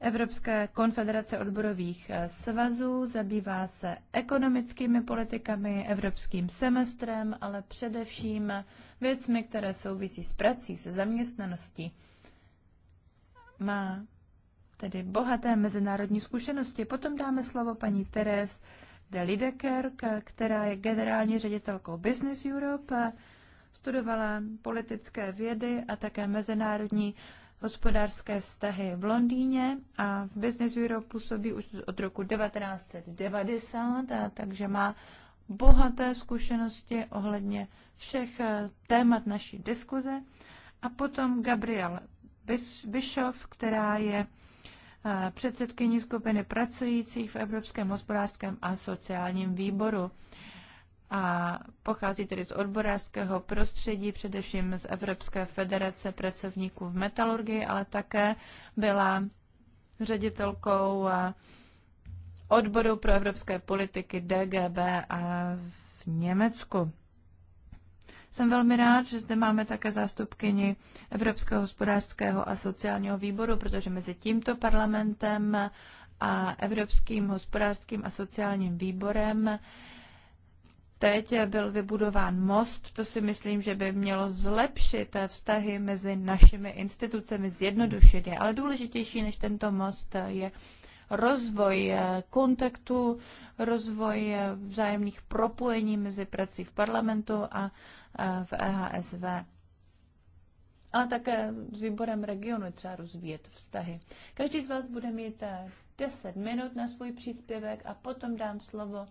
Evropské konfederace odborových eh, svazů, zabývá se ekonomickými politikami, evropským semestrem, ale především věcmi, které souvisí s prací, se zaměstnaností. Má tedy bohaté mezinárodní zkušenosti. Potom dáme slovo paní Teres de Lidekerk, která je generální ředitelkou Business Europe Studovala politické vědy a také mezinárodní hospodářské vztahy v Londýně a v Business Europe působí už od roku 1990, a takže má bohaté zkušenosti ohledně všech eh, témat naší diskuze. A potom Gabriel Bischoff, která je eh, předsedkyní skupiny pracujících v Evropském hospodářském a sociálním výboru a pochází tedy z odborářského prostředí, především z Evropské federace pracovníků v metalurgii, ale také byla ředitelkou eh, odboru pro evropské politiky DGB a eh, v Německu. Jsem velmi rád, že zde máme také zástupkyni Evropského hospodářského a sociálního výboru, protože mezi tímto parlamentem a Evropským hospodářským a sociálním výborem teď byl vybudován most, to si myslím, že by mělo zlepšit vztahy mezi našimi institucemi, zjednodušit je. Ale důležitější než tento most je rozvoj kontaktu, rozvoj vzájemných propojení mezi prací v parlamentu a v EHSV. Ale také s výborem regionu třeba rozvíjet vztahy. Každý z vás bude mít 10 minut na svůj příspěvek a potom dám slovo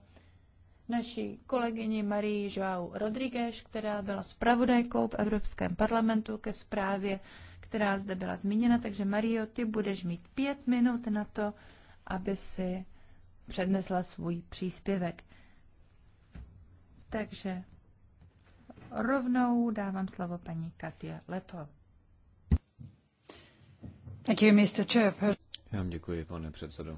naší kolegyni Marii Joao Rodriguez, která byla zpravodajkou v Evropském parlamentu ke zprávě, která zde byla zmíněna. Takže Mario, ty budeš mít pět minut na to, aby si přednesla svůj příspěvek. Takže rovnou dávám slovo paní Katia Leto. Thank you, Mr. Chair. Já vám děkuji, pane předsedo.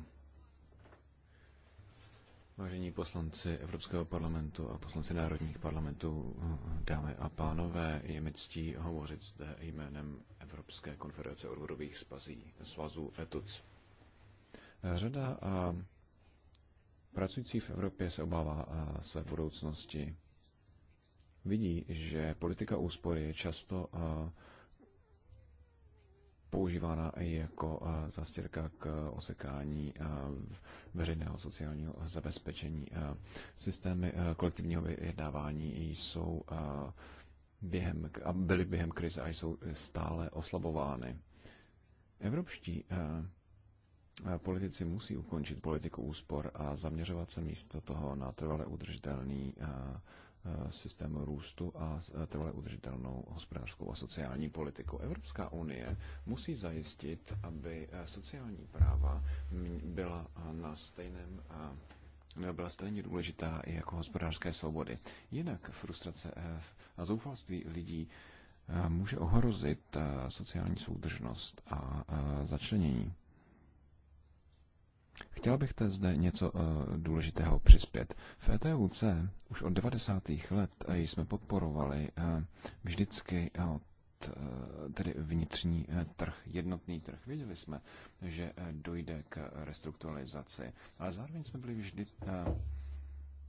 Vážení poslanci Evropského parlamentu a poslanci národních parlamentů, dámy a pánové, je mi ctí hovořit zde jménem Evropské konference odvodových spazí, svazů ETUC. Řada a pracující v Evropě se obává své budoucnosti. Vidí, že politika úspory je často a, používána i jako eh, zastěrka k eh, osekání eh, veřejného sociálního zabezpečení. Systémy kolektivního vyjednávání jsou během, a byly během krize a jsou stále oslabovány. Evropští politici musí ukončit politiku úspor a zaměřovat se místo toho na trvale udržitelný Eh, systém růstu a eh, trvale udržitelnou hospodářskou a sociální politiku. Evropská unie musí zajistit, aby eh, sociální práva byla na stejném byla stejně důležitá i jako hospodářské svobody. Jinak frustrace a zoufalství lidí může ohrozit sociální soudržnost a začlenění. Chtěl bych teď zde něco eh, důležitého přispět. V ETUC už od 90. let jsme podporovali eh, vždycky eh, tedy vnitřní trh, jednotný trh. Věděli jsme, že dojde k restrukturalizaci, ale zároveň jsme byli vždy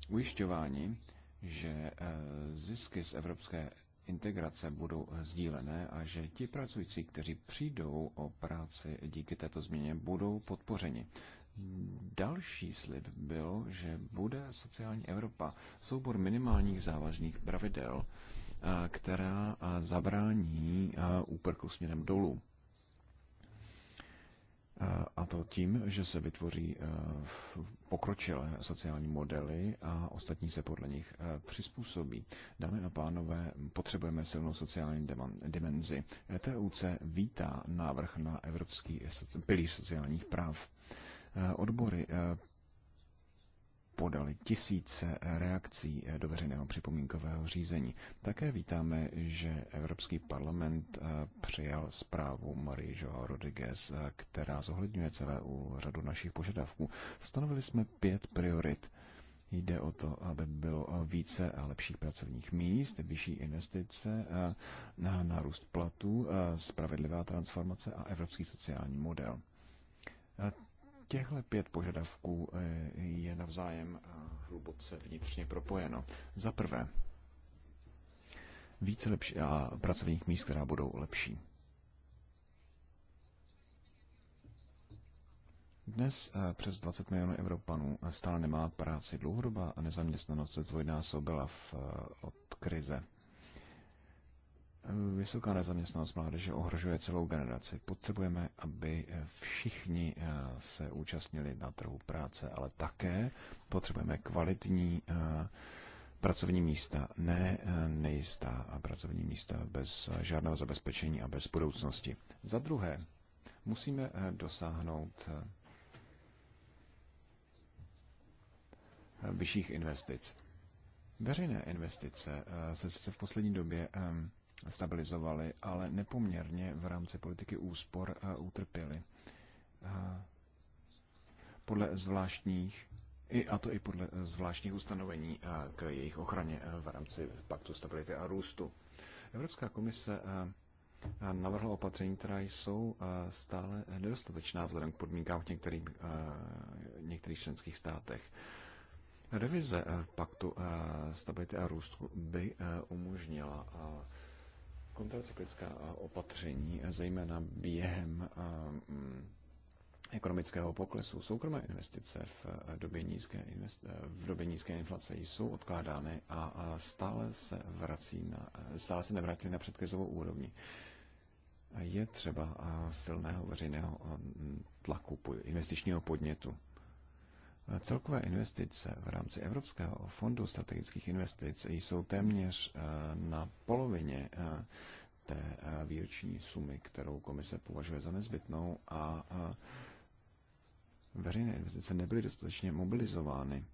ujišťováni, že zisky z evropské integrace budou sdílené a že ti pracující, kteří přijdou o práci díky této změně, budou podpořeni. Další slib byl, že bude sociální Evropa soubor minimálních závažných pravidel, která zabrání úprku směrem dolů. A to tím, že se vytvoří pokročilé sociální modely a ostatní se podle nich přizpůsobí. Dámy a pánové, potřebujeme silnou sociální dimenzi. ETUC vítá návrh na Evropský pilíř sociálních práv. Eh, odbory eh, podali tisíce eh, reakcí do veřejného připomínkového řízení. Také vítáme, že Evropský parlament přijal zprávu Marie Joao Rodriguez, která zohledňuje celou řadu našich požadavků. Stanovili jsme pět priorit. Jde o to, aby bylo více a lepších pracovních míst, vyšší investice, na nárůst platů, spravedlivá transformace a evropský sociální model těchto pět požadavků eh, je navzájem eh, hluboce vnitřně propojeno. Za prvé, více lepší a eh, pracovních míst, která budou lepší. Dnes přes 20 milionů Evropanů stále nemá práci. Dlouhodobá nezaměstnanost se dvojnásobila v, od krize. Vysoká nezaměstnanost mládeže ohrožuje celou generaci. Potřebujeme, aby všichni eh, se účastnili na trhu práce, ale také potřebujeme kvalitní eh, pracovní místa, ne eh, nejistá a pracovní místa bez žádného zabezpečení a bez budoucnosti. Za druhé, musíme dosáhnout vyšších investic. Veřejné investice se sice v poslední době stabilizovaly, ale nepoměrně v rámci politiky úspor eh, utrpěly. Eh, podle zvláštních a to i podle eh, zvláštních ustanovení k jejich ochraně v rámci Paktu stability a růstu. Evropská komise navrhla opatření, která jsou stále nedostatečná vzhledem k podmínkám v některých, některých členských státech. Revize Paktu stability a růstu by umožnila kontracyklická opatření, zejména během mm, ekonomického poklesu. Soukromé investice v době nízké, invest- v době nízké inflace jsou odkládány a stále se, vrací na, stále se nevrátily na předkrizovou úrovni. Je třeba silného veřejného tlaku investičního podnětu. Celkové investice v rámci Evropského fondu strategických investic jsou téměř eh, na polovině eh, té eh, výroční sumy, kterou komise považuje za nezbytnou a veřejné investice nebyly dostatečně mobilizovány,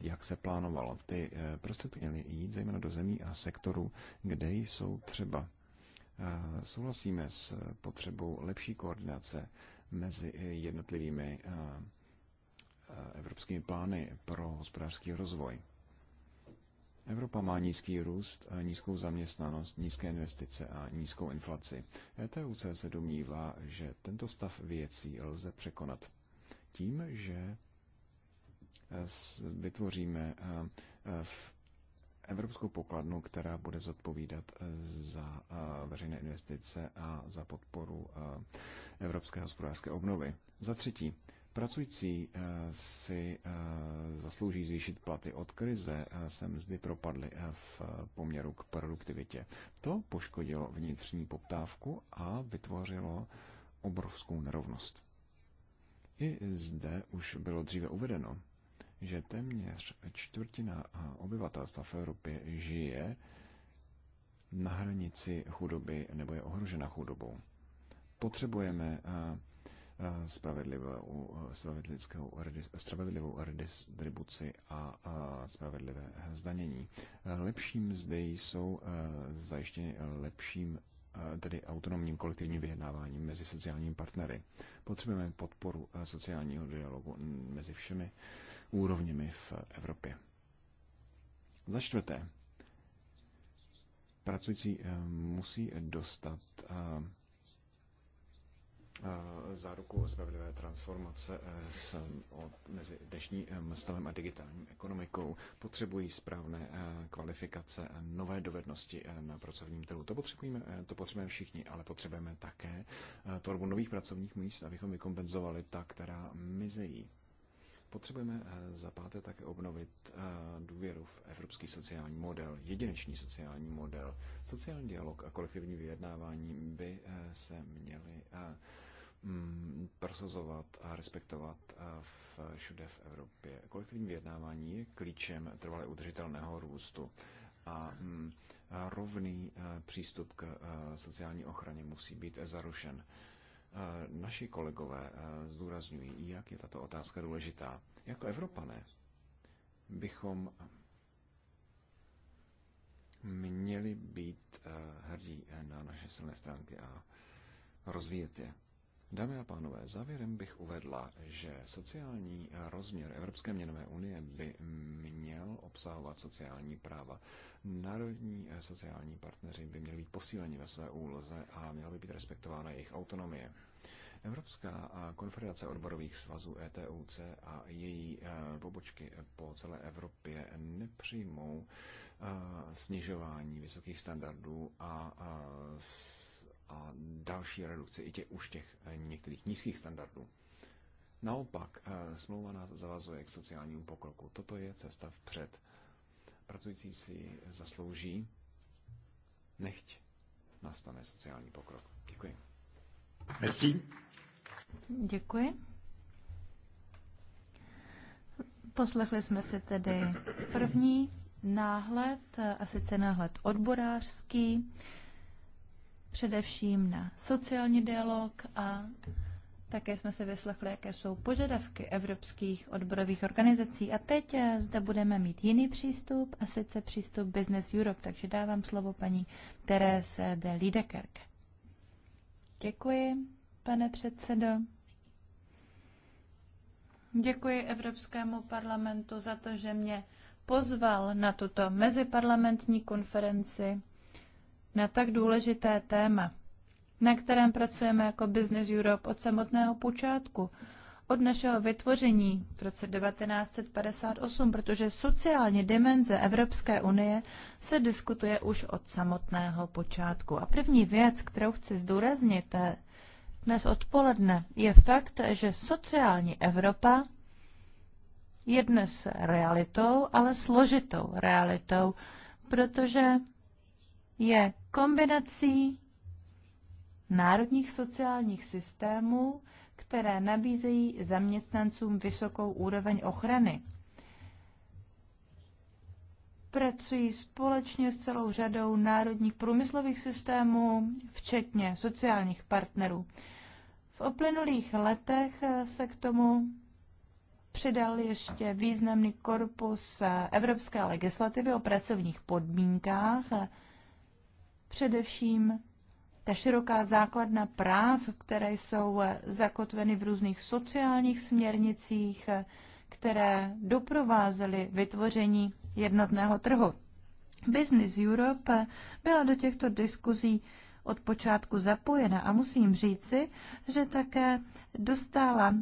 jak se plánovalo. Ty prostředky měly jít zejména do zemí a sektorů, kde jsou třeba. Souhlasíme s potřebou lepší koordinace mezi jednotlivými evropskými plány pro hospodářský rozvoj. Evropa má nízký růst, nízkou zaměstnanost, nízké investice a nízkou inflaci. ETUC se domnívá, že tento stav věcí lze překonat tím, že vytvoříme v evropskou pokladnu, která bude zodpovídat e, za veřejné investice a za podporu evropské hospodářské obnovy. Za třetí, Pracující eh, si eh, zaslouží zvýšit platy. Od krize eh, se mzdy propadly v poměru k produktivitě. To poškodilo vnitřní poptávku a vytvořilo obrovskou nerovnost. I zde už bylo dříve uvedeno, že téměř čtvrtina obyvatelstva v Evropě žije na hranici chudoby nebo je ohrožena chudobou. Potřebujeme Eh, spravedlivou, eh, spravedlivou, spravedlivou redistribuci a, a spravedlivé zdanění. Eh, Lepší mzdy jsou zajištěny lepším tedy autonomním kolektivním vyjednáváním mezi sociálními partnery. Potřebujeme podporu sociálního dialogu mezi všemi úrovněmi v Evropě. Za čtvrté, pracující musí dostat záruku spravedlivé transformace eh, s, od, mezi dnešním eh, stavem a digitální ekonomikou. Potřebují správné eh, kvalifikace, nové dovednosti na pracovním trhu. To potřebujeme, to potřebujeme všichni, ale potřebujeme také tvorbu nových pracovních míst, abychom vykompenzovali ta, která mizejí. Potřebujeme eh, za páté také obnovit eh, důvěru v evropský sociální model, jedinečný sociální model. Sociální dialog a kolektivní vyjednávání by eh, se měly mm, prosazovat a respektovat všude v Evropě. Kolektivní vyjednávání je klíčem trvale udržitelného růstu a mm, rovný přístup k sociální ochraně musí být zarušen. Eh, naši kolegové eh, zdůrazňují, jak je tato otázka důležitá. Jako Evropané bychom měli být eh, hrdí na naše silné stránky a rozvíjet je. Dámy a pánové, závěrem bych uvedla, že sociální rozměr Evropské měnové unie by měl obsahovat sociální práva. Národní sociální partneři by měli být posíleni ve své úloze a měla by být respektována jejich autonomie. Evropská konfederace odborových svazů ETUC a její eh, pobočky po celé Evropě nepřijmou eh, snižování vysokých standardů a eh, a další redukci i tě, už těch eh, některých nízkých standardů. Naopak, eh, smlouva nás zavazuje k sociálnímu pokroku. Toto je cesta vpřed. Pracující si zaslouží, nechť nastane sociální pokrok. Děkuji. Merci. Děkuji. Poslechli jsme si tedy první náhled, a sice náhled odborářský především na sociální dialog a také jsme se vyslechli, jaké jsou požadavky evropských odborových organizací. A teď eh, zde budeme mít jiný přístup, a sice přístup Business Europe. Takže dávám slovo paní Terese de Lidekerk. Děkuji, pane předsedo. Děkuji Evropskému parlamentu za to, že mě pozval na tuto meziparlamentní konferenci na tak důležité téma, na kterém pracujeme jako Business Europe od samotného počátku, od našeho vytvoření v roce 1958, protože sociální dimenze Evropské unie se diskutuje už od samotného počátku. A první věc, kterou chci zdůraznit eh, dnes odpoledne, je fakt, že sociální Evropa je dnes realitou, ale složitou realitou, protože je kombinací národních sociálních systémů, které nabízejí zaměstnancům vysokou úroveň ochrany. Pracují společně s celou řadou národních průmyslových systémů, včetně sociálních partnerů. V uplynulých letech se k tomu přidal ještě významný korpus evropské legislativy o pracovních podmínkách Především ta široká základna práv, které jsou zakotveny v různých sociálních směrnicích, které doprovázely vytvoření jednotného trhu. Business Europe byla do těchto diskuzí od počátku zapojena a musím říci, že také dostala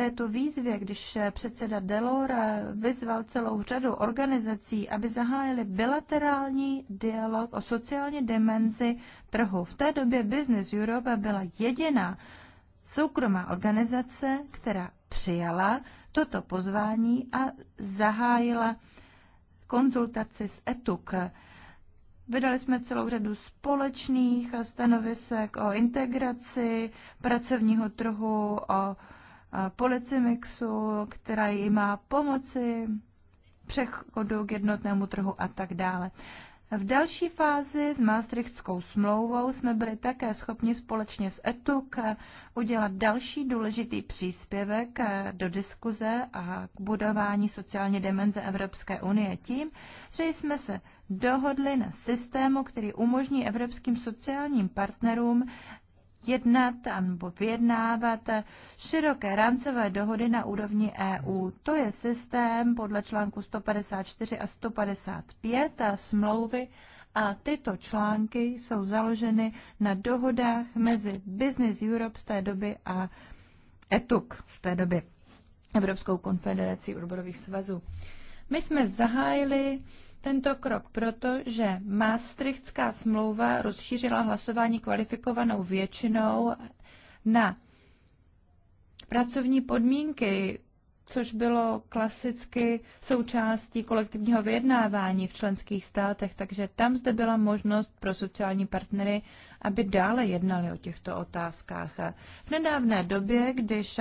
této výzvě, když předseda Delora vyzval celou řadu organizací, aby zahájili bilaterální dialog o sociální dimenzi trhu. V té době Business Europe byla jediná soukromá organizace, která přijala toto pozvání a zahájila konzultaci s ETUK. Vydali jsme celou řadu společných stanovisek o integraci pracovního trhu, o Policymixu, která jí má pomoci přechodu k jednotnému trhu a tak dále. V další fázi s Maastrichtskou smlouvou jsme byli také schopni společně s ETUK udělat další důležitý příspěvek do diskuze a k budování sociální demenze Evropské unie tím, že jsme se dohodli na systému, který umožní evropským sociálním partnerům jednat nebo vyjednávat široké rámcové dohody na úrovni EU. To je systém podle článku 154 a 155 a smlouvy a tyto články jsou založeny na dohodách mezi Business Europe z té doby a ETUC v té doby Evropskou konfederací odborových svazů. My jsme zahájili tento krok proto, že Maastrichtská smlouva rozšířila hlasování kvalifikovanou většinou na pracovní podmínky, což bylo klasicky součástí kolektivního vyjednávání v členských státech, takže tam zde byla možnost pro sociální partnery, aby dále jednali o těchto otázkách. V nedávné době, když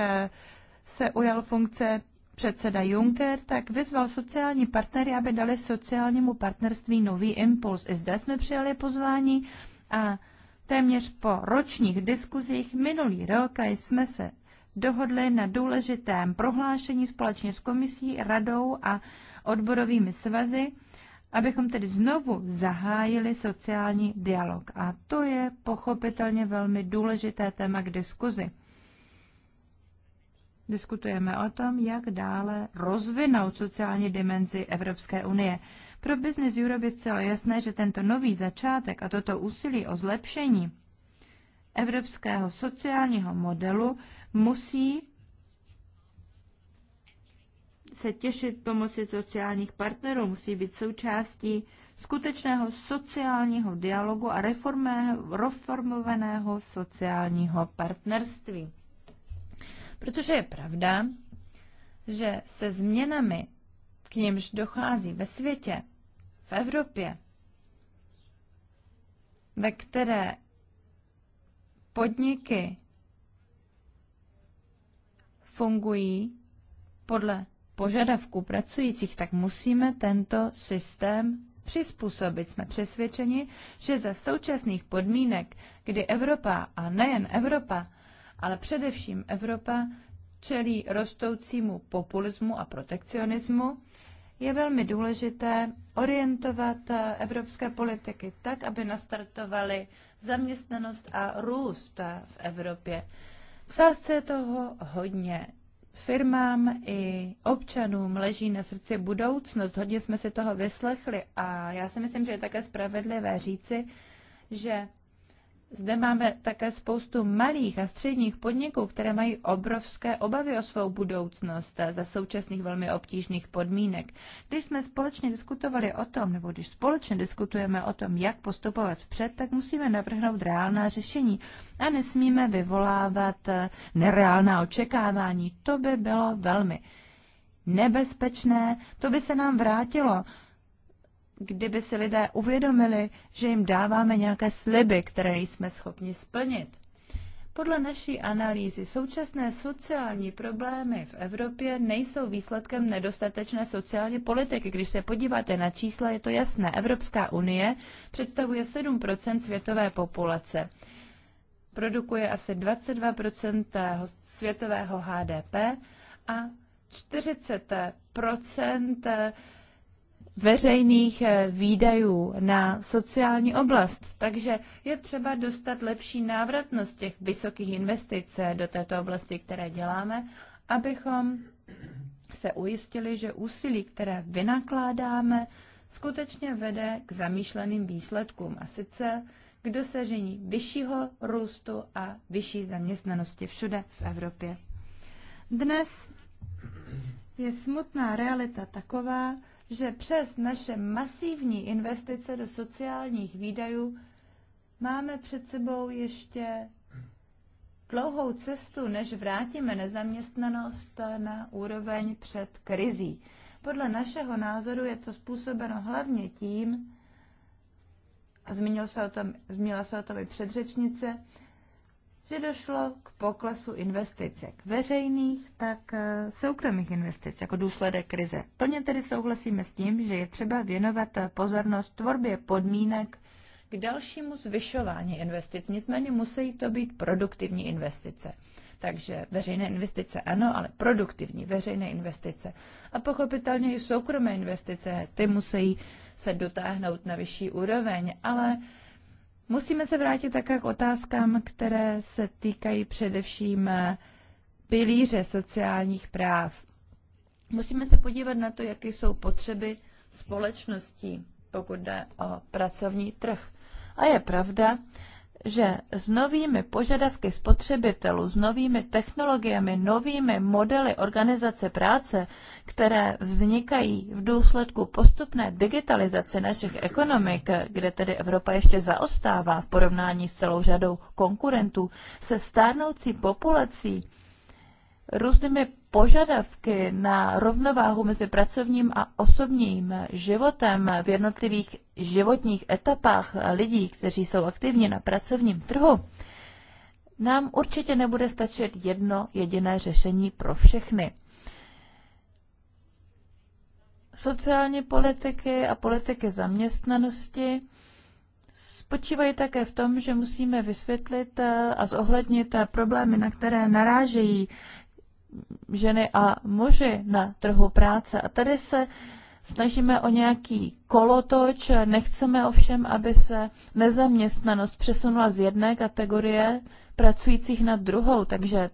se ujal funkce předseda Juncker tak vyzval sociální partnery, aby dali sociálnímu partnerství nový impuls. I zde jsme přijali pozvání a téměř po ročních diskuzích minulý rok jsme se dohodli na důležitém prohlášení společně s komisí, radou a odborovými svazy, abychom tedy znovu zahájili sociální dialog. A to je pochopitelně velmi důležité téma k diskuzi. Diskutujeme o tom, jak dále rozvinout sociální dimenzi Evropské unie. Pro Business Europe je zcela jasné, že tento nový začátek a toto úsilí o zlepšení evropského sociálního modelu musí se těšit pomoci sociálních partnerů, musí být součástí skutečného sociálního dialogu a reformovaného sociálního partnerství. Protože je pravda, že se změnami, k nímž dochází ve světě, v Evropě, ve které podniky fungují podle požadavků pracujících, tak musíme tento systém přizpůsobit. Jsme přesvědčeni, že za současných podmínek, kdy Evropa a nejen Evropa ale především Evropa čelí rostoucímu populismu a protekcionismu, je velmi důležité orientovat evropské politiky tak, aby nastartovaly zaměstnanost a růst v Evropě. V sázce toho hodně. Firmám i občanům leží na srdci budoucnost. Hodně jsme si toho vyslechli a já si myslím, že je také spravedlivé říci, že zde máme také spoustu malých a středních podniků, které mají obrovské obavy o svou budoucnost za současných velmi obtížných podmínek. Když jsme společně diskutovali o tom, nebo když společně diskutujeme o tom, jak postupovat vpřed, tak musíme navrhnout reálná řešení a nesmíme vyvolávat eh, nereálná očekávání. To by bylo velmi nebezpečné, to by se nám vrátilo kdyby si lidé uvědomili, že jim dáváme nějaké sliby, které jsme schopni splnit. Podle naší analýzy současné sociální problémy v Evropě nejsou výsledkem nedostatečné sociální politiky. Když se podíváte na čísla, je to jasné. Evropská unie představuje 7 světové populace. Produkuje asi 22 světového HDP a 40 veřejných eh, výdajů na sociální oblast. Takže je třeba dostat lepší návratnost těch vysokých investic eh, do této oblasti, které děláme, abychom se ujistili, že úsilí, které vynakládáme, skutečně vede k zamýšleným výsledkům a sice k dosažení vyššího růstu a vyšší zaměstnanosti všude v Evropě. Dnes je smutná realita taková, že přes naše masivní investice do sociálních výdajů máme před sebou ještě dlouhou cestu, než vrátíme nezaměstnanost na úroveň před krizí. Podle našeho názoru je to způsobeno hlavně tím, a zmínil se o tom, zmínila se o tom i předřečnice, že došlo k poklesu investic, jak veřejných, tak eh, soukromých investic jako důsledek krize. Plně tedy souhlasíme s tím, že je třeba věnovat pozornost tvorbě podmínek k dalšímu zvyšování investic. Nicméně musí to být produktivní investice. Takže veřejné investice ano, ale produktivní veřejné investice. A pochopitelně i soukromé investice, ty musí se dotáhnout na vyšší úroveň, ale Musíme se vrátit také k otázkám, které se týkají především eh, pilíře sociálních práv. Musíme se podívat na to, jaké jsou potřeby společností, pokud jde o pracovní trh. A je pravda, že s novými požadavky spotřebitelů, s novými technologiemi, novými modely organizace práce, které vznikají v důsledku postupné digitalizace našich ekonomik, kde tedy Evropa ještě zaostává v porovnání s celou řadou konkurentů, se stárnoucí populací, různými požadavky na rovnováhu mezi pracovním a osobním životem v jednotlivých životních etapách lidí, kteří jsou aktivní na pracovním trhu, nám určitě nebude stačit jedno jediné řešení pro všechny. Sociální politiky a politiky zaměstnanosti spočívají také v tom, že musíme vysvětlit a zohlednit problémy, na které narážejí ženy a muži na trhu práce. A tady se snažíme o nějaký kolotoč, nechceme ovšem, aby se nezaměstnanost přesunula z jedné kategorie pracujících na druhou, takže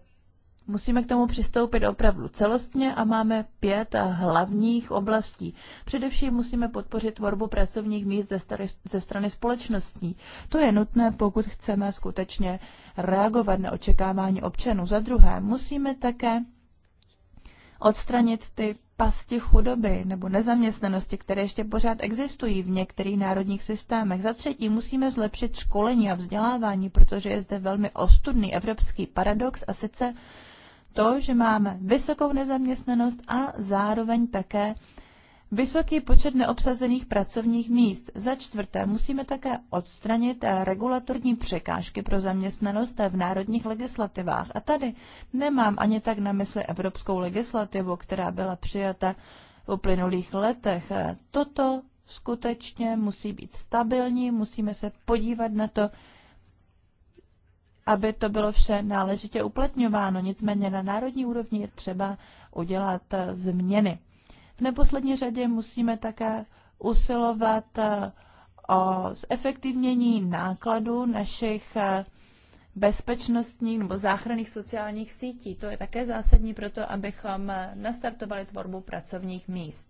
Musíme k tomu přistoupit opravdu celostně a máme pět hlavních oblastí. Především musíme podpořit tvorbu pracovních míst ze, stary, ze strany společností. To je nutné, pokud chceme skutečně reagovat na očekávání občanů. Za druhé, musíme také odstranit ty pasti chudoby nebo nezaměstnanosti, které ještě pořád existují v některých národních systémech. Za třetí musíme zlepšit školení a vzdělávání, protože je zde velmi ostudný evropský paradox a sice to, že máme vysokou nezaměstnanost a zároveň také vysoký počet neobsazených pracovních míst. Za čtvrté, musíme také odstranit eh, regulatorní překážky pro zaměstnanost eh, v národních legislativách. A tady nemám ani tak na mysli evropskou legislativu, která byla přijata v uplynulých letech. Eh, toto skutečně musí být stabilní, musíme se podívat na to, aby to bylo vše náležitě uplatňováno. Nicméně na národní úrovni je třeba udělat eh, změny. V neposlední řadě musíme také usilovat eh, o zefektivnění nákladů našich eh, bezpečnostních nebo záchranných sociálních sítí. To je také zásadní pro to, abychom nastartovali tvorbu pracovních míst.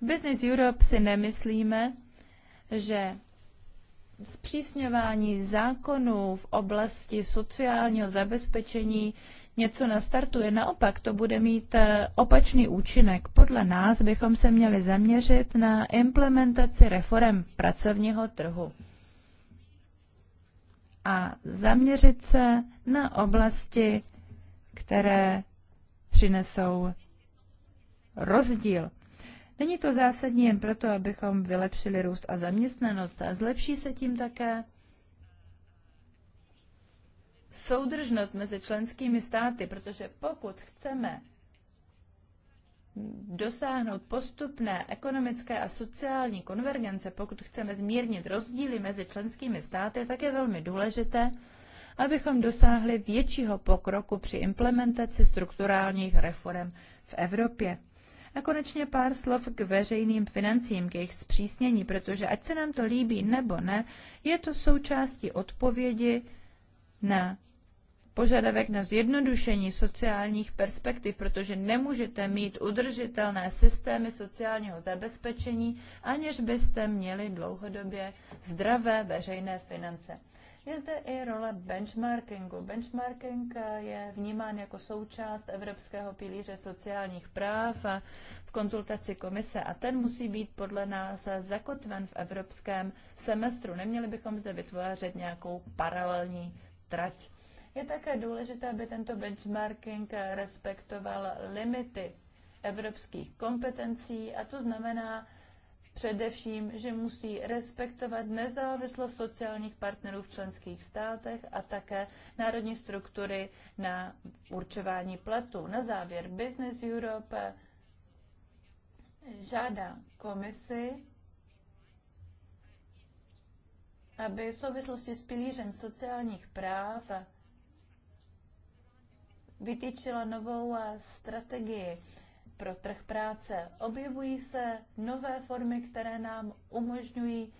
V Business Europe si nemyslíme, že zpřísňování zákonů v oblasti sociálního zabezpečení něco nastartuje. Naopak to bude mít eh, opačný účinek. Podle nás bychom se měli zaměřit na implementaci reform pracovního trhu a zaměřit se na oblasti, které přinesou rozdíl. Není to zásadní jen proto, abychom vylepšili růst a zaměstnanost, a zlepší se tím také soudržnost mezi členskými státy, protože pokud chceme dosáhnout postupné ekonomické a sociální konvergence, pokud chceme zmírnit rozdíly mezi členskými státy, tak je velmi důležité, abychom dosáhli většího pokroku při implementaci strukturálních reform v Evropě. A konečně pár slov k veřejným financím, k jejich zpřísnění, protože ať se nám to líbí nebo ne, je to součástí odpovědi na požadavek na zjednodušení sociálních perspektiv, protože nemůžete mít udržitelné systémy sociálního zabezpečení, aniž byste měli dlouhodobě zdravé veřejné finance. Je zde i role benchmarkingu. Benchmarking eh, je vnímán jako součást Evropského pilíře sociálních práv v konzultaci komise a ten musí být podle nás zakotven v evropském semestru. Neměli bychom zde vytvářet nějakou paralelní trať. Je také důležité, aby tento benchmarking respektoval limity evropských kompetencí a to znamená, Především, že musí respektovat nezávislost sociálních partnerů v členských státech a také národní struktury na určování platu. Na závěr Business Europe žádá komisi, aby v souvislosti s pilířem sociálních práv vytýčila novou strategii pro trh práce. Objevují se nové formy, které nám umožňují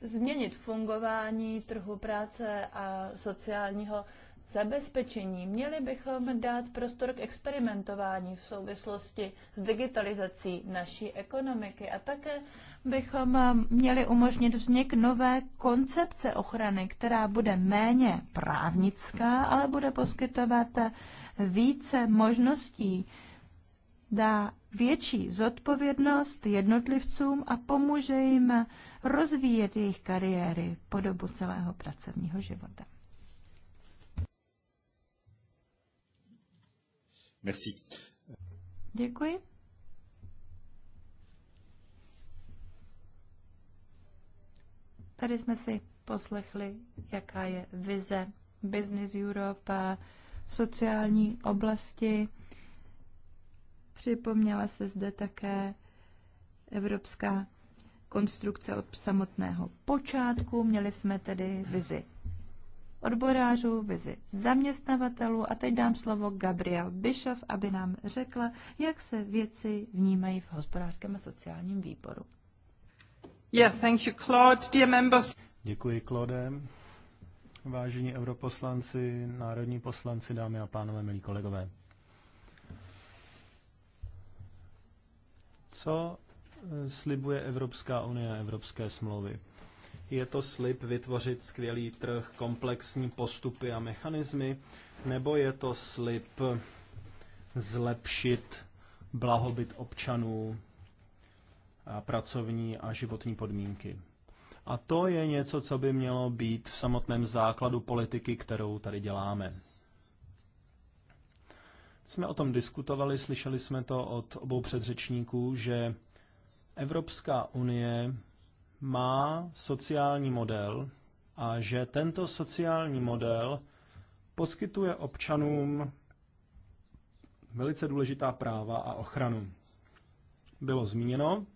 změnit fungování trhu práce a sociálního zabezpečení. Měli bychom dát prostor k experimentování v souvislosti s digitalizací naší ekonomiky a také bychom eh, měli umožnit vznik nové koncepce ochrany, která bude méně právnická, ale bude poskytovat eh, více možností, dá větší zodpovědnost jednotlivcům a pomůže jim rozvíjet jejich kariéry po dobu celého pracovního života. Merci. Děkuji. Tady jsme si poslechli, jaká je vize Business Europe v sociální oblasti. Připomněla se zde také evropská konstrukce od samotného počátku. Měli jsme tedy vizi odborářů, vizi zaměstnavatelů a teď dám slovo Gabriel Bischoff, aby nám řekla, jak se věci vnímají v hospodářském a sociálním výboru. Yeah, thank you, Claude. Dear members. Děkuji, Claude vážení europoslanci, národní poslanci, dámy a pánové, milí kolegové. Co slibuje Evropská unie a Evropské smlouvy? Je to slib vytvořit skvělý trh, komplexní postupy a mechanismy, nebo je to slib zlepšit blahobyt občanů a pracovní a životní podmínky? A to je něco, co by mělo být v samotném základu politiky, kterou tady děláme. Jsme o tom diskutovali, slyšeli jsme to od obou předřečníků, že Evropská unie má sociální model a že tento sociální model poskytuje občanům velice důležitá práva a ochranu. Bylo zmíněno,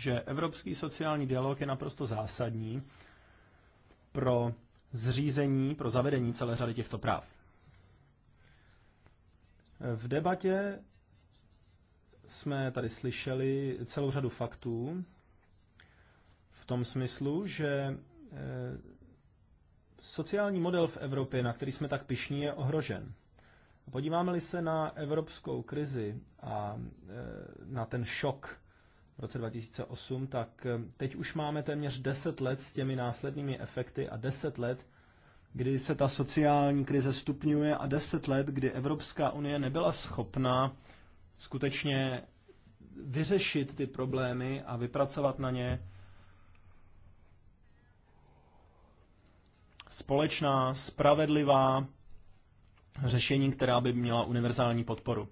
že evropský sociální dialog je naprosto zásadní pro zřízení, pro zavedení celé řady těchto práv. V debatě jsme tady slyšeli celou řadu faktů v tom smyslu, že e, sociální model v Evropě, na který jsme tak pišní, je ohrožen. Podíváme-li se na evropskou krizi a e, na ten šok, v roce 2008, tak eh, teď už máme téměř 10 let s těmi následnými efekty a 10 let, kdy se ta sociální krize stupňuje a 10 let, kdy Evropská unie nebyla schopná skutečně vyřešit ty problémy a vypracovat na ně společná, spravedlivá řešení, která by měla univerzální podporu.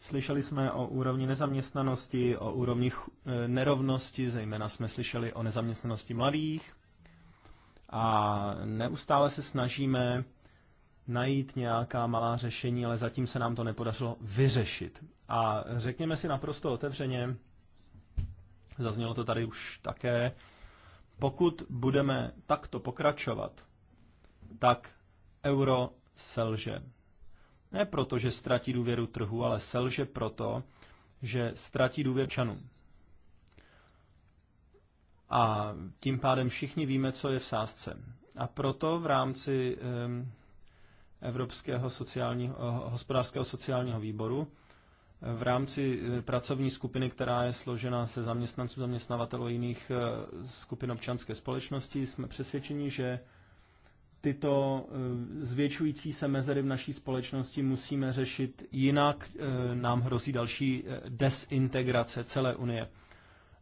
Slyšeli jsme o úrovni nezaměstnanosti, o úrovni e, nerovnosti, zejména jsme slyšeli o nezaměstnanosti mladých a neustále se snažíme najít nějaká malá řešení, ale zatím se nám to nepodařilo vyřešit. A řekněme si naprosto otevřeně, zaznělo to tady už také, pokud budeme takto pokračovat, tak euro selže. Ne proto, že ztratí důvěru trhu, ale selže proto, že ztratí důvěru čanů. A tím pádem všichni víme, co je v sázce. A proto v rámci Evropského sociálního, eh, hospodářského sociálního výboru eh, v rámci eh, pracovní skupiny, která je složena se zaměstnanců, zaměstnavatelů jiných skupin občanské společnosti, jsme přesvědčeni, že tyto eh, zvětšující se mezery v naší společnosti musíme řešit, jinak eh, nám hrozí další eh, desintegrace celé Unie.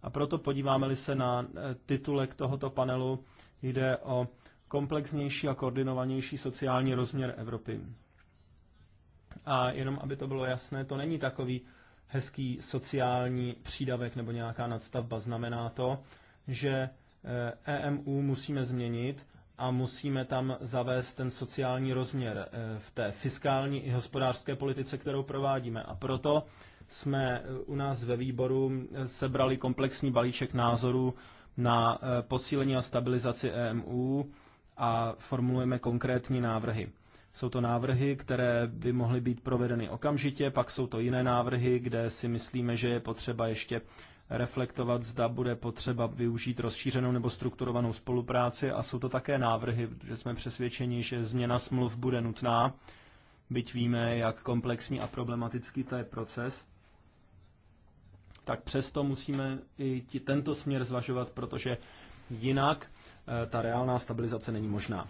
A proto podíváme-li se na titulek tohoto panelu, jde o komplexnější a koordinovanější sociální rozměr Evropy. A jenom, aby to bylo jasné, to není takový hezký sociální přídavek nebo nějaká nadstavba. Znamená to, že EMU e musíme změnit a musíme tam zavést ten sociální rozměr eh, v té fiskální i hospodářské politice, kterou provádíme. A proto jsme eh, u nás ve výboru eh, sebrali komplexní balíček názorů na posílení a stabilizaci EMU a formulujeme konkrétní návrhy. Jsou to návrhy, které by mohly být provedeny okamžitě, pak jsou to jiné návrhy, kde si myslíme, že je potřeba ještě reflektovat, zda bude potřeba využít rozšířenou nebo strukturovanou spolupráci a jsou to také návrhy, že jsme přesvědčeni, že změna smluv bude nutná, byť víme, jak komplexní a problematický to je proces, tak přesto musíme i tento směr zvažovat, protože jinak eh, ta reálná stabilizace není možná.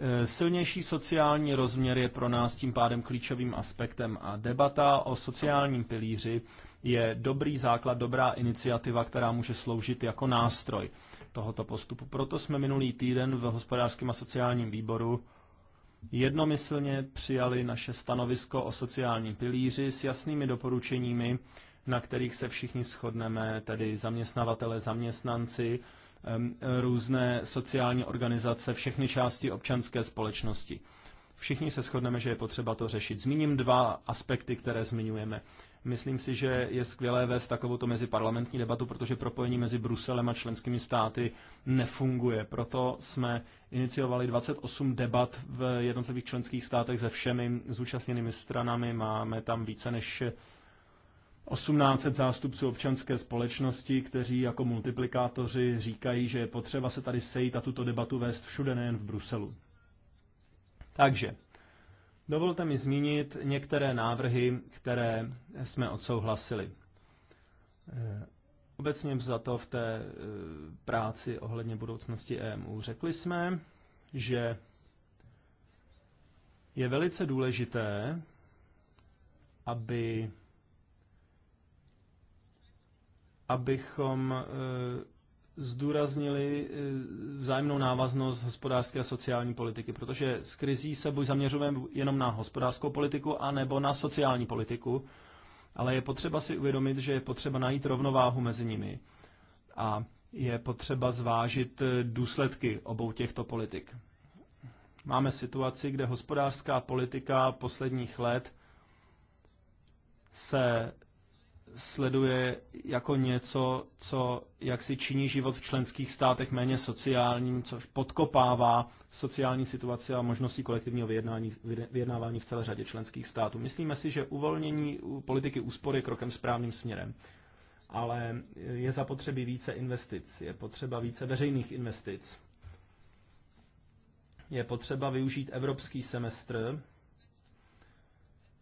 Eh, silnější sociální rozměr je pro nás tím pádem klíčovým aspektem a debata o sociálním pilíři je dobrý základ, dobrá iniciativa, která může sloužit jako nástroj tohoto postupu. Proto jsme minulý týden v hospodářském a sociálním výboru jednomyslně přijali naše stanovisko o sociálním pilíři s jasnými doporučeními, na kterých se všichni shodneme, tedy zaměstnavatele, zaměstnanci, různé sociální organizace, všechny části občanské společnosti. Všichni se shodneme, že je potřeba to řešit. Zmíním dva aspekty, které zmiňujeme. Myslím si, že je skvělé vést takovouto meziparlamentní debatu, protože propojení mezi Bruselem a členskými státy nefunguje. Proto jsme iniciovali 28 debat v jednotlivých členských státech se všemi zúčastněnými stranami. Máme tam více než 1800 zástupců občanské společnosti, kteří jako multiplikátoři říkají, že je potřeba se tady sejít a tuto debatu vést všude, nejen v Bruselu. Takže Dovolte mi zmínit některé návrhy, které jsme odsouhlasili. Eh, obecně za to v té eh, práci ohledně budoucnosti EMU řekli jsme, že je velice důležité, aby abychom eh, zdůraznili eh, vzájemnou návaznost hospodářské a sociální politiky, protože s krizí se buď zaměřujeme jenom na hospodářskou politiku, anebo na sociální politiku, ale je potřeba si uvědomit, že je potřeba najít rovnováhu mezi nimi a je potřeba zvážit eh, důsledky obou těchto politik. Máme situaci, kde hospodářská politika posledních let se sleduje jako něco, co jak si činí život v členských státech méně sociálním, což podkopává sociální situaci a možnosti kolektivního vyjednání, vyjednávání v celé řadě členských států. Myslíme si, že uvolnění politiky úspor je krokem správným směrem, ale je zapotřebí více investic, je potřeba více veřejných investic, je potřeba využít evropský semestr,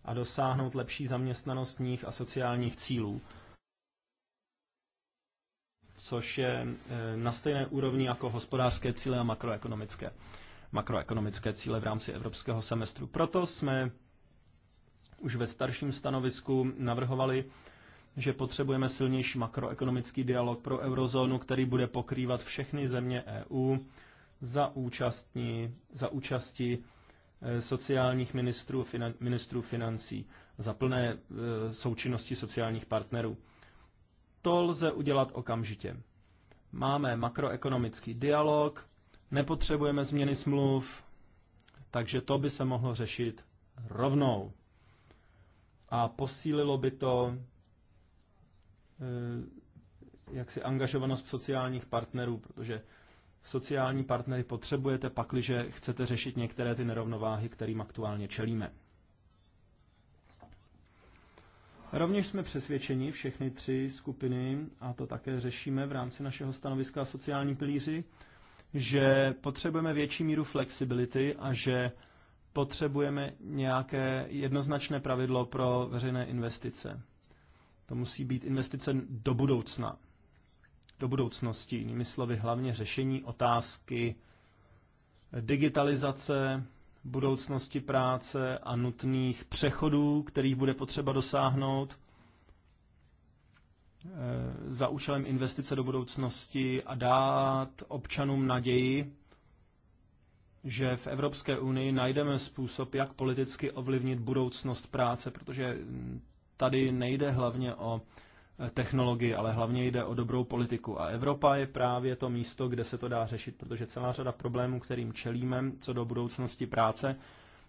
a dosáhnout lepší zaměstnanostních a sociálních cílů, což je e, na stejné úrovni jako hospodářské cíle a makroekonomické, makroekonomické cíle v rámci evropského semestru. Proto jsme už ve starším stanovisku navrhovali, že potřebujeme silnější makroekonomický dialog pro eurozónu, který bude pokrývat všechny země EU za, účastní, za účasti Eh, sociálních ministrů, finan, ministrů financí, za plné eh, součinnosti sociálních partnerů. To lze udělat okamžitě. Máme makroekonomický dialog, nepotřebujeme změny smluv, takže to by se mohlo řešit rovnou. A posílilo by to eh, jaksi angažovanost sociálních partnerů, protože sociální partnery potřebujete, pakliže chcete řešit některé ty nerovnováhy, kterým aktuálně čelíme. Rovněž jsme přesvědčeni, všechny tři skupiny, a to také řešíme v rámci našeho stanoviska sociální pilíři, že potřebujeme větší míru flexibility a že potřebujeme nějaké jednoznačné pravidlo pro veřejné investice. To musí být investice do budoucna do budoucnosti. Jinými slovy, hlavně řešení otázky digitalizace, budoucnosti práce a nutných přechodů, kterých bude potřeba dosáhnout e, za účelem investice do budoucnosti a dát občanům naději, že v Evropské unii najdeme způsob, jak politicky ovlivnit budoucnost práce, protože tady nejde hlavně o technologii, ale hlavně jde o dobrou politiku. A Evropa je právě to místo, kde se to dá řešit, protože celá řada problémů, kterým čelíme, co do budoucnosti práce,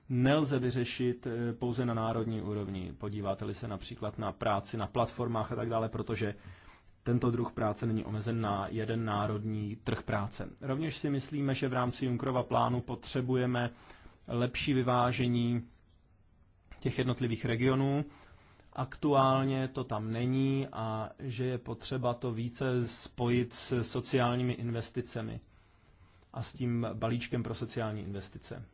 nelze vyřešit eh, pouze na národní úrovni. Podíváte-li se například na práci na platformách a tak dále, protože tento druh práce není omezen na jeden národní trh práce. Rovněž si myslíme, že v rámci Junkrova plánu potřebujeme lepší vyvážení těch jednotlivých regionů, aktuálně to tam není a že je potřeba to více spojit s sociálními investicemi a s tím balíčkem pro sociální investice.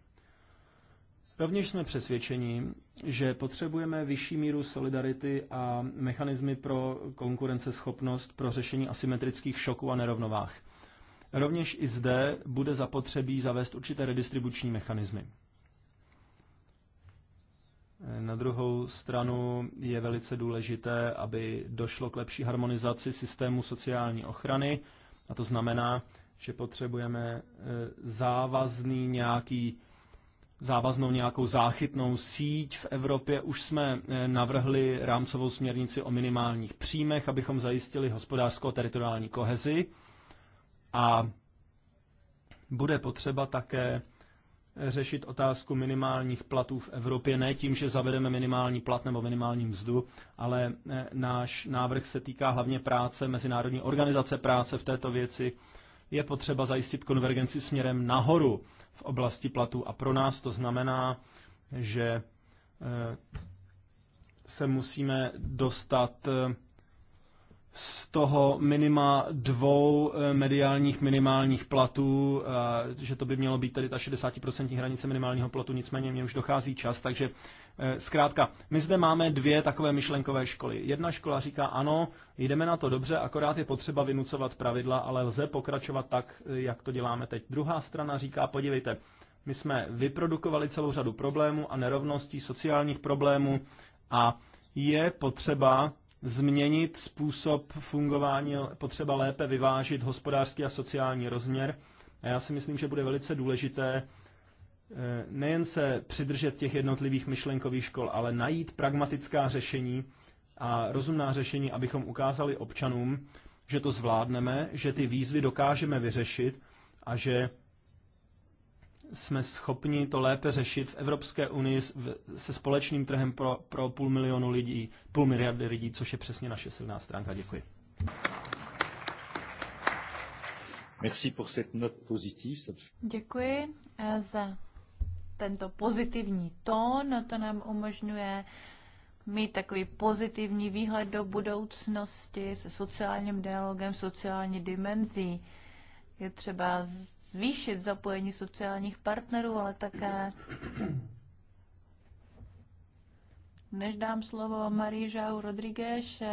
Rovněž jsme přesvědčeni, že potřebujeme vyšší míru solidarity a mechanismy pro konkurenceschopnost pro řešení asymetrických šoků a nerovnovách. Rovněž i zde bude zapotřebí zavést určité redistribuční mechanismy. Na druhou stranu je velice důležité, aby došlo k lepší harmonizaci systému sociální ochrany, a to znamená, že potřebujeme e, závazný nějaký závaznou nějakou záchytnou síť. V Evropě už jsme e, navrhli rámcovou směrnici o minimálních příjmech, abychom zajistili hospodářskou a teritoriální kohezi. A bude potřeba také řešit otázku minimálních platů v Evropě, ne tím, že zavedeme minimální plat nebo minimální mzdu, ale e, náš návrh se týká hlavně práce, Mezinárodní organizace práce v této věci. Je potřeba zajistit konvergenci směrem nahoru v oblasti platů a pro nás to znamená, že e, se musíme dostat e, z toho minima dvou eh, mediálních minimálních platů, eh, že to by mělo být tedy ta 60% hranice minimálního platu, nicméně mě už dochází čas, takže eh, zkrátka, my zde máme dvě takové myšlenkové školy. Jedna škola říká, ano, jdeme na to dobře, akorát je potřeba vynucovat pravidla, ale lze pokračovat tak, jak to děláme teď. Druhá strana říká, podívejte, my jsme vyprodukovali celou řadu problémů a nerovností, sociálních problémů a je potřeba změnit způsob fungování, potřeba lépe vyvážit hospodářský a sociální rozměr. A já si myslím, že bude velice důležité eh, nejen se přidržet těch jednotlivých myšlenkových škol, ale najít pragmatická řešení a rozumná řešení, abychom ukázali občanům, že to zvládneme, že ty výzvy dokážeme vyřešit a že jsme schopni to lépe řešit v Evropské unii se společným trhem pro, pro půl milionu lidí, půl miliardy lidí, což je přesně naše silná stránka. Děkuji. Merci pour cette note positive. Děkuji eh, za tento pozitivní tón. To nám umožňuje mít takový pozitivní výhled do budoucnosti se sociálním dialogem, sociální dimenzí. Je třeba zvýšit zapojení sociálních partnerů, ale také než dám slovo Marie Žau Rodriguez,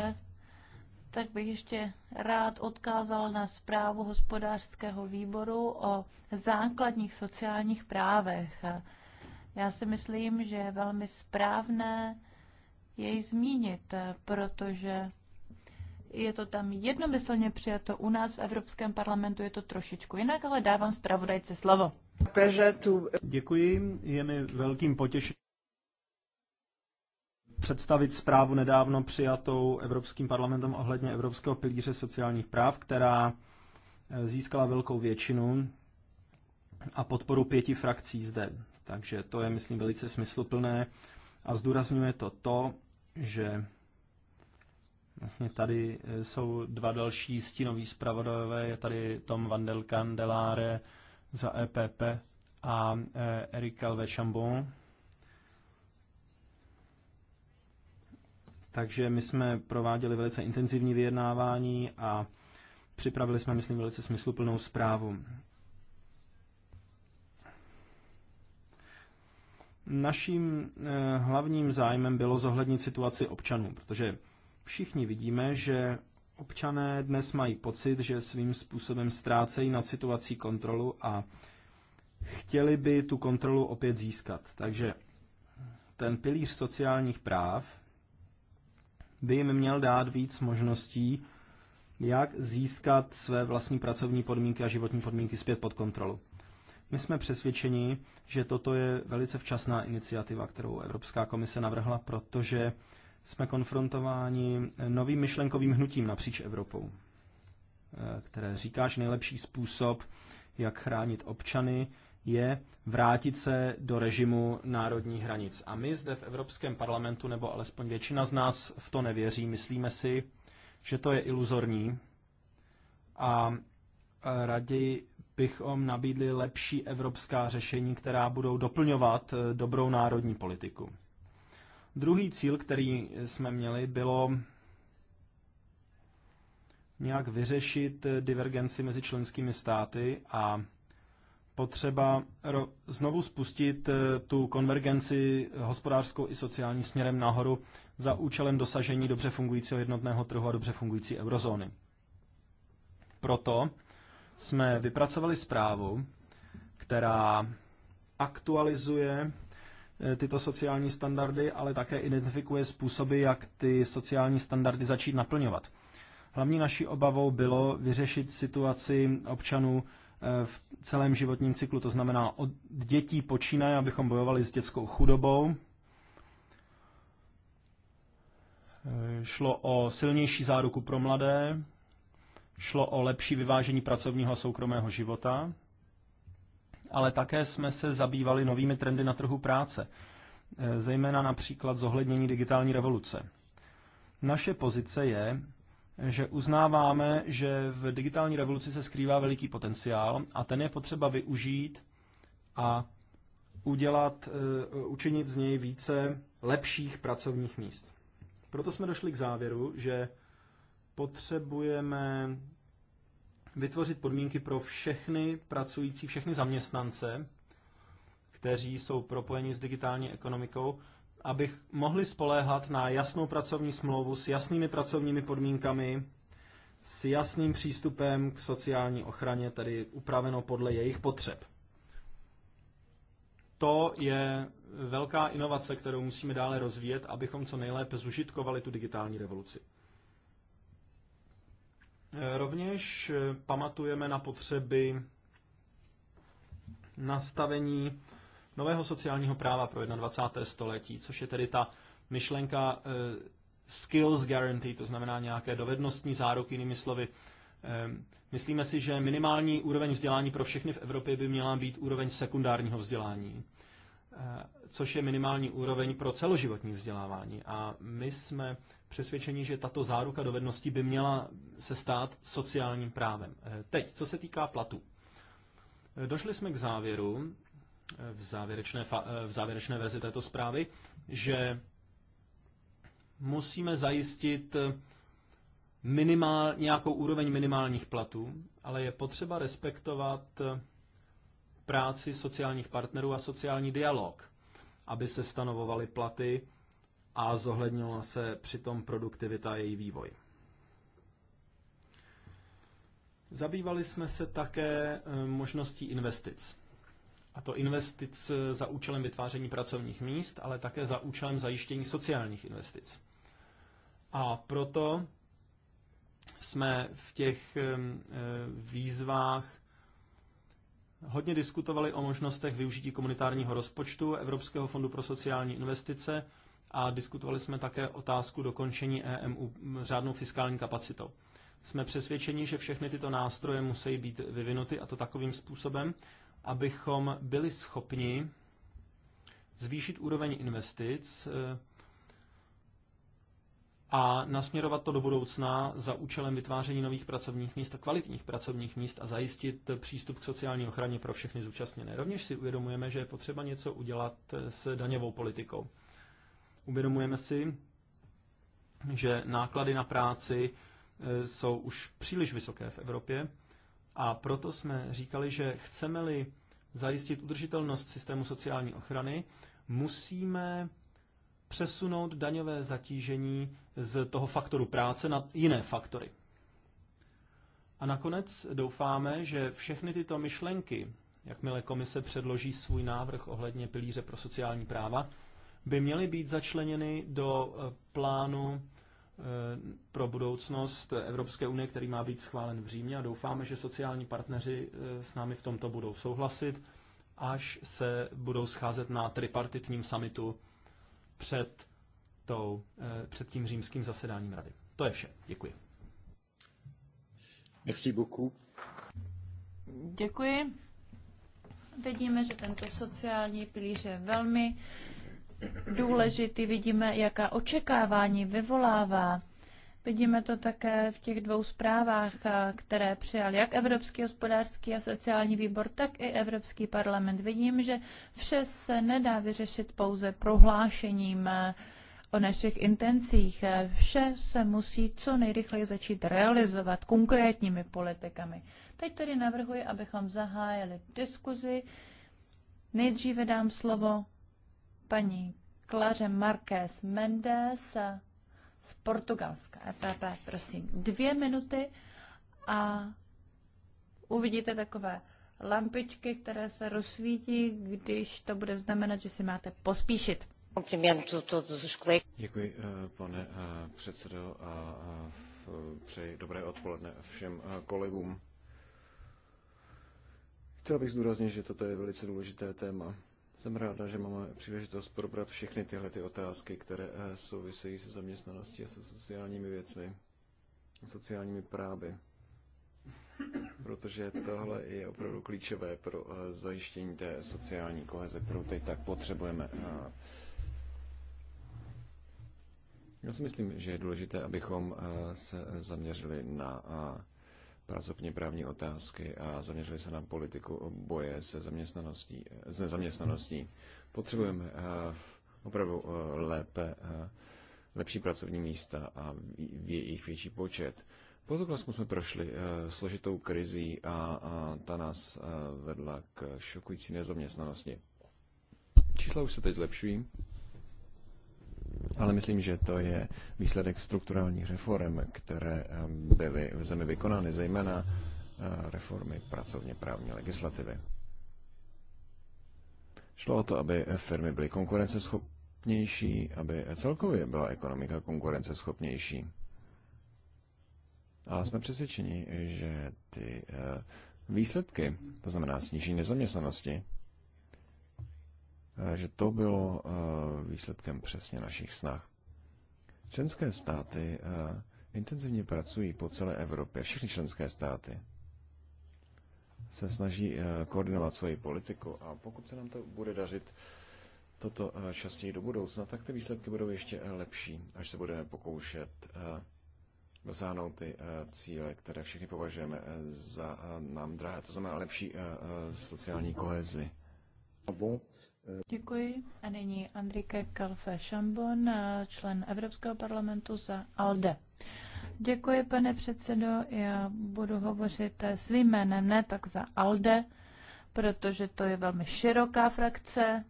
tak bych ještě rád odkázal na zprávu hospodářského výboru o základních sociálních právech. Já si myslím, že je velmi správné jej zmínit, protože je to tam jednomyslně přijato u nás v Evropském parlamentu, je to trošičku jinak, ale dávám zpravodajce slovo. Děkuji, je mi velkým potěšením představit zprávu nedávno přijatou Evropským parlamentem ohledně Evropského pilíře sociálních práv, která eh, získala velkou většinu a podporu pěti frakcí zde. Takže to je, myslím, velice smysluplné a zdůrazňuje to to, že Vlastně tady eh, jsou dva další stínoví zpravodajové, je tady Tom van del Candelare za EPP a eh, Eric Calvé Chambon. Takže my jsme prováděli velice intenzivní vyjednávání a připravili jsme, myslím, velice smysluplnou zprávu. Naším eh, hlavním zájmem bylo zohlednit situaci občanů, protože Všichni vidíme, že občané dnes mají pocit, že svým způsobem ztrácejí nad situací kontrolu a chtěli by tu kontrolu opět získat. Takže ten pilíř sociálních práv by jim měl dát víc možností, jak získat své vlastní pracovní podmínky a životní podmínky zpět pod kontrolu. My jsme přesvědčeni, že toto je velice včasná iniciativa, kterou Evropská komise navrhla, protože jsme konfrontováni novým myšlenkovým hnutím napříč Evropou, eh, které říká, že nejlepší způsob, jak chránit občany, je vrátit se do režimu národních hranic. A my zde v Evropském parlamentu, nebo alespoň většina z nás v to nevěří, myslíme si, že to je iluzorní a raději bychom nabídli lepší evropská řešení, která budou doplňovat eh, dobrou národní politiku. Druhý cíl, který jsme měli, bylo nějak vyřešit divergenci mezi členskými státy a potřeba znovu spustit eh, tu konvergenci hospodářskou i sociální směrem nahoru za účelem dosažení dobře fungujícího jednotného trhu a dobře fungující eurozóny. Proto jsme vypracovali zprávu, která aktualizuje Eh, tyto sociální standardy, ale také identifikuje způsoby, jak ty sociální standardy začít naplňovat. Hlavní naší obavou bylo vyřešit situaci občanů eh, v celém životním cyklu, to znamená od dětí počínaje, abychom bojovali s dětskou chudobou. Eh, šlo o silnější záruku pro mladé, šlo o lepší vyvážení pracovního a soukromého života, ale také jsme se zabývali novými trendy na trhu práce, eh, zejména například zohlednění digitální revoluce. Naše pozice je, že uznáváme, že v digitální revoluci se skrývá veliký potenciál a ten je potřeba využít a udělat, eh, učinit z něj více lepších pracovních míst. Proto jsme došli k závěru, že potřebujeme vytvořit podmínky pro všechny pracující, všechny zaměstnance, kteří jsou propojeni s digitální ekonomikou, aby mohli spoléhat na jasnou pracovní smlouvu s jasnými pracovními podmínkami, s jasným přístupem k sociální ochraně, tedy upraveno podle jejich potřeb. To je velká inovace, kterou musíme dále rozvíjet, abychom co nejlépe zužitkovali tu digitální revoluci. Eh, rovněž eh, pamatujeme na potřeby nastavení nového sociálního práva pro 21. století, což je tedy ta myšlenka eh, skills guarantee, to znamená nějaké dovednostní záruky, jinými slovy. Myslíme si, že minimální úroveň vzdělání pro všechny v Evropě by měla být úroveň sekundárního vzdělání, což je minimální úroveň pro celoživotní vzdělávání. A my jsme přesvědčeni, že tato záruka dovedností by měla se stát sociálním právem. Eh, teď, co se týká platu. Eh, došli jsme k závěru eh, v závěrečné, v závěrečné verzi této zprávy, že musíme zajistit minimál, nějakou úroveň minimálních platů, ale je potřeba respektovat práci sociálních partnerů a sociální dialog, aby se stanovovaly platy a zohlednila se přitom produktivita a její vývoj. Zabývali jsme se také eh, možností investic. A to investic eh, za účelem vytváření pracovních míst, ale také za účelem zajištění sociálních investic. A proto jsme v těch eh, výzvách hodně diskutovali o možnostech využití komunitárního rozpočtu Evropského fondu pro sociální investice a diskutovali jsme také otázku dokončení EMU řádnou fiskální kapacitou. Jsme přesvědčeni, že všechny tyto nástroje musí být vyvinuty a to takovým způsobem, abychom byli schopni zvýšit úroveň investic eh, a nasměrovat to do budoucna za účelem vytváření nových pracovních míst a kvalitních pracovních míst a zajistit přístup k sociální ochraně pro všechny zúčastněné. Rovněž si uvědomujeme, že je potřeba něco udělat eh, s daňovou politikou. Uvědomujeme si, že náklady na práci e, jsou už příliš vysoké v Evropě a proto jsme říkali, že chceme-li zajistit udržitelnost systému sociální ochrany, musíme přesunout daňové zatížení z toho faktoru práce na jiné faktory. A nakonec doufáme, že všechny tyto myšlenky, jakmile komise předloží svůj návrh ohledně pilíře pro sociální práva, by měly být začleněny do eh, plánu eh, pro budoucnost Evropské unie, který má být schválen v Římě a doufáme, že sociální partneři eh, s námi v tomto budou souhlasit, až se budou scházet na tripartitním samitu před, tou, před tím římským zasedáním rady. To je vše. Děkuji. Merci beaucoup. Děkuji. Vidíme, že tento sociální pilíř je velmi důležitý, vidíme, jaká očekávání vyvolává. Vidíme to také v těch dvou zprávách, eh, které přijal jak Evropský hospodářský a sociální výbor, tak i Evropský parlament. Vidím, že vše se nedá vyřešit pouze prohlášením eh, o našich intencích. Vše se musí co nejrychleji začít realizovat konkrétními politikami. Teď tedy navrhuji, abychom zahájili diskuzi. Nejdříve dám slovo paní Klaře Marques Mendes z Portugalska, EPP, prosím, dvě minuty a uvidíte takové lampičky, které se rozsvítí, když to bude znamenat, že si máte pospíšit. Děkuji, eh, pane eh, předsedo, a přeji dobré odpoledne všem eh, kolegům. Chtěl bych zdůraznit, že toto je velice důležité téma. Jsem ráda, že máme příležitost probrat všechny tyhle ty otázky, které eh, souvisejí se zaměstnaností a se sociálními věcmi, sociálními právy. Protože tohle je opravdu klíčové pro eh, zajištění té sociální koheze, kterou teď tak potřebujeme. Já si myslím, že je důležité, abychom eh, se zaměřili na pracovně právní otázky a zaměřili se na politiku boje se zaměstnaností, Se zaměstnaností. Potřebujeme eh, opravdu eh, lépe, eh, lepší pracovní místa a jejich větší počet. Po Portugalsku jsme prošli složitou krizí a, a ta nás vedla k šokující nezaměstnanosti. Čísla už se teď zlepšují ale myslím, že to je výsledek strukturálních reform, které um, byly v zemi vykonány, zejména uh, reformy pracovně právní legislativy. Šlo o to, aby firmy byly konkurenceschopnější, aby celkově byla ekonomika konkurenceschopnější. A jsme přesvědčeni, že ty uh, výsledky, to znamená snížení nezaměstnanosti, Eh, že to bylo eh, výsledkem přesně našich snah. Členské státy eh, intenzivně pracují po celé Evropě, všechny členské státy se snaží koordinovat svoji politiku a pokud se nám to bude dařit toto častěji do budoucna, tak ty výsledky budou ještě lepší, až se budeme pokoušet dosáhnout ty cíle, které všichni považujeme za nám drahé, to znamená lepší sociální kohezi. Děkuji. A nyní Andrike Kalfe Šambon, člen Evropského parlamentu za ALDE. Děkuji, pane předsedo. Já budu hovořit svým jménem, ne tak za ALDE, protože to je velmi široká frakce,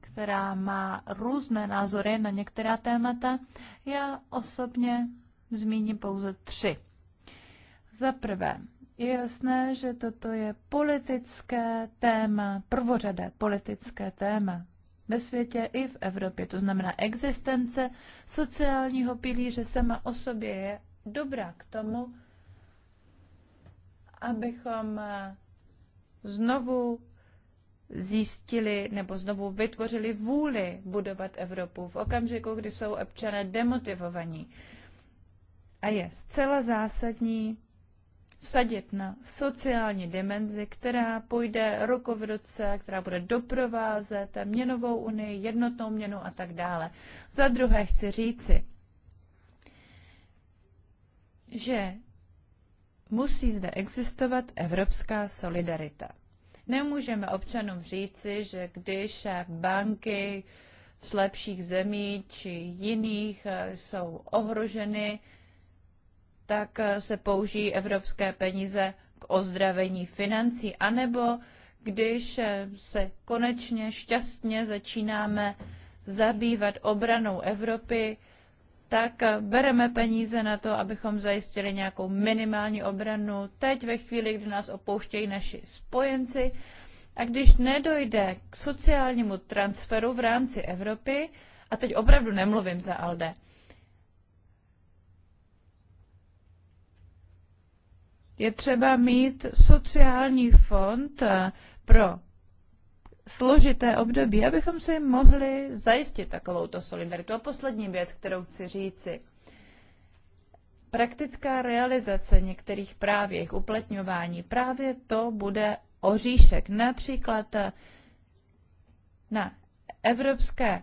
která má různé názory na některá témata. Já osobně zmíním pouze tři. Za prvé, je jasné, že toto je politické téma, prvořadé politické téma ve světě i v Evropě. To znamená, existence sociálního pilíře sama o sobě je dobrá k tomu, abychom znovu zjistili nebo znovu vytvořili vůli budovat Evropu v okamžiku, kdy jsou občané demotivovaní. A je zcela zásadní, vsadit na sociální dimenzi, která půjde ruku v ruce, která bude doprovázet měnovou unii, jednotnou měnu a tak dále. Za druhé chci říci, že musí zde existovat evropská solidarita. Nemůžeme občanům říci, že když banky z lepších zemí či jiných jsou ohroženy, tak eh, se použijí evropské peníze k ozdravení financí, anebo když eh, se konečně šťastně začínáme zabývat obranou Evropy, tak eh, bereme peníze na to, abychom zajistili nějakou minimální obranu teď ve chvíli, kdy nás opouštějí naši spojenci. A když nedojde k sociálnímu transferu v rámci Evropy, a teď opravdu nemluvím za ALDE, je třeba mít sociální fond eh, pro složité období, abychom si mohli zajistit takovouto solidaritu. A poslední věc, kterou chci říci. Praktická realizace některých práv, jejich uplatňování, právě to bude oříšek. Například eh, na evropské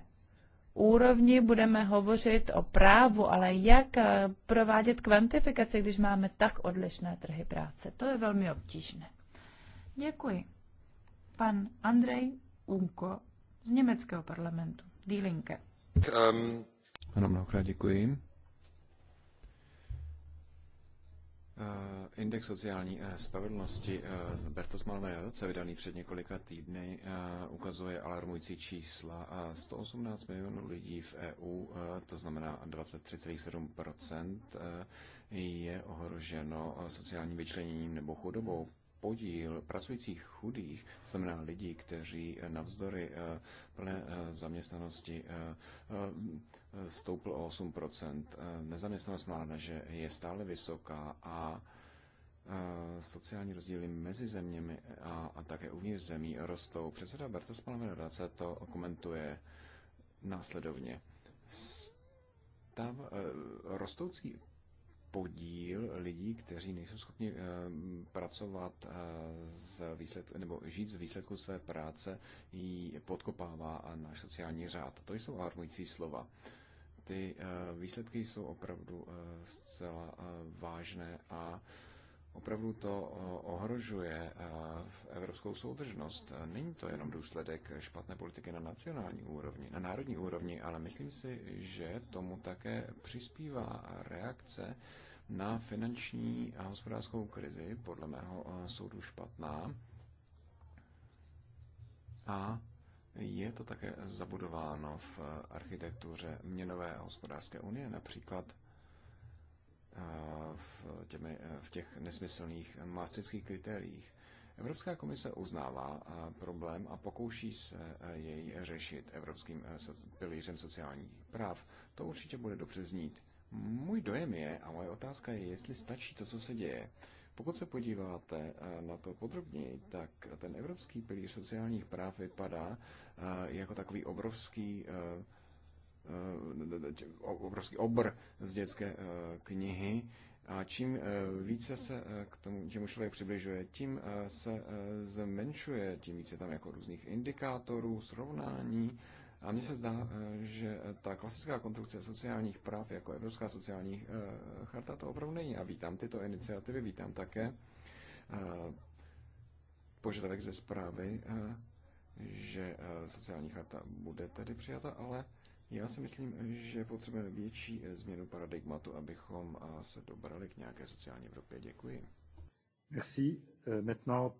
úrovni budeme hovořit o právu, ale jak eh, provádět kvantifikaci, když máme tak odlišné trhy práce? To je velmi obtížné. Děkuji. Pan Andrej Unko z německého parlamentu. Die Linke. Um. Ano, mnohokrát děkuji. Eh, index sociální eh, spravedlnosti eh, Bertelsmannové nadace, vydaný před několika týdny, ukazuje alarmující čísla. 118 milionů lidí v EU, to znamená 23,7 je ohroženo sociálním vyčleněním nebo chudobou. Podíl pracujících chudých, znamená lidí, kteří navzdory plné zaměstnanosti stoupl o 8%. Nezaměstnanost mládeže je stále vysoká a sociální rozdíly mezi zeměmi a, a také uvnitř zemí rostou. Předseda Berta Spalmenadace to komentuje následovně. Stav, eh, rostoucí podíl lidí, kteří nejsou schopni eh, pracovat eh, z výsledku, nebo žít z výsledku své práce, ji podkopává náš sociální řád. To jsou alarmující slova ty eh, výsledky jsou opravdu eh, zcela eh, vážné a opravdu to ohrožuje v evropskou soudržnost. Není to jenom důsledek špatné politiky na nacionální úrovni, na národní úrovni, ale myslím si, že tomu také přispívá reakce na finanční a hospodářskou krizi, podle mého soudu špatná. A je to také zabudováno v eh, architektuře měnové a hospodářské unie, například eh, v, těmi, eh, v těch nesmyslných maastrických kritériích. Evropská komise uznává problém a pokouší se jej řešit evropským pilířem sociálních práv. To určitě bude dobře znít. Můj dojem je, a moje otázka je, jestli stačí to, co se děje. Pokud se podíváte eh, na to podrobněji, tak ten evropský pilíř sociálních práv vypadá eh, jako takový obrovský eh, obrovský obr z dětské knihy, a čím více se k tomu, čemu člověk přibližuje, tím se zmenšuje, tím více tam jako různých indikátorů, srovnání a mně se zdá, eh, že eh, ta klasická konstrukce sociálních práv jako Evropská sociální eh, charta to opravdu není. A vítám tyto iniciativy, vítám také požadavek ze zprávy, že sociální charta bude tedy přijata, ale já si myslím, že potřebujeme větší změnu paradigmatu, abychom se dobrali k nějaké sociální Evropě. Děkuji. Merci. Maintenant...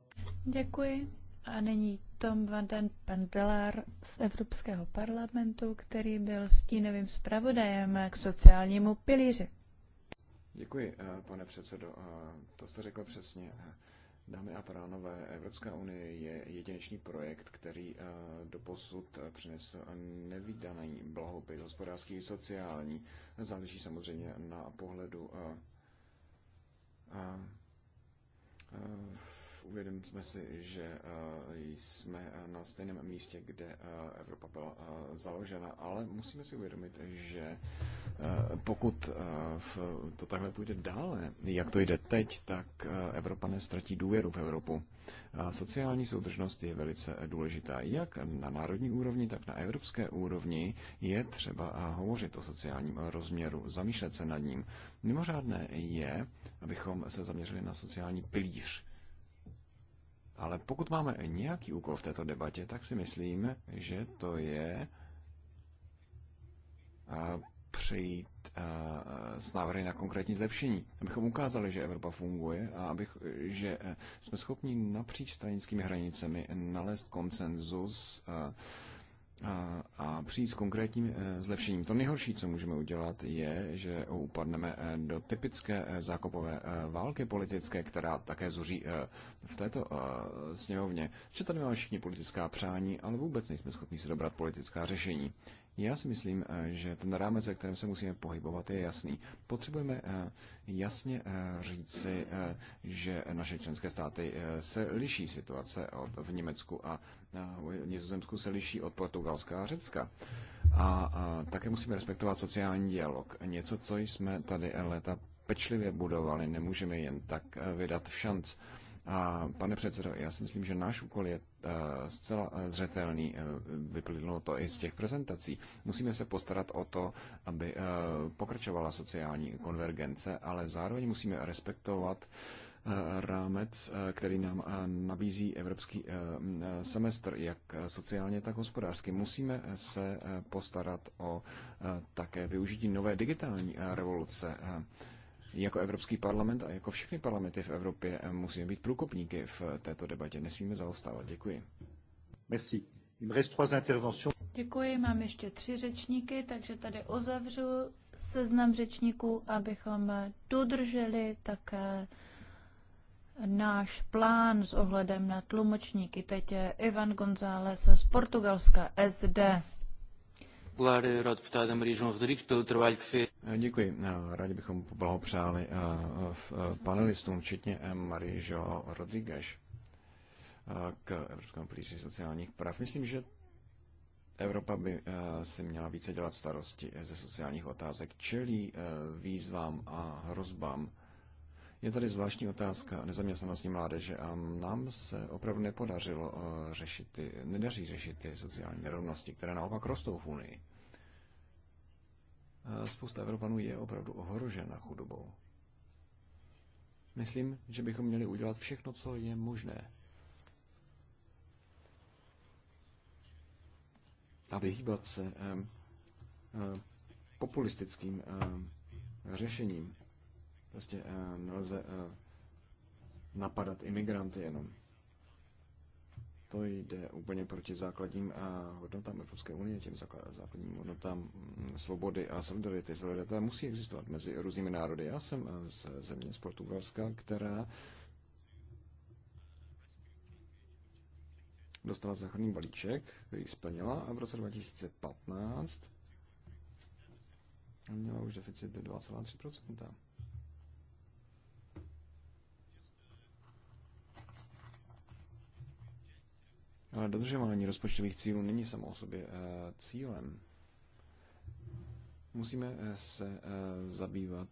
Děkuji. A nyní Tom van den Pendelar z Evropského parlamentu, který byl stínovým zpravodajem k sociálnímu pilíři. Děkuji, eh, pane předsedo. Eh, to jste řekl přesně. Dámy a pánové, Evropská unie je jedinečný projekt, který eh, doposud přinesl nevýdaný blahobyt hospodářský i sociální. Záleží samozřejmě na pohledu a, a, a, uvědomíme si, že eh, jsme eh, na stejném místě, kde eh, Evropa byla založena, ale musíme si uvědomit, že pokud to takhle půjde dále, jak to jde teď, tak Evropa nestratí důvěru v Evropu. A sociální soudržnost je velice důležitá. Jak na národní úrovni, tak na evropské úrovni je třeba hovořit o sociálním rozměru, zamýšlet se nad ním. Mimořádné je, abychom se zaměřili na sociální pilíř ale pokud máme nějaký úkol v této debatě, tak si myslím, že to je přejít s návrhy na konkrétní zlepšení, abychom ukázali, že Evropa funguje a abych, že e, jsme schopni napříč stranickými hranicemi nalézt konsenzus a, a přijít s konkrétním eh, zlepšením. To nejhorší, co můžeme udělat, je, že upadneme eh, do typické eh, zákopové války politické, která také zuří v této sněmovně, že tady máme všichni politická přání, ale vůbec nejsme schopni si dobrat politická řešení. Já si myslím, eh, že ten rámec, ve kterém se musíme pohybovat, je jasný. Potřebujeme eh, jasně eh, říci, že naše členské státy se liší situace od, v Německu a v Nizozemsku se liší od Portugalska a Řecka. A, a také musíme respektovat sociální dialog. Něco, co jsme tady léta pečlivě budovali, nemůžeme jen tak vydat v šanc. A pane předsedo, já si myslím, že náš úkol je Eh, zcela eh, zřetelný, eh, vyplynulo to i z těch prezentací. Musíme se postarat o to, aby pokračovala sociální konvergence, ale zároveň musíme respektovat rámec, který nám nabízí evropský semestr, jak sociálně, tak hospodářsky. Musíme se postarat o také využití nové digitální revoluce jako Evropský parlament a jako všechny parlamenty v Evropě musíme být průkopníky v této debatě. Nesmíme zaostávat. Děkuji. Merci. Děkuji, mám ještě tři řečníky, takže tady uzavřu seznam řečníků, abychom dodrželi také náš plán s ohledem na tlumočníky. Teď je Ivan González z Portugalska SD. Rád eh, pelo eh, Děkuji. Eh, rádi bychom poblahopřáli panelistům, včetně Marie João Rodrigues k Evropskému plíži sociálních práv. Myslím, že Evropa by si měla více dělat starosti ze sociálních otázek, čelí výzvám a hrozbám je tady zvláštní otázka nezaměstnanosti mládeže a nám se opravdu nepodařilo eh, řešit ty, nedaří řešit ty sociální nerovnosti, které naopak rostou v Unii. Eh, spousta Evropanů je opravdu ohrožena chudobou. Myslím, že bychom měli udělat všechno, co je možné. A vyhýbat se eh, populistickým řešením Prostě eh, nelze eh, napadat imigranty jenom. To jde úplně proti základním eh, hodnotám Evropské unie, těm základním hodnotám mm, svobody a solidarity. Solidarita musí existovat mezi různými národy. Já jsem z země z Portugalska, která dostala záchranný balíček, který splnila a v roce 2015 měla už deficit 2,3%. Ale dodržování rozpočtových cílů není samo o sobě eh, cílem. Musíme eh, se eh, zabývat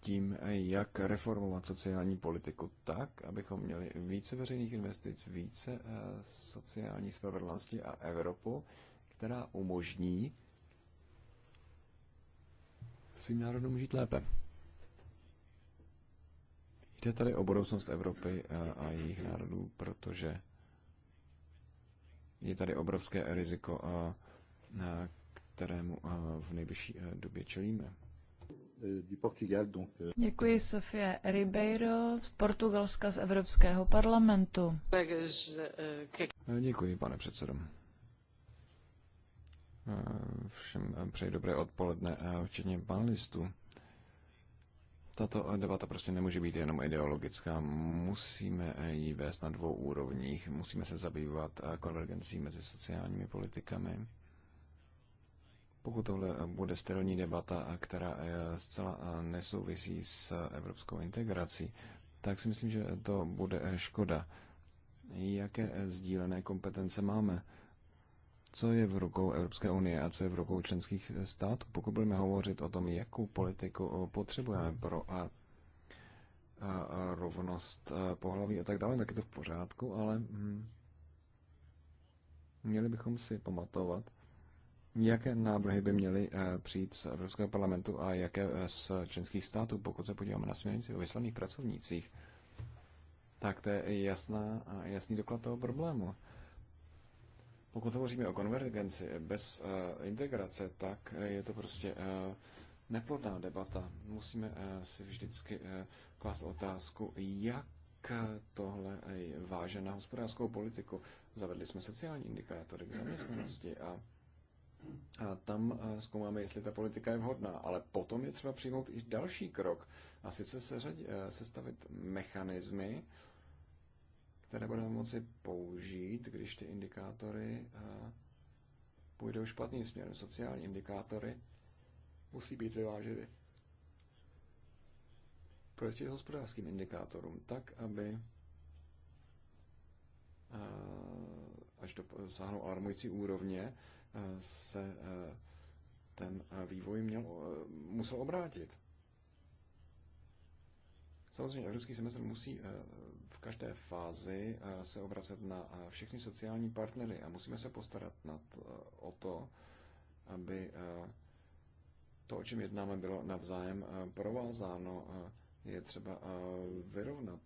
tím, jak reformovat sociální politiku tak, abychom měli více veřejných investic, více sociální spravedlnosti a Evropu, která umožní svým národům žít lépe. Jde tady o budoucnost Evropy eh, a, jejich národů, protože je tady obrovské riziko, a, eh, eh, kterému v nejbližší době čelíme. Děkuji Sofie Ribeiro z Portugalska z Evropského parlamentu. Děkuji, pane předsedo. Všem přeji dobré odpoledne, včetně panelistů. Tato debata prostě nemůže být jenom ideologická. Musíme ji vést na dvou úrovních. Musíme se zabývat konvergencí mezi sociálními politikami. Pokud tohle bude sterilní debata, která eh, zcela eh, nesouvisí s eh, evropskou integrací, tak si myslím, že to bude škoda. Jaké sdílené kompetence máme? co je v rukou Evropské unie a co je v rukou členských států. Pokud budeme hovořit o tom, jakou politiku potřebujeme pro a, a, a rovnost a pohlaví a tak dále, tak je to v pořádku, ale hm, měli bychom si pamatovat, jaké návrhy by měly e, přijít z Evropského parlamentu a jaké e, z členských států, pokud se podíváme na směrnici o vyslaných pracovnících, tak to je jasná, jasný doklad toho problému. Pokud hovoříme o konvergenci bez eh, integrace, tak eh, je to prostě eh, neplodná debata. Musíme si vždycky klást otázku, jak tohle váže na hospodářskou politiku. Zavedli jsme sociální indikátory k zaměstnanosti a a tam zkoumáme, jestli ta politika je vhodná, ale potom je třeba přijmout i další krok, a sice seřadit, sestavit mechanismy, které budeme moci použít, když ty indikátory eh, půjdou špatným směrem. Sociální indikátory musí být vyváženy proti hospodářským indikátorům, tak, aby eh, až dosáhnou alarmující úrovně, eh, se ten vývoj měl, musel obrátit. Samozřejmě evropský semestr musí eh, v každé fázi eh, se obracet na eh, všechny sociální partnery a musíme se postarat nad, o to, aby to, o čem jednáme, bylo navzájem provázáno. Je třeba vyrovnat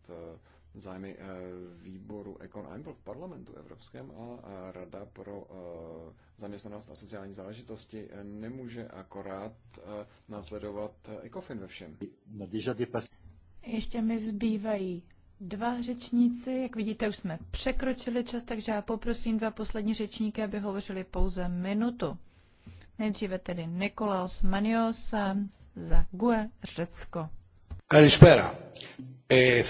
zájmy výboru Econ a v parlamentu evropském a Rada pro zaměstnanost a sociální záležitosti nemůže akorát následovat ECOFIN ve všem. Ještě mi zbývají dva řečníci. Jak vidíte, už jsme překročili čas, takže já poprosím dva poslední řečníky, aby hovořili pouze minutu. Nejdříve tedy Nikolaos Manios za GUE Řecko. Kalispera. E,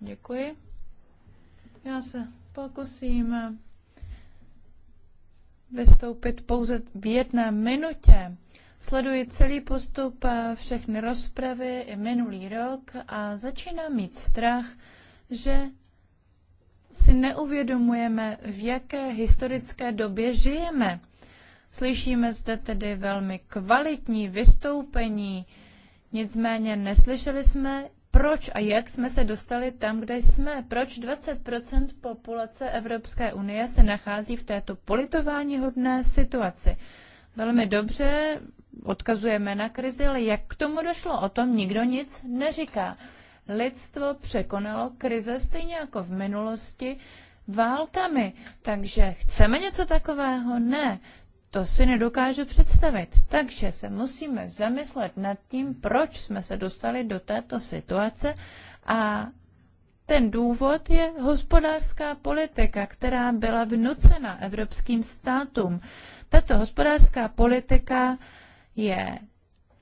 Děkuji. Já se pokusím vystoupit pouze v jedné minutě. Sleduji celý postup, eh, všechny rozpravy i minulý rok a začínám mít strach, že si neuvědomujeme, v jaké historické době žijeme. Slyšíme zde tedy velmi kvalitní vystoupení, nicméně neslyšeli jsme, proč a jak jsme se dostali tam, kde jsme, proč 20 populace Evropské unie se nachází v této politováníhodné situaci. Velmi dobře, odkazujeme na krizi, ale jak k tomu došlo, o tom nikdo nic neříká. Lidstvo překonalo krize stejně jako v minulosti válkami, takže chceme něco takového? Ne, to si nedokážu představit. Takže se musíme zamyslet nad tím, proč jsme se dostali do této situace a ten důvod je hospodářská politika, která byla vnucena evropským státům. Tato hospodářská politika je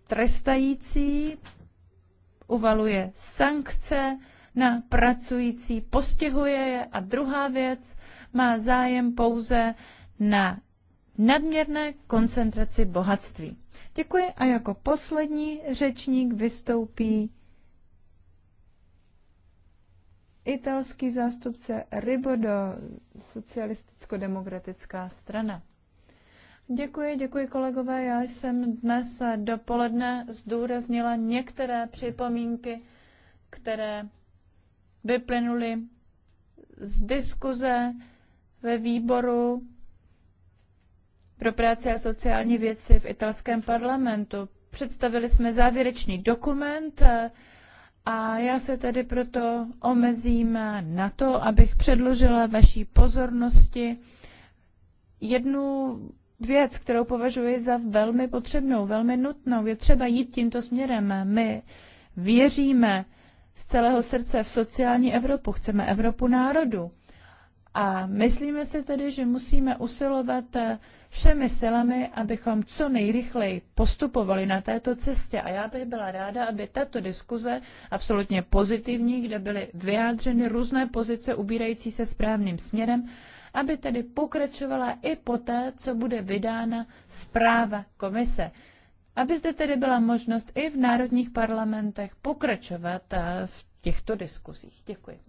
trestající, uvaluje sankce na pracující, postihuje je a druhá věc má zájem pouze na nadměrné koncentraci bohatství. Děkuji a jako poslední řečník vystoupí italský zástupce Ribodo, socialisticko-demokratická strana. Děkuji, děkuji kolegové. Já jsem dnes dopoledne zdůraznila některé připomínky, které vyplynuly z diskuze ve výboru pro práci a sociální věci v italském parlamentu. Představili jsme závěrečný dokument a já se tedy proto omezím na to, abych předložila vaší pozornosti jednu věc, kterou považuji za velmi potřebnou, velmi nutnou. Je třeba jít tímto směrem. My věříme z celého srdce v sociální Evropu, chceme Evropu národu. A myslíme si tedy, že musíme usilovat všemi silami, abychom co nejrychleji postupovali na této cestě. A já bych byla ráda, aby tato diskuze, absolutně pozitivní, kde byly vyjádřeny různé pozice ubírající se správným směrem, aby tedy pokračovala i poté, co bude vydána zpráva komise. Aby zde tedy byla možnost i v národních parlamentech pokračovat eh, v těchto diskuzích. Děkuji.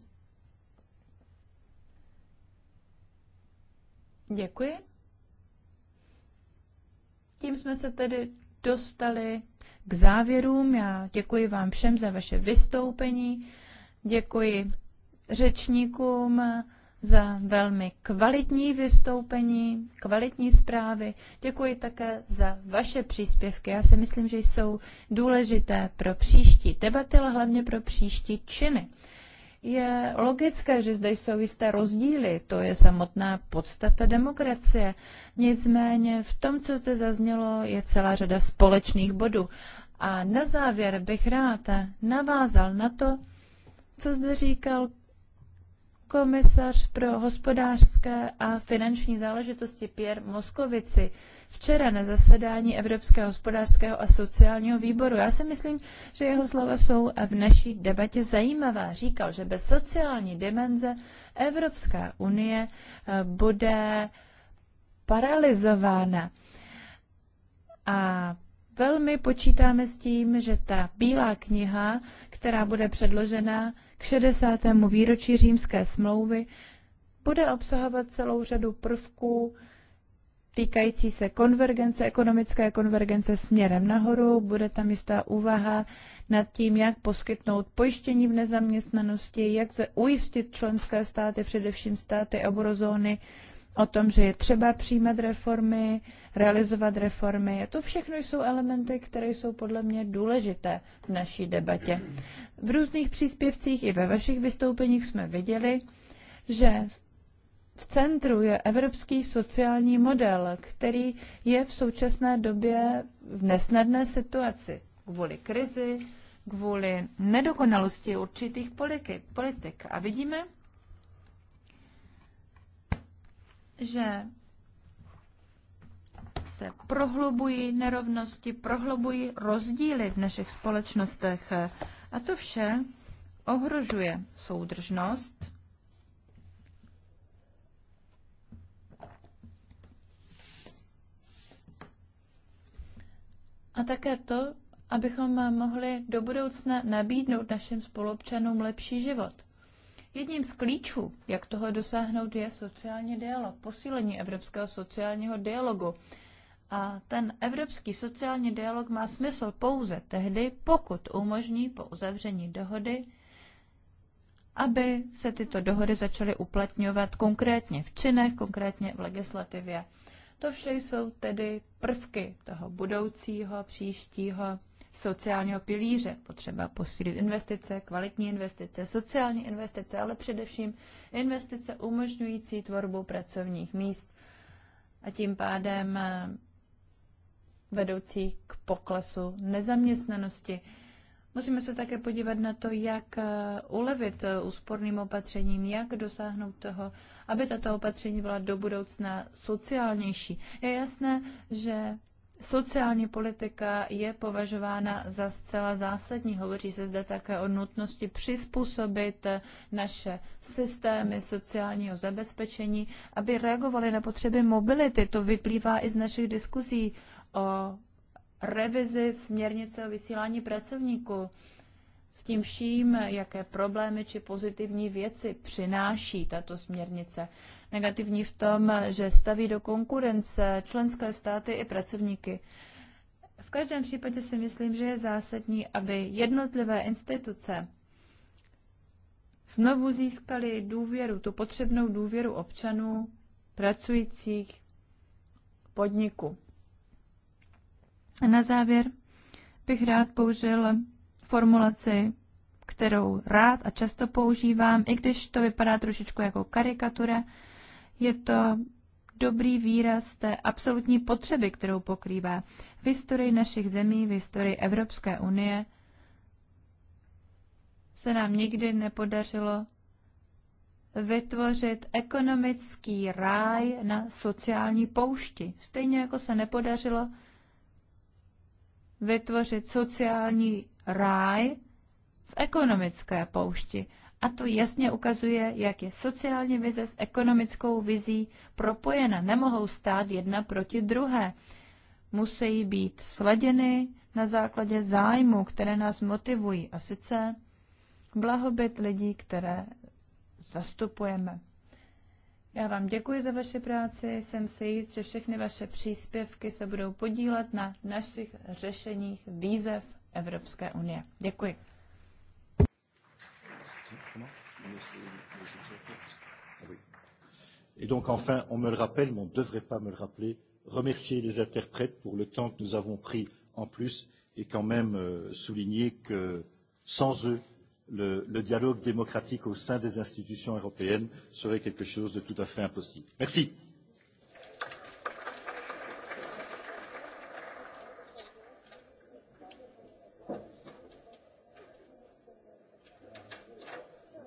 Děkuji. Tím jsme se tedy dostali k závěrům. Já děkuji vám všem za vaše vystoupení. Děkuji řečníkům za velmi kvalitní vystoupení, kvalitní zprávy. Děkuji také za vaše příspěvky. Já si myslím, že jsou důležité pro příští debaty, ale hlavně pro příští činy. Je logické, že zde jsou jisté rozdíly, to je samotná podstata demokracie. Nicméně v tom, co zde zaznělo, je celá řada společných bodů. A na závěr bych rád navázal na to, co zde říkal komisař pro hospodářské a finanční záležitosti Pierre Moskovici včera na zasedání Evropského hospodářského a sociálního výboru. Já si myslím, že jeho slova jsou v naší debatě zajímavá. Říkal, že bez sociální dimenze Evropská unie eh, bude paralizována. A velmi počítáme s tím, že ta bílá kniha, která bude předložena, k 60. výročí římské smlouvy bude obsahovat celou řadu prvků týkající se konvergence, ekonomické konvergence směrem nahoru. Bude tam jistá úvaha nad tím, jak poskytnout pojištění v nezaměstnanosti, jak se ujistit členské státy, především státy eurozóny, o tom, že je třeba přijímat reformy, realizovat reformy. To všechno jsou elementy, které jsou podle mě důležité v naší debatě. V různých příspěvcích i ve vašich vystoupeních jsme viděli, že v centru je evropský sociální model, který je v současné době v nesnadné situaci kvůli krizi, kvůli nedokonalosti určitých politik. A vidíme, že se prohlubují nerovnosti, prohlubují rozdíly v našich společnostech. A to vše ohrožuje soudržnost, a také to, abychom mohli do budoucna nabídnout našim spolupčanům lepší život. Jedním z klíčů, jak toho dosáhnout, je sociální dialog, posílení evropského sociálního dialogu. A ten evropský sociální dialog má smysl pouze tehdy, pokud umožní po uzavření dohody, aby se tyto dohody začaly uplatňovat konkrétně v činech, konkrétně v legislativě. To vše jsou tedy prvky toho budoucího, příštího sociálního pilíře. Potřeba posílit investice, kvalitní investice, sociální investice, ale především investice umožňující tvorbu pracovních míst a tím pádem eh, vedoucí k poklesu nezaměstnanosti. Musíme se také podívat na to, jak eh, ulevit eh, úsporným opatřením, jak dosáhnout toho, aby tato opatření byla do budoucna sociálnější. Je jasné, že Sociální politika je považována za zcela zásadní. Hovoří se zde také o nutnosti přizpůsobit naše systémy sociálního zabezpečení, aby reagovaly na potřeby mobility. To vyplývá i z našich diskuzí o revizi směrnice o vysílání pracovníků. S tím vším, jaké problémy či pozitivní věci přináší tato směrnice negativní v tom, že staví do konkurence členské státy i pracovníky. V každém případě si myslím, že je zásadní, aby jednotlivé instituce znovu získaly důvěru, tu potřebnou důvěru občanů, pracujících, podniku. A na závěr bych rád použil formulaci, kterou rád a často používám, i když to vypadá trošičku jako karikatura, je to dobrý výraz té absolutní potřeby, kterou pokrývá v historii našich zemí, v historii Evropské unie. Se nám nikdy nepodařilo vytvořit ekonomický ráj na sociální poušti. Stejně jako se nepodařilo vytvořit sociální ráj v ekonomické poušti. A to jasně ukazuje, jak je sociální vize s ekonomickou vizí propojena. Nemohou stát jedna proti druhé. Musí být sladěny na základě zájmu, které nás motivují, a sice blahobyt lidí, které zastupujeme. Já vám děkuji za vaše práci, jsem si jist, že všechny vaše příspěvky se budou podílet na našich řešeních výzev Evropské unie. Děkuji. Ah et donc enfin, on me le rappelle, mais on ne devrait pas me le rappeler, remercier les interprètes pour le temps que nous avons pris en plus et quand même euh, souligner que sans eux, le, le dialogue démocratique au sein des institutions européennes serait quelque chose de tout à fait impossible. Merci.